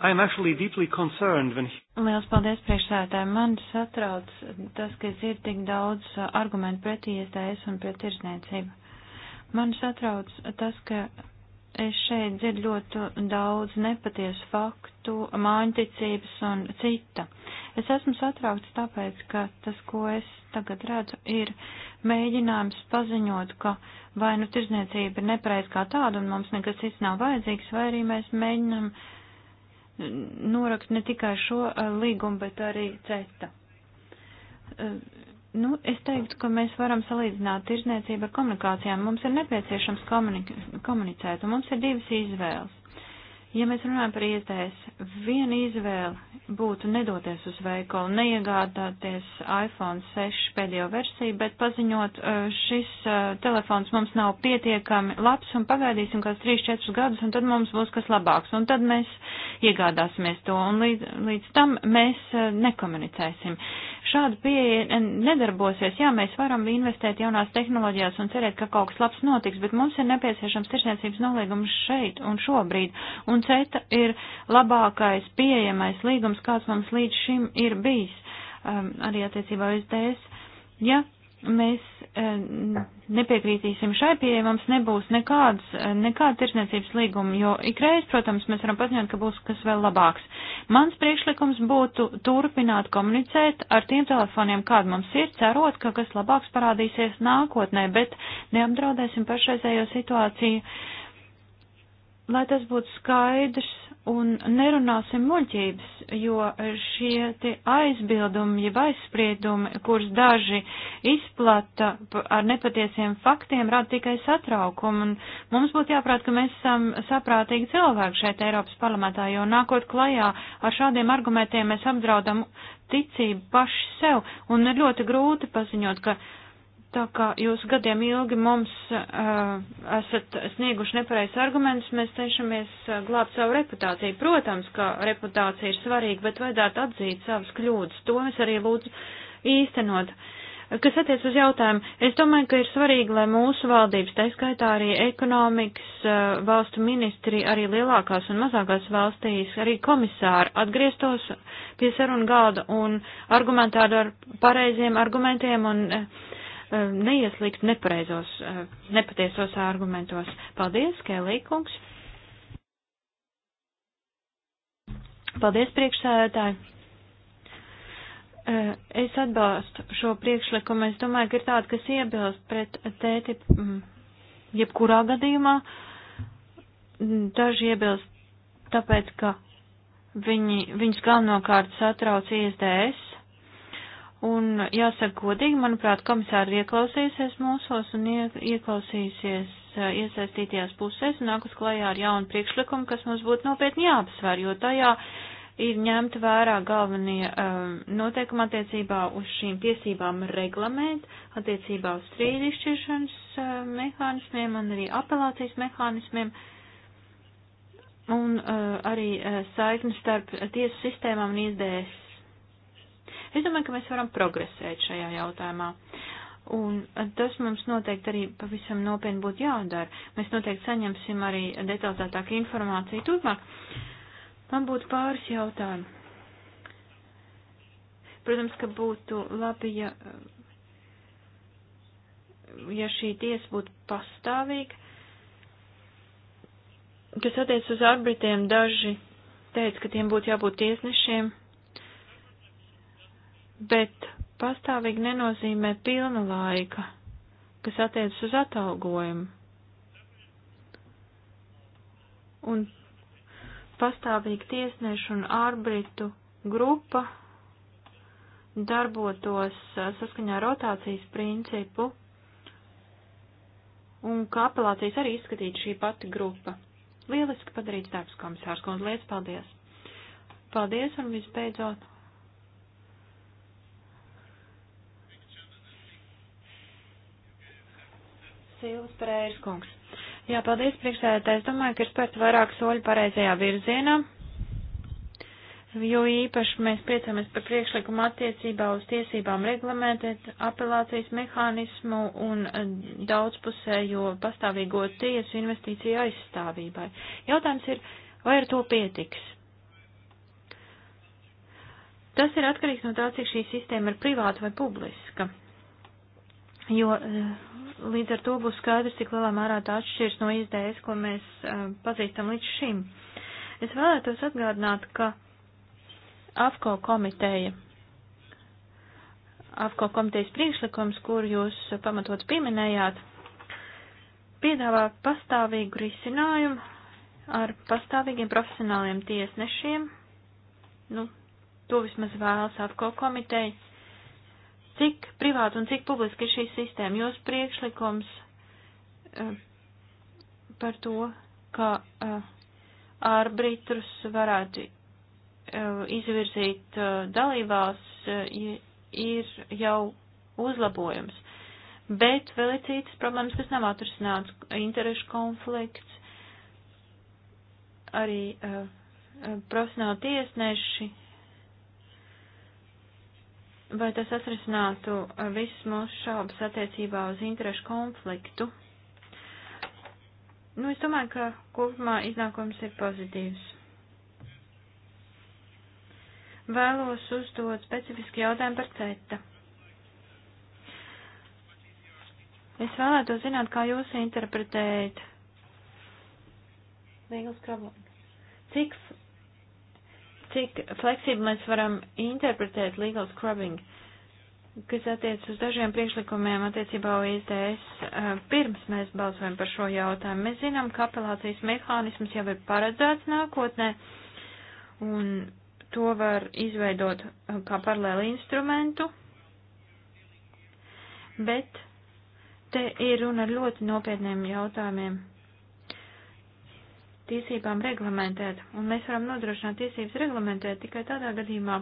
I'm actually deeply concerned when he... Liels paldies priekšsētāji. Man satrauc tas, ka ir tik daudz argumentu pret iestājas un pret tirzniecību. Man satrauc tas, ka es šeit dzirdu ļoti daudz nepatiesu faktu, māņticības un cita. Es esmu satraukts tāpēc, ka tas, ko es tagad redzu, ir mēģinājums paziņot, ka vai nu tirzniecība ir nepareiz kā tāda un mums nekas cits nav vajadzīgs, vai arī mēs mēģinām uh, norakst ne tikai šo eh, līgumu, bet arī CETA. Eh, nu, es teiktu, ka mēs varam salīdzināt tirzniecību ar komunikācijām. Mums ir nepieciešams komunik komunicēt, un mums ir divas izvēles. Ja mēs runājam par iestājas, viena izvēle būtu nedoties uz veikalu, neiegādāties iPhone 6 pēdējo versiju, bet paziņot, e, šis e, telefons mums nav pietiekami labs un pagaidīsim kāds 3-4 gadus un tad mums būs kas labāks un tad mēs iegādāsimies to un līdz, līdz tam mēs e, nekomunicēsim. Uh, Šāda pieeja nedarbosies. Jā, mēs varam investēt jaunās tehnoloģijās un cerēt, ka kaut kas labs notiks, bet mums ir nepieciešams tirsniecības nolīgums šeit un šobrīd. Un CETA ir labākais pieejamais līgums, kāds mums līdz šim ir bijis, um, arī attiecībā uz DS. Ja mēs eh, nepiekrītīsim šai pieejai, mums nebūs nekādas, eh, nekāda tirsniecības līguma, jo ikreiz, protams, mēs varam paziņot, ka būs kas vēl labāks. Mans priekšlikums būtu turpināt komunicēt ar tiem telefoniem, kāda mums ir, cerot, ka kas labāks parādīsies nākotnē, bet neapdraudēsim pašreizējo situāciju. Lai tas būtu skaidrs un nerunāsim muļķības, jo šie aizbildumi, jeb aizspriedumi, kurus daži izplata ar nepatiesiem faktiem, rada tikai satraukumu. Un mums būtu jāprāt, ka mēs esam saprātīgi cilvēki šeit Eiropas parlamentā, jo nākot klajā ar šādiem argumentiem mēs apdraudam ticību paši sev, un ir ļoti grūti paziņot, ka Tā kā jūs gadiem ilgi mums uh, esat snieguši nepareizs argumentus, mēs cenšamies uh, glābt savu reputāciju. Protams, ka reputācija ir svarīga, bet vajadzētu atzīt savas kļūdas. To es arī lūdzu īstenot. Kas attiec uz jautājumu, es domāju, ka ir svarīgi, lai mūsu valdības, tā skaitā arī ekonomikas uh, valstu ministri, arī lielākās un mazākās valstīs, arī komisāri atgrieztos pie sarunu galda un argumentētu ar pareiziem argumentiem un uh, Eh, neieslīgt nepareizos, eh, nepatiesos argumentos. Paldies, Kēlī kungs! Paldies, priekšsēdētāji! Eh, es atbalstu šo priekšlikumu. Es domāju, ka ir tāda, kas iebilst pret tēti mm, jebkurā gadījumā. Mm, daži iebilst tāpēc, ka viņi, viņus galvenokārt satrauc ISDS Un jāsaka godīgi, manuprāt, komisāri ir ieklausījusies mūsos un ieklausījusies iesaistītajās pusēs un nākus klajā ar jaunu priekšlikumu, kas mums būtu nopietni jāapsver, jo tajā ir ņemta vērā galvenie um, noteikumi attiecībā uz šīm tiesībām reglamentēt, attiecībā uz strīdišķiršanas uh, mehānismiem un arī apelācijas mehānismiem un uh, arī uh, saikni starp tiesu sistēmām un izdējas Es domāju, ka mēs varam progresēt šajā jautājumā. Un tas mums noteikti arī pavisam nopietni būtu jādara. Mēs noteikti saņemsim arī detalizētāku informāciju turpmāk. Man būtu pāris jautājumu. Protams, ka būtu labi, ja, ja šī tiesa būtu pastāvīga. Kas attiec uz arbitriem, daži teica, ka tiem būtu jābūt tiesnešiem, bet pastāvīgi nenozīmē pilna laika, kas attiecas uz atalgojumu. Un pastāvīgi tiesnešu un ārbritu grupa darbotos saskaņā rotācijas principu, un ka apelācijas arī izskatītu šī pati grupa. Lieliski padarīts darbs, komisārs Kundze, liels paldies! Paldies un visbeidzot! Silvas Pereiras kungs. Jā, paldies priekšsēdētājs. Domāju, ka ir spērts vairāk soļu pareizajā virzienā, jo īpaši mēs priecamies par priekšlikumu attiecībā uz tiesībām reglamentēt apelācijas mehānismu un eh, daudzpusējo pastāvīgo tiesu investīciju aizstāvībai. Jautājums ir, vai ar to pietiks? Tas ir atkarīgs no tā, cik šī sistēma ir privāta vai publiska jo eh, līdz ar to būs skaidrs, cik lielā mērā tā atšķirs no izdējas, ko mēs eh, pazīstam līdz šim. Es vēlētos atgādināt, ka AFCO komiteja, AFCO komitejas priekšlikums, kur jūs pamatots pieminējāt, piedāvā pastāvīgu risinājumu ar pastāvīgiem profesionāliem tiesnešiem. Nu, to vismaz vēlas AFCO komiteja Cik privāti un cik publiski ir šī sistēma? Jūs priekšlikums uh, par to, ka uh, arbitrus varētu uh, izvirzīt dalībās, ir jau uzlabojums. Bet vēl ir citas problēmas, kas nav atrisināts - interešu konflikts, arī profesionāli tiesneši Vai tas atrisinātu eh, visas mūsu šaubas attiecībā uz interešu konfliktu? Nu, es domāju, ka kopumā iznākums ir pozitīvs. Vēlos uzdot specifiski jautājumu par CETA. Es vēlētos zināt, kā jūs interpretējat. Līgas problēmas. Cik cik fleksibli mēs varam interpretēt legal scrubbing, kas attiec uz dažiem priekšlikumiem attiecībā uz ISDS. Eh, pirms mēs balsojam par šo jautājumu, mēs zinām, ka apelācijas mehānisms jau ir paredzēts nākotnē, un to var izveidot eh, kā paralēli instrumentu, bet te ir runa ar ļoti nopietniem jautājumiem tiesībām reglamentēt, un mēs varam nodrošināt tiesības reglamentēt tikai tādā gadījumā,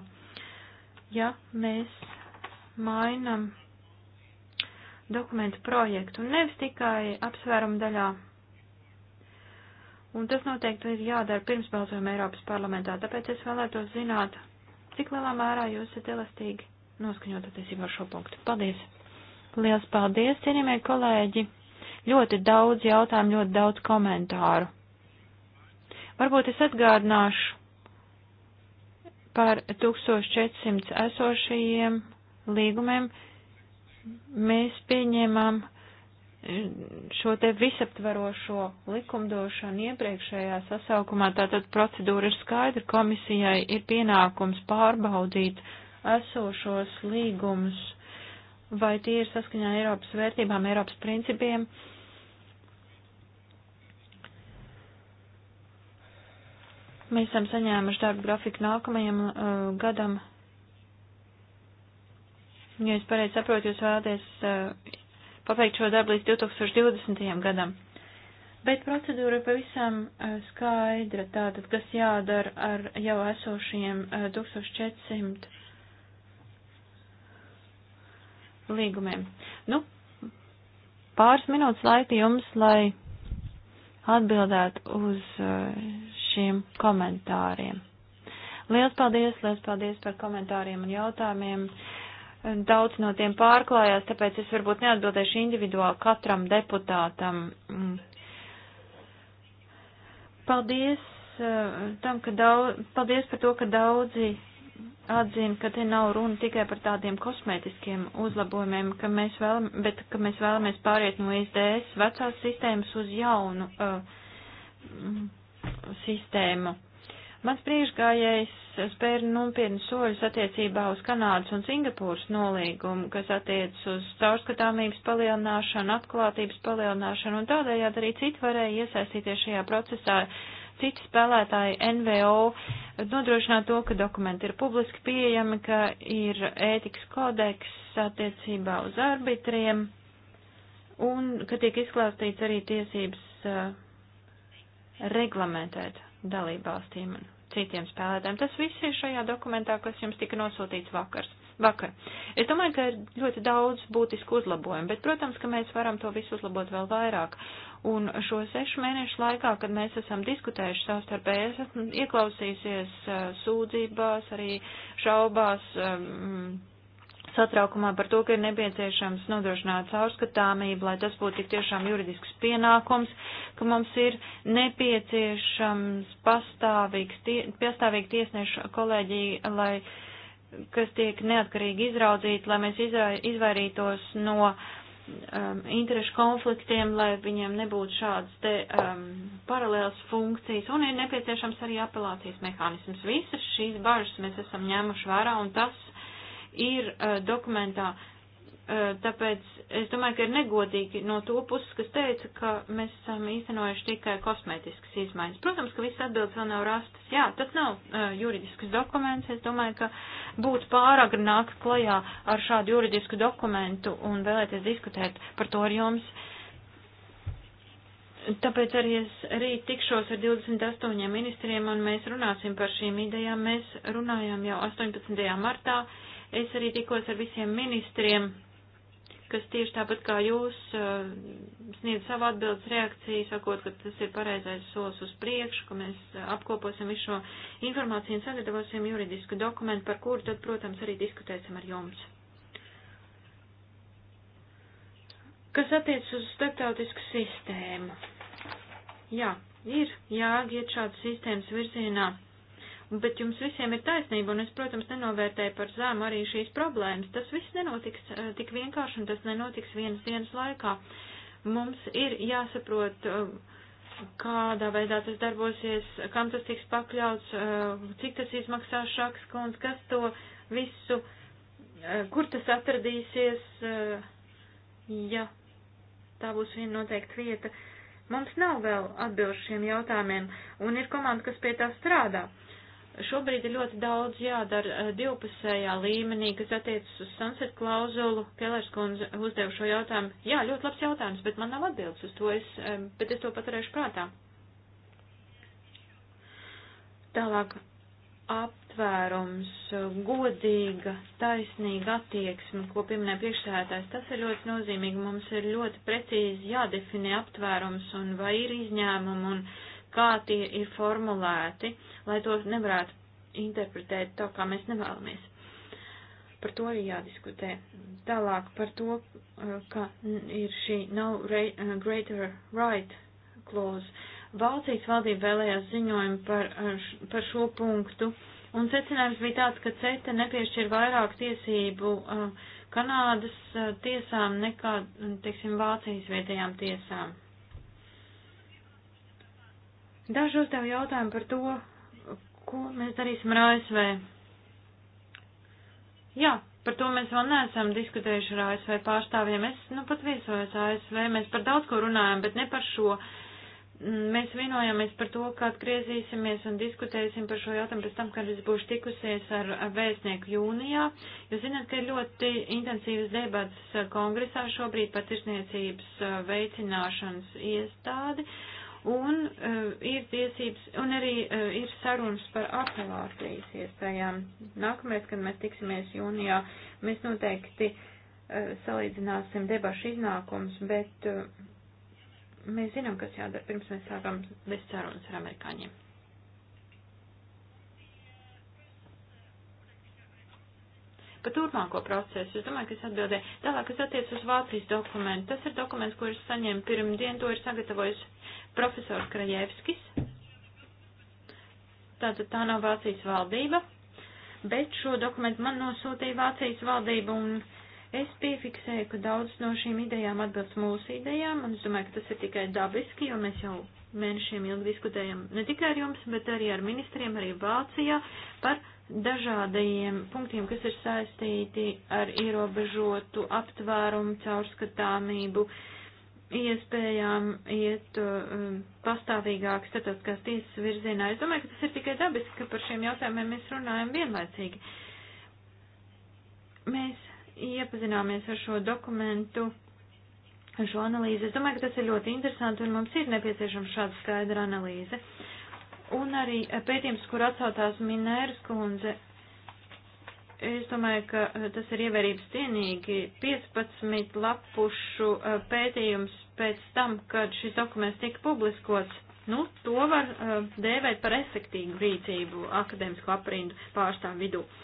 ja mēs mainam dokumentu projektu, un nevis tikai apsvērumu daļā. Un tas noteikti ir jādara pirms balsojuma Eiropas parlamentā, tāpēc es vēlētos zināt, cik lielā mērā jūs esat elastīgi noskaņot attiecībā ar šo punktu. Paldies! Liels paldies, cienījamie kolēģi! Ļoti daudz jautājumu, ļoti daudz komentāru. Varbūt es atgādināšu par 1400 esošajiem līgumiem. Mēs pieņēmām eh, šo te visaptvarošo likumdošanu iepriekšējā sasaukumā, tātad procedūra ir skaidra, komisijai ir pienākums pārbaudīt esošos līgumus, vai tie ir saskaņā Eiropas vērtībām, Eiropas principiem, uh, Mēs esam saņēmuši darbu grafiku nākamajam uh, gadam. Ja es pareizi saprotu, jūs vēlaties uh, pabeigt šo darbu līdz 2020. gadam. Bet procedūra ir pavisam uh, skaidra, tātad, kas jādara ar jau esošiem uh, 1400 līgumiem. Nu, pāris minūtes laika jums, lai atbildētu uz uh, šiem komentāriem. Liels paldies, liels paldies par komentāriem un jautājumiem. Daudz no tiem pārklājās, tāpēc es varbūt neatbildēšu individuāli katram deputātam. Paldies, eh, tam, ka daudz, paldies par to, ka daudzi atzina, ka te nav runa tikai par tādiem kosmētiskiem uzlabojumiem, ka mēs vēlam, bet ka mēs vēlamies pāriet no ISDS vecās sistēmas uz jaunu. Uh, sistēmu. Mans priekšgājējs spēra nopietnu soļus attiecībā uz Kanādas un Singapūras nolīgumu, kas attiec uz caurskatāmības palielināšanu, atklātības palielināšanu, un tādējādi arī citi varēja iesaistīties šajā procesā, citi spēlētāji NVO, nodrošināt to, ka dokumenti ir publiski pieejami, ka ir ētikas kodeks attiecībā uz arbitriem, un ka tiek izklāstīts arī tiesības uh, reglamentēt dalībvalstīm un citiem spēlētājiem. Tas viss ir šajā dokumentā, kas jums tika nosūtīts vakars. Vakar. Es domāju, ka ir ļoti daudz būtisku uzlabojumu, bet, protams, ka mēs varam to visu uzlabot vēl vairāk. Un šo sešu mēnešu laikā, kad mēs esam diskutējuši savstarpēji, es esmu ieklausījusies sūdzībās, arī šaubās, satraukumā par to, ka ir nepieciešams nodrošināt caurskatāmību, lai tas būtu tik tiešām juridisks pienākums, ka mums ir nepieciešams pastāvīgs, tie, pastāvīgi tiesnešu kolēģija, lai, kas tiek neatkarīgi izraudzīti, lai mēs izra, izvairītos no um, interešu konfliktiem, lai viņiem nebūtu šādas te um, paralēlas funkcijas, un ir nepieciešams arī apelācijas mehānisms. Visas šīs bažas mēs esam ņēmuši vērā, un tas ir uh, dokumentā. Uh, tāpēc es domāju, ka ir negodīgi no to puses, kas teica, ka mēs esam īstenojuši tikai kosmētiskas izmaiņas. Protams, ka viss atbildes vēl nav rastas. Jā, tas nav uh, juridisks dokuments. Es domāju, ka būtu pāragri nākt klajā ar šādu juridisku dokumentu un vēlēties diskutēt par to ar jums. Uh, Tāpēc arī es rīt tikšos ar 28 ministriem un mēs runāsim par šīm idejām. Mēs runājām jau 18. martā, Es arī tikos ar visiem ministriem, kas tieši tāpat kā jūs eh, sniedz savu atbildes reakciju, sakot, ka tas ir pareizais solis uz priekšu, ka mēs eh, apkoposim visu šo informāciju un sagatavosim juridisku dokumentu, par kuru tad, protams, arī diskutēsim ar jums. Kas attiec uz starptautisku sistēmu? Jā, ir jāiet šādas sistēmas virzienā Bet jums visiem ir taisnība, un es, protams, nenovērtēju par zēmu arī šīs problēmas. Tas viss nenotiks eh, tik vienkārši, un tas nenotiks vienas dienas laikā. Mums ir jāsaprot, eh, kādā veidā tas darbosies, kam tas tiks pakļauts, eh, cik tas izmaksās šāks kundz, kas to visu, kur tas atradīsies, ja tā būs viena noteikta vieta. Mums nav vēl atbildu šiem jautājumiem, un ir komanda, kas pie tā strādā. Šobrīd ir ļoti daudz jādara eh, divpusējā līmenī, kas attiecas uz sunset klauzulu. Kelers kundze uzdev šo jautājumu. Jā, ļoti labs jautājums, bet man nav atbildes uz to, es, bet es to paturēšu prātā. Tālāk aptvērums, godīga, taisnīga attieksme, ko pieminē priekšsēdētājs, tas ir ļoti nozīmīgi. Mums ir ļoti precīzi jādefinē aptvērums un vai ir izņēmumi un. Uh, kā tie ir formulēti, lai tos nevarētu interpretēt tā, kā mēs nevēlamies. Par to arī jādiskutē. Tālāk par to, eh, ka ir šī no eh, greater right clause. Vācijas valdība vēlējās ziņojumu par, eh, par šo punktu, un secinājums bija tāds, ka CETA nepiešķir vairāk tiesību Kanādas tiesām nekā, teiksim, Vācijas vietējām tiesām. Daži uzdev jautājumu par to, ko mēs darīsim ar ASV. Jā, par to mēs vēl neesam diskutējuši ar ASV pārstāvjiem. Es nu pat viesojos ASV, mēs par daudz ko runājam, bet ne par šo. Mm, mēs vienojāmies par to, kā atgriezīsimies un diskutēsim par šo jautājumu pēc tam, kad es būšu tikusies ar, ar vēstnieku jūnijā. Jūs zināt, ka ir ļoti intensīvas debats eh, kongresā šobrīd par tirsniecības eh, veicināšanas iestādi. Uh, un uh, ir tiesības, un arī uh, ir sarunas par apelācijas iespējām. Nākamreiz, kad mēs tiksimies jūnijā, mēs noteikti uh, salīdzināsim debašu iznākums, bet uh, mēs zinām, kas jādara pirms mēs sākam bez sarunas ar amerikāņiem. Par turpmāko procesu, es domāju, ka es atbildēju. Tālāk, kas attiec uz Vācijas dokumentu, tas ir dokuments, ko es saņēmu pirmdien, to ir sagatavojis profesors Krajevskis. Tātad tā nav Vācijas valdība, bet šo dokumentu man nosūtīja Vācijas valdība un es piefiksēju, ka daudz no šīm idejām atbilst mūsu idejām un es domāju, ka tas ir tikai dabiski, jo mēs jau mēnešiem ilgi diskutējam ne tikai ar jums, bet arī ar ministriem, arī Vācijā par dažādajiem punktiem, kas ir saistīti ar ierobežotu aptvērumu, caurskatāmību, iespējām iet uh, pastāvīgāk starptautiskās tiesas virzienā. Es domāju, ka tas ir tikai dabiski, ka par šiem jautājumiem mēs runājam vienlaicīgi. Mēs iepazināmies ar šo dokumentu, ar šo analīzi. Es domāju, ka tas ir ļoti interesanti un mums ir nepieciešama šāda skaidra analīze. Uh, Un arī eh, pētījums, kur atsaucās Minēras kundze, es domāju, ka eh, tas ir ievērības cienīgi. 15 lapušu eh, pētījums pēc tam, kad šis dokuments tika publiskots, nu, to var dēvēt par efektīvu rīcību akadēmisko aprindu pārstāvu vidū. Uh,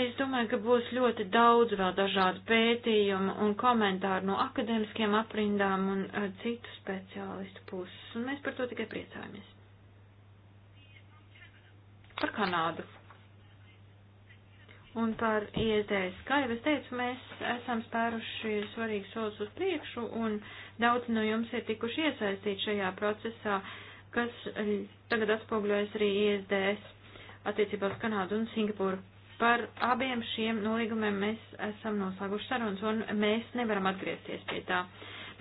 Es domāju, ka būs ļoti daudz vēl dažādu pētījumu un komentāru no akadēmiskiem aprindām un eh, citu speciālistu puses, un mēs par to tikai priecājamies. Par Kanādu. Un par ISDS. Kā jau es teicu, mēs esam spēruši svarīgus solis uz priekšu, un daudz no jums ir tikuši iesaistīti šajā procesā, kas tagad atspogļojas arī ISDS attiecībā uz Kanādu un Singapūru. Par abiem šiem nolīgumiem mēs esam noslēguši sarunas un mēs nevaram atgriezties pie tā.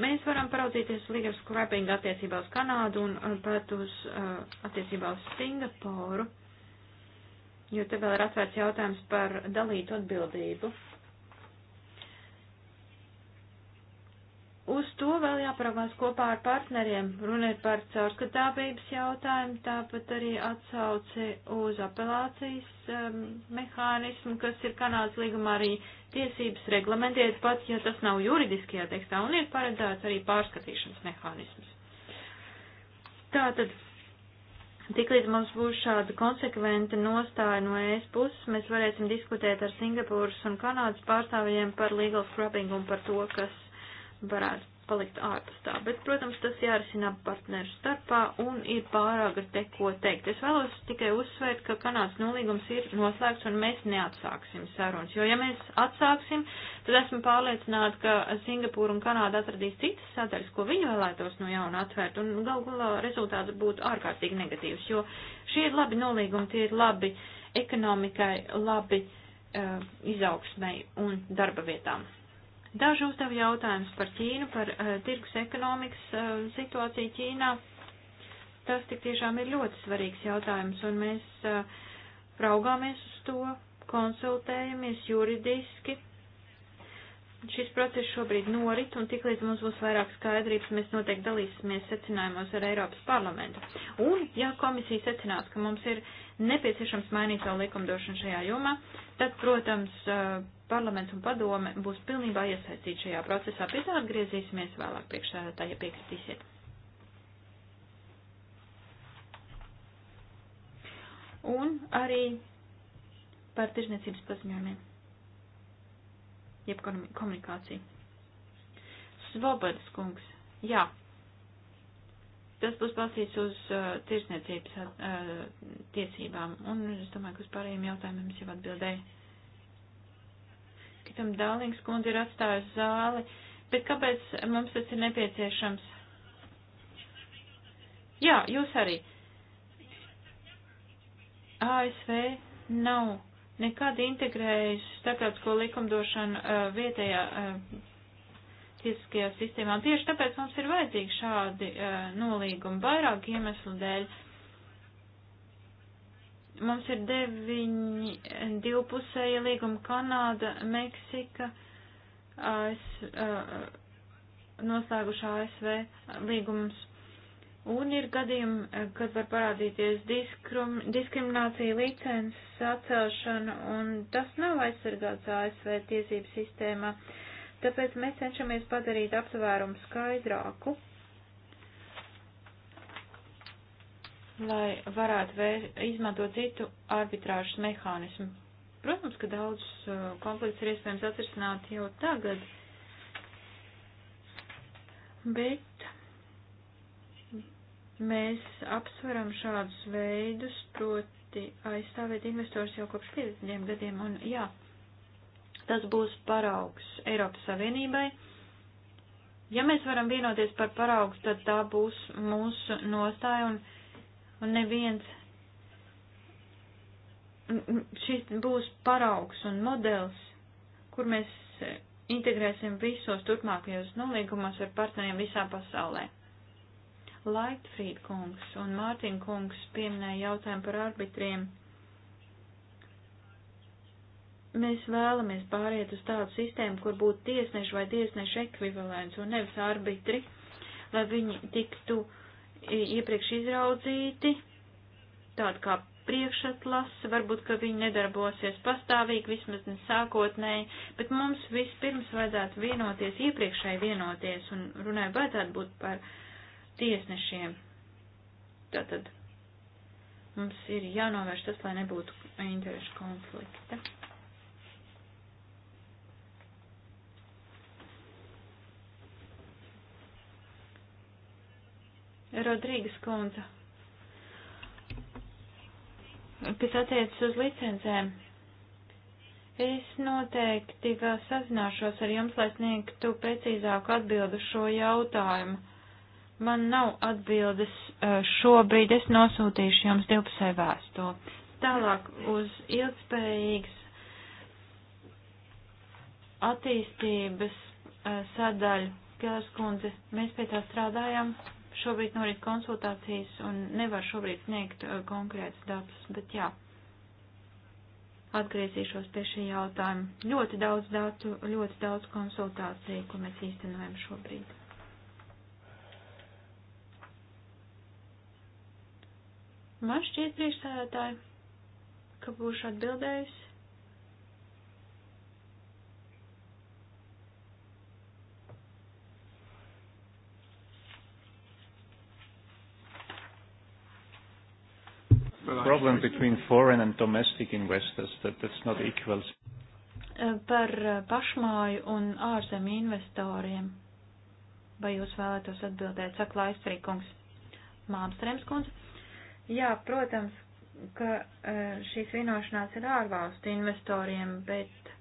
Mēs varam paraudzīties līgas scrapping attiecībā uz Kanādu un pat uz uh, attiecībā uz Singapūru, jo te vēl ir atvērts jautājums par dalītu atbildību. uz to vēl jāparaugās kopā ar partneriem, runēt par caurskatābības jautājumu, tāpat arī atsauci uz apelācijas um, mehānismu, kas ir Kanādas līgumā arī tiesības reglamentēt, pat ja tas nav juridiskajā tekstā, un ir paredzēts arī pārskatīšanas mehānisms. Tātad, tiklīdz mums būs šāda konsekventa nostāja no ES puses, mēs varēsim diskutēt ar Singapūras un Kanādas pārstāvjiem par legal scrubbing un par to, kas varētu palikt ārpus tā. Bet, protams, tas jārisina partneru starpā un ir pārāk te ko teikt. Es vēlos tikai uzsvērt, ka Kanādas nolīgums ir noslēgts un mēs neatsāksim sarunas. Jo, ja mēs atsāksim, tad esmu pārliecināta, ka Singapūra un Kanāda atradīs citas sadaļas, ko viņi vēlētos no jauna atvērt. Un galu galā rezultāts būtu ārkārtīgi negatīvs, jo šie ir labi nolīgumi, tie ir labi ekonomikai, labi uh, eh, izaugsmai un darba vietām. Daži uzdev jautājumus par Ķīnu, par uh, tirgus ekonomikas uh, situāciju Ķīnā. Tas tik tiešām ir ļoti svarīgs jautājums, un mēs uh, raugāmies uz to, konsultējamies juridiski. Šis process šobrīd norit, un tiklīdz mums būs vairāk skaidrības, mēs noteikti dalīsimies secinājumos ar Eiropas parlamentu. Un, ja komisija secinās, ka mums ir nepieciešams mainīt savu likumdošanu šajā jomā, tad, protams, uh, parlaments un padome būs pilnībā iesaistīti šajā procesā. Pie tā atgriezīsimies vēlāk priekšsēdētāji, ja piekritīsiet. Un arī par tirzniecības paziņojumiem, jeb komunikāciju. Svobodas kungs, jā, tas būs balstīts uz uh, tirsniecības uh, tiesībām, un es domāju, ka uz pārējiem jautājumiem es jau atbildēju. Kristam Dālings kundze ir atstājusi zāli, bet kāpēc mums tas ir nepieciešams? Jā, jūs arī. ASV nav nekad integrējusi starptautisko likumdošanu uh, vietējā uh, tiesiskajā sistēmā. Tieši tāpēc mums ir vajadzīgi šādi uh, nolīgumi vairāk iemeslu dēļ. Uh, Mums ir deviņi divpusēji līgumi Kanāda, Meksika, AS, noslēguši ASV līgumus. Un ir gadījumi, kad var parādīties diskrum, diskriminācija, licences atcelšana, un tas nav aizsargāts ASV tiesību sistēmā. Tāpēc mēs cenšamies padarīt aptvērumu skaidrāku lai varētu vēr, izmantot citu arbitrāžas mehānismu. Protams, ka daudz uh, konflikts ir iespējams atrisināt jau tagad, bet mēs apsveram šādus veidus, proti aizstāvēt investors jau kopš 50 gadiem, un jā, tas būs paraugs Eiropas Savienībai. Ja mēs varam vienoties par paraugs, tad tā būs mūsu nostāja un un neviens. Šis būs paraugs un modelis, kur mēs e, integrēsim visos turpmākajos nolīgumos ar partneriem visā pasaulē. Laitfrīd kungs un Mārtiņ kungs pieminēja jautājumu par arbitriem. Mēs vēlamies pāriet uz tādu sistēmu, kur būtu tiesneši vai tiesneši ekvivalents un nevis arbitri, lai viņi tiktu uh, iepriekš izraudzīti, tādi kā priekšatlas, varbūt, ka viņi nedarbosies pastāvīgi, vismaz ne sākotnēji, bet mums vispirms vajadzētu vienoties, iepriekšēji vienoties, un runai vajadzētu būt par tiesnešiem. Tātad mums ir jānovērš tas, lai nebūtu interešu konflikta. Rodrīgas kundze, kas attiecas uz licencēm. Es noteikti vēl sazināšos ar jums, lai sniegtu precīzāku atbildu šo jautājumu. Man nav atbildes eh, šobrīd, es nosūtīšu jums divpusēju vēstuli. Tālāk uz ilgspējīgas attīstības eh, sadaļu. Pielārs kundze, mēs pie tā strādājam, Šobrīd norit konsultācijas un nevar šobrīd sniegt uh, konkrētus datus, bet jā, atgriezīšos pie šī jautājuma. Ļoti daudz datu, ļoti daudz konsultāciju, ko mēs īstenojam šobrīd. Man šķiet priekšsēdētāji, ka būšu atbildējusi. problem between foreign and domestic investors that that's not equal. Eh, par eh, pašmāju un ārzemju investoriem. Vai jūs vēlētos atbildēt? Saka Laistrīkungs. Māmstrēms kundze. Jā, protams, ka eh, šīs vienošanās ir ārvalstu investoriem, bet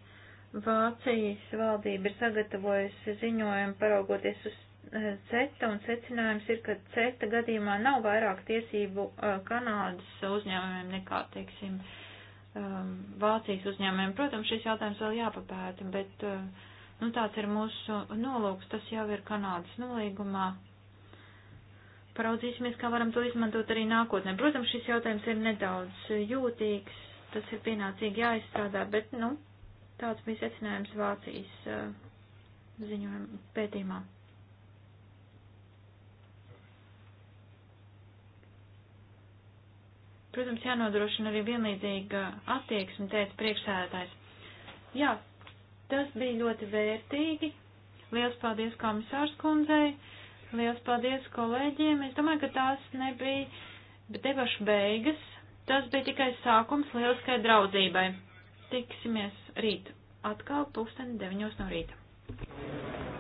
Vācijas valdība ir sagatavojusi ziņojumu paraugoties uz Eh, CETA un secinājums ir, ka CETA gadījumā nav vairāk tiesību eh, Kanādas uzņēmumiem nekā, teiksim, eh, Vācijas uzņēmumiem. Protams, šis jautājums vēl jāpapēta, bet nu, tāds ir mūsu nolūks, tas jau ir Kanādas nolīgumā. Paraudzīsimies, kā varam to izmantot arī nākotnē. Protams, šis jautājums ir nedaudz jūtīgs, tas ir pienācīgi jāizstrādā, bet, nu, tāds bija secinājums Vācijas ziņojuma pētījumā. Protams, jānodrošina arī vienlīdzīga attieksme, teica priekšsēdētājs. Jā, tas bija ļoti vērtīgi. Liels paldies komisārs kundzei, liels paldies kolēģiem. Es domāju, ka tās nebija debašu beigas, tas bija tikai sākums lieliskai draudzībai. Tiksimies rīt atkal pulksteni deviņos no rīta.